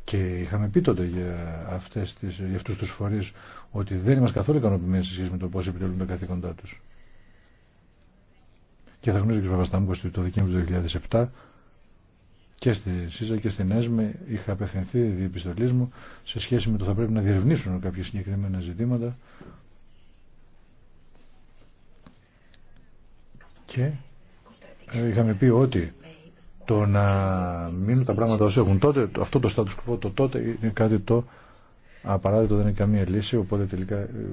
και είχαμε πει τότε για, αυτές τις, για αυτούς τους φορείς ότι δεν είμαστε καθόλου ικανοποιημένοι σε σχέση με το πώς επιτελούν τα καθήκοντά τους και θα γνωρίζει ο κ. ότι το Δεκέμβριο του 2007 και στη ΣΥΖΑ και στην ΕΣΜΕ είχα απευθυνθεί διεπιστολή μου σε σχέση με το θα πρέπει να διερευνήσουν κάποια συγκεκριμένα ζητήματα και ε, είχαμε πει ότι το να μείνουν τα πράγματα όσο έχουν τότε, αυτό το status quo το τότε είναι κάτι το απαράδειτο, δεν είναι καμία λύση, οπότε τελικά ε,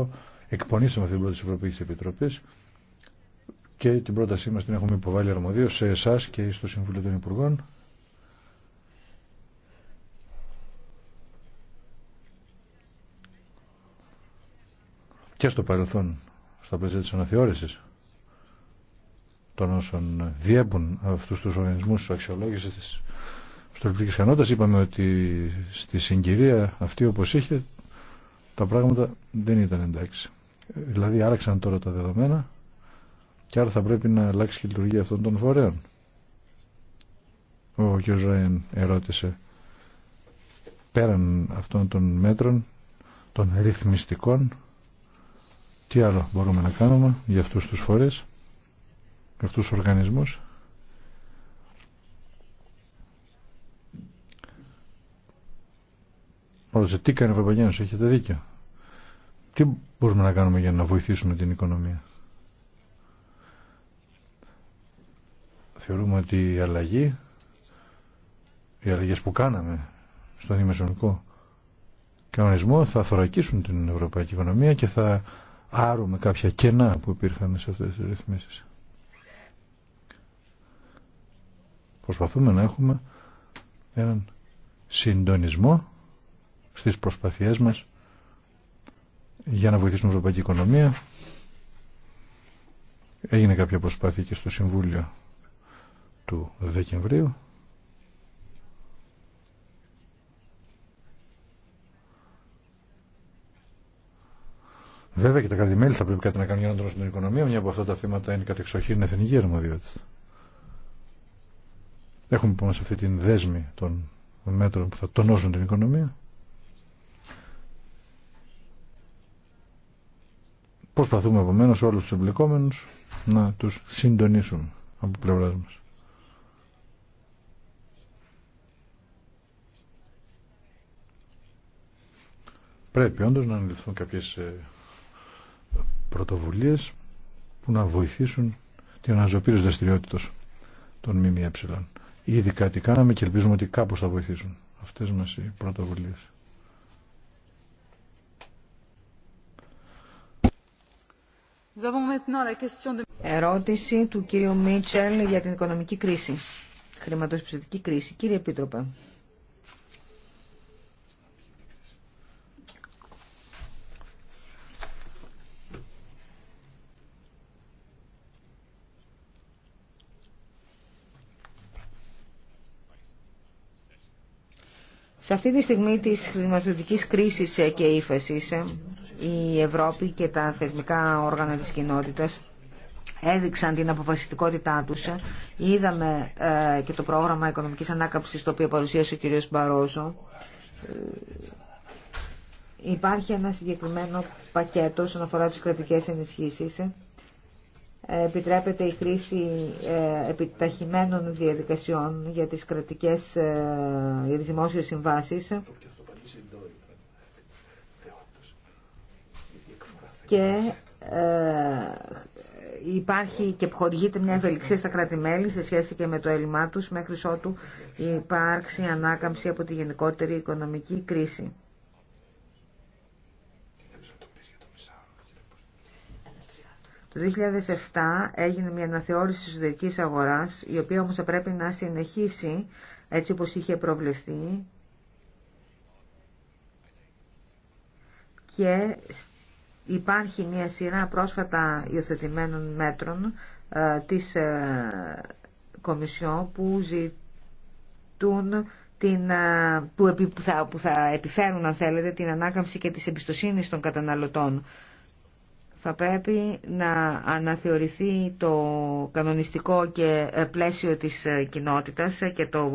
το 2008 εκπονήσαμε αυτή την πρόταση τη Ευρωπαϊκή Επιτροπή και την πρότασή μας την έχουμε υποβάλει αρμοδίω σε εσάς και στο Συμβούλιο των Υπουργών. Και στο παρελθόν, στα πλαίσια της αναθεώρησης των όσων διέπουν αυτούς τους οργανισμούς αξιολόγησης της στρατιωτικής ικανότητας, είπαμε ότι στη συγκυρία αυτή όπως είχε τα πράγματα δεν ήταν εντάξει. Δηλαδή άραξαν τώρα τα δεδομένα και άρα θα πρέπει να αλλάξει η λειτουργία αυτών των φορέων. Ο κ. Ράιν ερώτησε πέραν αυτών των μέτρων, των ρυθμιστικών, τι άλλο μπορούμε να κάνουμε για αυτούς τους φορείς, για αυτούς τους οργανισμούς. Ρώτησε τι κάνει η Ευρωπαϊκή Ένωση, έχετε δίκιο. Τι μπορούμε να κάνουμε για να βοηθήσουμε την οικονομία. θεωρούμε ότι η αλλαγή, οι αλλαγές που κάναμε στον ημεσονικό κανονισμό θα θωρακίσουν την ευρωπαϊκή οικονομία και θα άρουμε κάποια κενά που υπήρχαν σε αυτές τις ρυθμίσεις. Προσπαθούμε να έχουμε έναν συντονισμό στις προσπαθίες μας για να βοηθήσουμε την ευρωπαϊκή οικονομία. Έγινε κάποια προσπάθεια και στο Συμβούλιο του Δεκεμβρίου Βέβαια και τα κρατη θα πρέπει κάτι να κάνουν για να την οικονομία. Μια από αυτά τα θέματα είναι κατεξοχήν εθνική αρμοδιότητα. Έχουμε λοιπόν σε αυτή την δέσμη των μέτρων που θα τονώσουν την οικονομία. Προσπαθούμε επομένως όλους τους εμπλεκόμενους να τους συντονίσουμε από πλευρά μας. Πρέπει όντως να αναλυθούν κάποιες ε, πρωτοβουλίες που να βοηθήσουν την της δραστηριότητα των ΜΜΕ. Ήδη κάτι κάναμε και ελπίζουμε ότι κάπως θα βοηθήσουν αυτές μας οι πρωτοβουλίες. Ερώτηση του κύριου Μίτσελ για την οικονομική κρίση, χρηματοπιστωτική κρίση. Κύριε Επίτροπε. Σε αυτή τη στιγμή της χρηματοδοτική κρίσης ε, και ύφεση, ε, η Ευρώπη και τα θεσμικά όργανα της κοινότητας έδειξαν την αποφασιστικότητά του. Ε, είδαμε και το πρόγραμμα οικονομική ανάκαμψη το οποίο παρουσίασε ο κ. Μπαρόζο. Υπάρχει ένα συγκεκριμένο πακέτο όσον αφορά τι κρατικέ ενισχύσει επιτρέπεται η χρήση ε, επιταχυμένων διαδικασιών για τις κρατικές, ε, για δημόσιες συμβάσεις και ε, υπάρχει και χορηγείται μια ευελιξία στα κράτη-μέλη σε σχέση και με το έλλειμμά τους μέχρι ότου υπάρξει ανάκαμψη από τη γενικότερη οικονομική κρίση. Το 2007 έγινε μια αναθεώρηση της εσωτερικής αγοράς, η οποία όμως θα πρέπει να συνεχίσει έτσι όπως είχε προβλεφθεί και υπάρχει μια σειρά πρόσφατα υιοθετημένων μέτρων ε, της ε, Κομισιόν που ζητούν την, ε, που, θα, επιφέρουν αν θέλετε την ανάκαμψη και της εμπιστοσύνης των καταναλωτών θα πρέπει να αναθεωρηθεί το κανονιστικό και ε, πλαίσιο της ε, κοινότητας ε, και το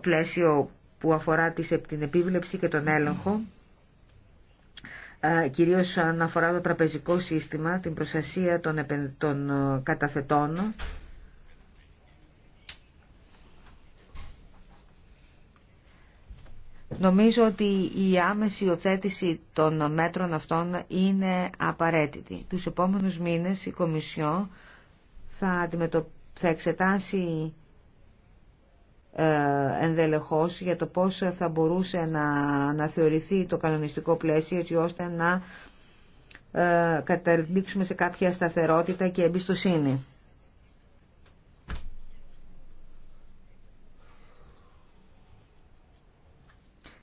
πλαίσιο που αφορά την επίβλεψη και τον έλεγχο κυρίως αναφορά το τραπεζικό σύστημα, την προστασία των καταθετών Νομίζω ότι η άμεση υιοθέτηση των μέτρων αυτών είναι απαραίτητη. Τους επόμενους μήνες η Κομισιό θα, θα εξετάσει ε, ενδελεχώς για το πώς θα μπορούσε να, να θεωρηθεί το κανονιστικό πλαίσιο έτσι ώστε να ε, σε κάποια σταθερότητα και εμπιστοσύνη.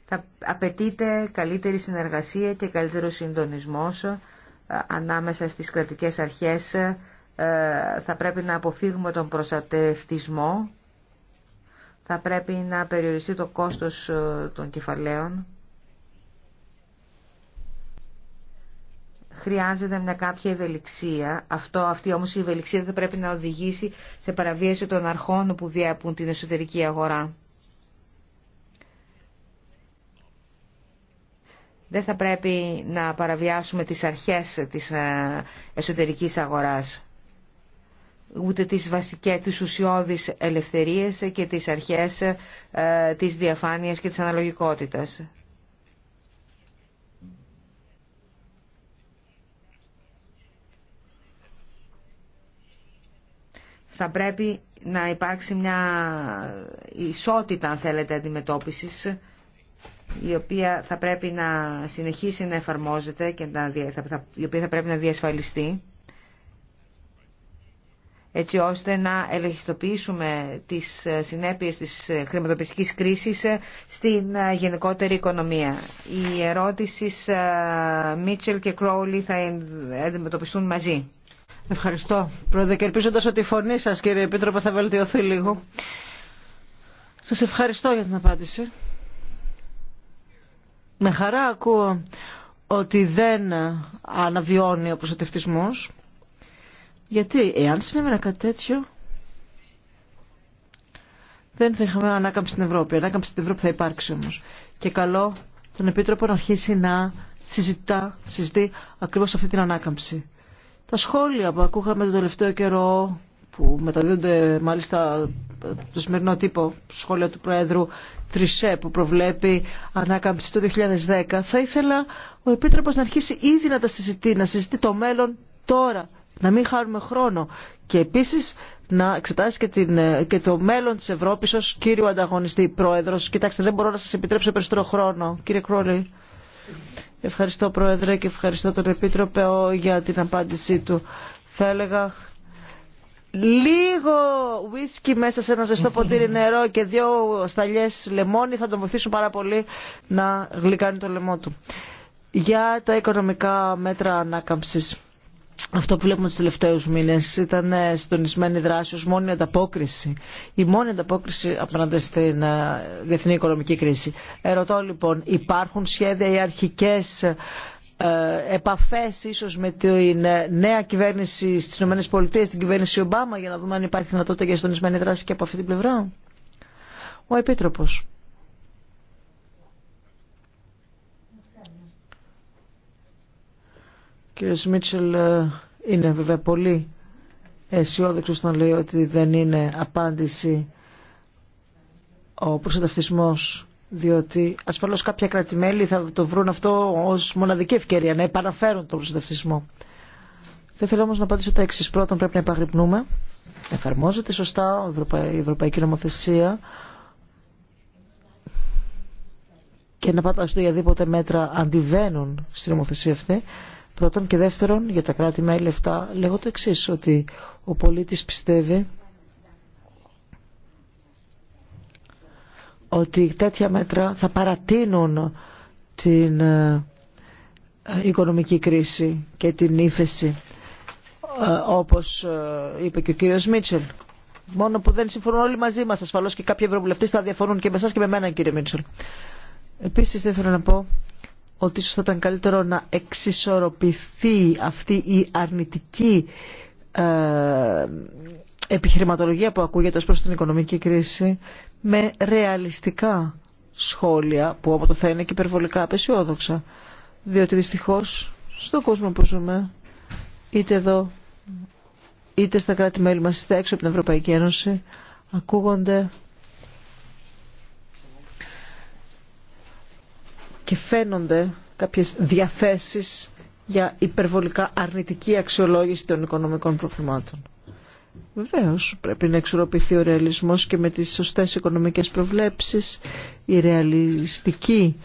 Θα απαιτείται καλύτερη συνεργασία και καλύτερο συντονισμό ε, ανάμεσα στις κρατικές αρχές. Ε, θα πρέπει να αποφύγουμε τον προστατευτισμό. Θα πρέπει να περιοριστεί το κόστος ε, των κεφαλαίων. χρειάζεται μια κάποια ευελιξία. Αυτό, αυτή όμως η ευελιξία δεν πρέπει να οδηγήσει σε παραβίαση των αρχών που διέπουν την εσωτερική αγορά. δεν θα πρέπει να παραβιάσουμε τις αρχές της ε, εσωτερικής αγοράς ούτε τις βασικές, τις ουσιώδεις ελευθερίες και τις αρχές ε, της διαφάνειας και της αναλογικότητας. Θα πρέπει να υπάρξει μια ισότητα, αν θέλετε, αντιμετώπισης η οποία θα πρέπει να συνεχίσει να εφαρμόζεται και να, η οποία θα πρέπει να διασφαλιστεί έτσι ώστε να ελεγχιστοποιήσουμε τις ε, συνέπειες της ε, χρηματοπιστικής κρίσης ε, στην γενικότερη οικονομία. Οι ερώτησεις Μίτσελ και Κρόουλη θα αντιμετωπιστούν μαζί. Ευχαριστώ. Πρόεδρε, και ότι η φωνή σας κύριε Επίτροπο θα βελτιωθεί λίγο. Σας ευχαριστώ για την απάντηση με χαρά ακούω ότι δεν αναβιώνει ο προστατευτισμός γιατί εάν συνέβαινε κάτι τέτοιο δεν θα είχαμε ανάκαμψη στην Ευρώπη. Ανάκαμψη στην Ευρώπη θα υπάρξει όμως. Και καλό τον Επίτροπο να αρχίσει να συζητά, συζητεί ακριβώς αυτή την ανάκαμψη. Τα σχόλια που ακούγαμε τον τελευταίο καιρό που μεταδίδονται μάλιστα το σημερινό τύπο σχόλια του Προέδρου Τρισέ που προβλέπει ανάκαμψη το 2010, θα ήθελα ο Επίτροπος να αρχίσει ήδη να τα συζητεί, να συζητεί το μέλλον τώρα, να μην χάνουμε χρόνο και επίσης να εξετάσει και, την, το μέλλον της Ευρώπης ως κύριο ανταγωνιστή πρόεδρος. Κοιτάξτε, δεν μπορώ να σας επιτρέψω περισσότερο χρόνο. Κύριε Κρόλη, ευχαριστώ Πρόεδρε και ευχαριστώ τον Επίτροπο για την απάντησή του. Θα έλεγα λίγο ουίσκι μέσα σε ένα ζεστό ποτήρι νερό και δύο σταλιές λεμόνι θα τον βοηθήσουν πάρα πολύ να γλυκάνει το λαιμό του. Για τα οικονομικά μέτρα ανάκαμψης. Αυτό που βλέπουμε του τελευταίους μήνες ήταν ε, συντονισμένη δράση ως μόνη ανταπόκριση. Η μόνη ανταπόκριση απέναντι στην ε, διεθνή οικονομική κρίση. Ερωτώ λοιπόν, υπάρχουν σχέδια ή αρχικές ε, επαφές ίσως με την ε, νέα κυβέρνηση στις ΗΠΑ, την κυβέρνηση Ομπάμα, για να δούμε αν υπάρχει δυνατότητα για συντονισμένη δράση και από αυτή την πλευρά. Ο Επίτροπος. Κύριε Μίτσελ ε, είναι βέβαια πολύ αισιόδοξο να λέει ότι δεν είναι απάντηση ο προστατευτισμός διότι ασφαλώς κάποια κρατημέλη θα το βρουν αυτό ως μοναδική ευκαιρία να επαναφέρουν τον προστατευτισμό. Δεν θέλω όμως να απαντήσω τα εξής. Πρώτον πρέπει να επαγρυπνούμε. Εφαρμόζεται σωστά η Ευρωπαϊκή Νομοθεσία και να πάτε στο οποιαδήποτε μέτρα αντιβαίνουν στην νομοθεσία αυτή. Πρώτον και δεύτερον για τα κράτη-μέλη αυτά λέγω το εξή ότι ο πολίτης πιστεύει ότι τέτοια μέτρα θα παρατείνουν την ε, ε, οικονομική κρίση και την ύφεση ε, όπως είπε και ο κύριος Μίτσελ. Μόνο που δεν συμφωνούν όλοι μαζί μας ασφαλώς και κάποιοι ευρωβουλευτές θα διαφωνούν και με εσάς και με μένα κύριε Μίτσελ. Επίσης δεν θέλω να πω ότι ίσως θα ήταν καλύτερο να εξισορροπηθεί αυτή η αρνητική επιχειρηματολογία που ακούγεται ως προς την οικονομική κρίση με ρεαλιστικά σχόλια που όποτε θα είναι και υπερβολικά απεσιόδοξα. Διότι δυστυχώς στον κόσμο που ζούμε, είτε εδώ, είτε στα κράτη-μέλη μας, είτε έξω από την Ευρωπαϊκή Ένωση, ακούγονται και φαίνονται κάποιες διαθέσεις για υπερβολικά αρνητική αξιολόγηση των οικονομικών προβλημάτων. Βεβαίω, πρέπει να εξορροπηθεί ο ρεαλισμός και με τις σωστές οικονομικές προβλέψεις, η ρεαλιστική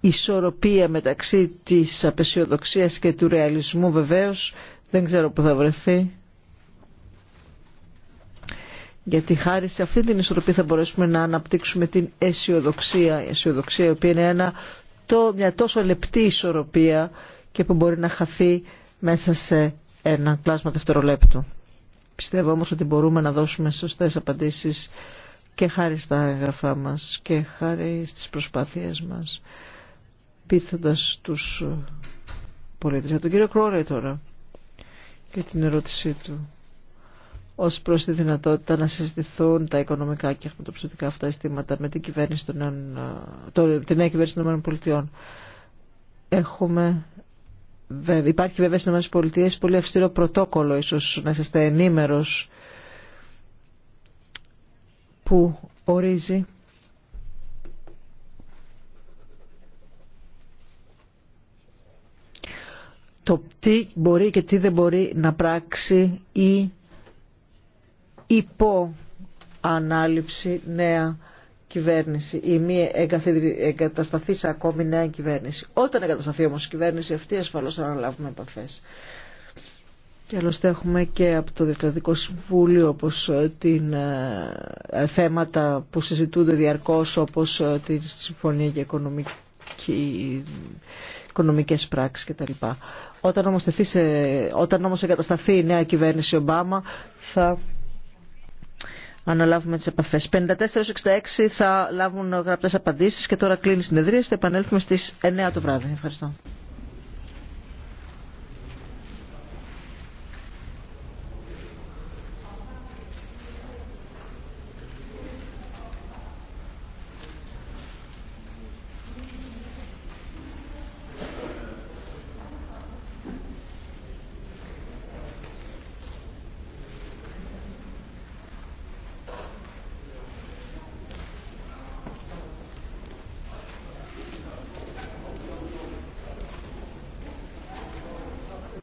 ισορροπία μεταξύ της απεσιοδοξίας και του ρεαλισμού βεβαίως δεν ξέρω που θα βρεθεί. Γιατί χάρη σε αυτή την ισορροπία θα μπορέσουμε να αναπτύξουμε την αισιοδοξία. Η αισιοδοξία η οποία είναι ένα, το, μια τόσο λεπτή ισορροπία και που μπορεί να χαθεί μέσα σε ένα κλάσμα δευτερολέπτου. Πιστεύω όμως ότι μπορούμε να δώσουμε σωστές απαντήσεις και χάρη στα έγγραφά μας και χάρη στις προσπάθειές μας πείθοντας τους πολίτες. Για τον κύριο Κρόρε τώρα και την ερώτησή του ως προς τη δυνατότητα να συζητηθούν τα οικονομικά και χρηματοπιστωτικά αυτά αισθήματα με την, κυβέρνηση των, το, νέα κυβέρνηση των ΗΠΑ. Έχουμε Υπάρχει βέβαια στις ΗΠΑ πολύ αυστηρό πρωτόκολλο, ίσως να είστε ενήμερο που ορίζει το τι μπορεί και τι δεν μπορεί να πράξει η υπό ανάληψη νέα κυβέρνηση ή μη εγκατασταθεί σε ακόμη νέα κυβέρνηση. Όταν εγκατασταθεί όμως η κυβέρνηση αυτή ασφαλώς θα αναλάβουμε επαφέ. Και άλλωστε έχουμε και από το Διεκτατικό Συμβούλιο όπως ε, την, ε, ε, θέματα που συζητούνται διαρκώς όπως ε, τη Συμφωνία για Οικονομική οικονομικές πράξεις κτλ. Όταν όμως, όταν όμως εγκατασταθεί η νέα κυβέρνηση Ομπάμα θα αναλάβουμε τις επαφές. 54-66 θα λάβουν γραπτές απαντήσεις και τώρα κλείνει η συνεδρία. Θα επανέλθουμε στις 9 το βράδυ. Ευχαριστώ.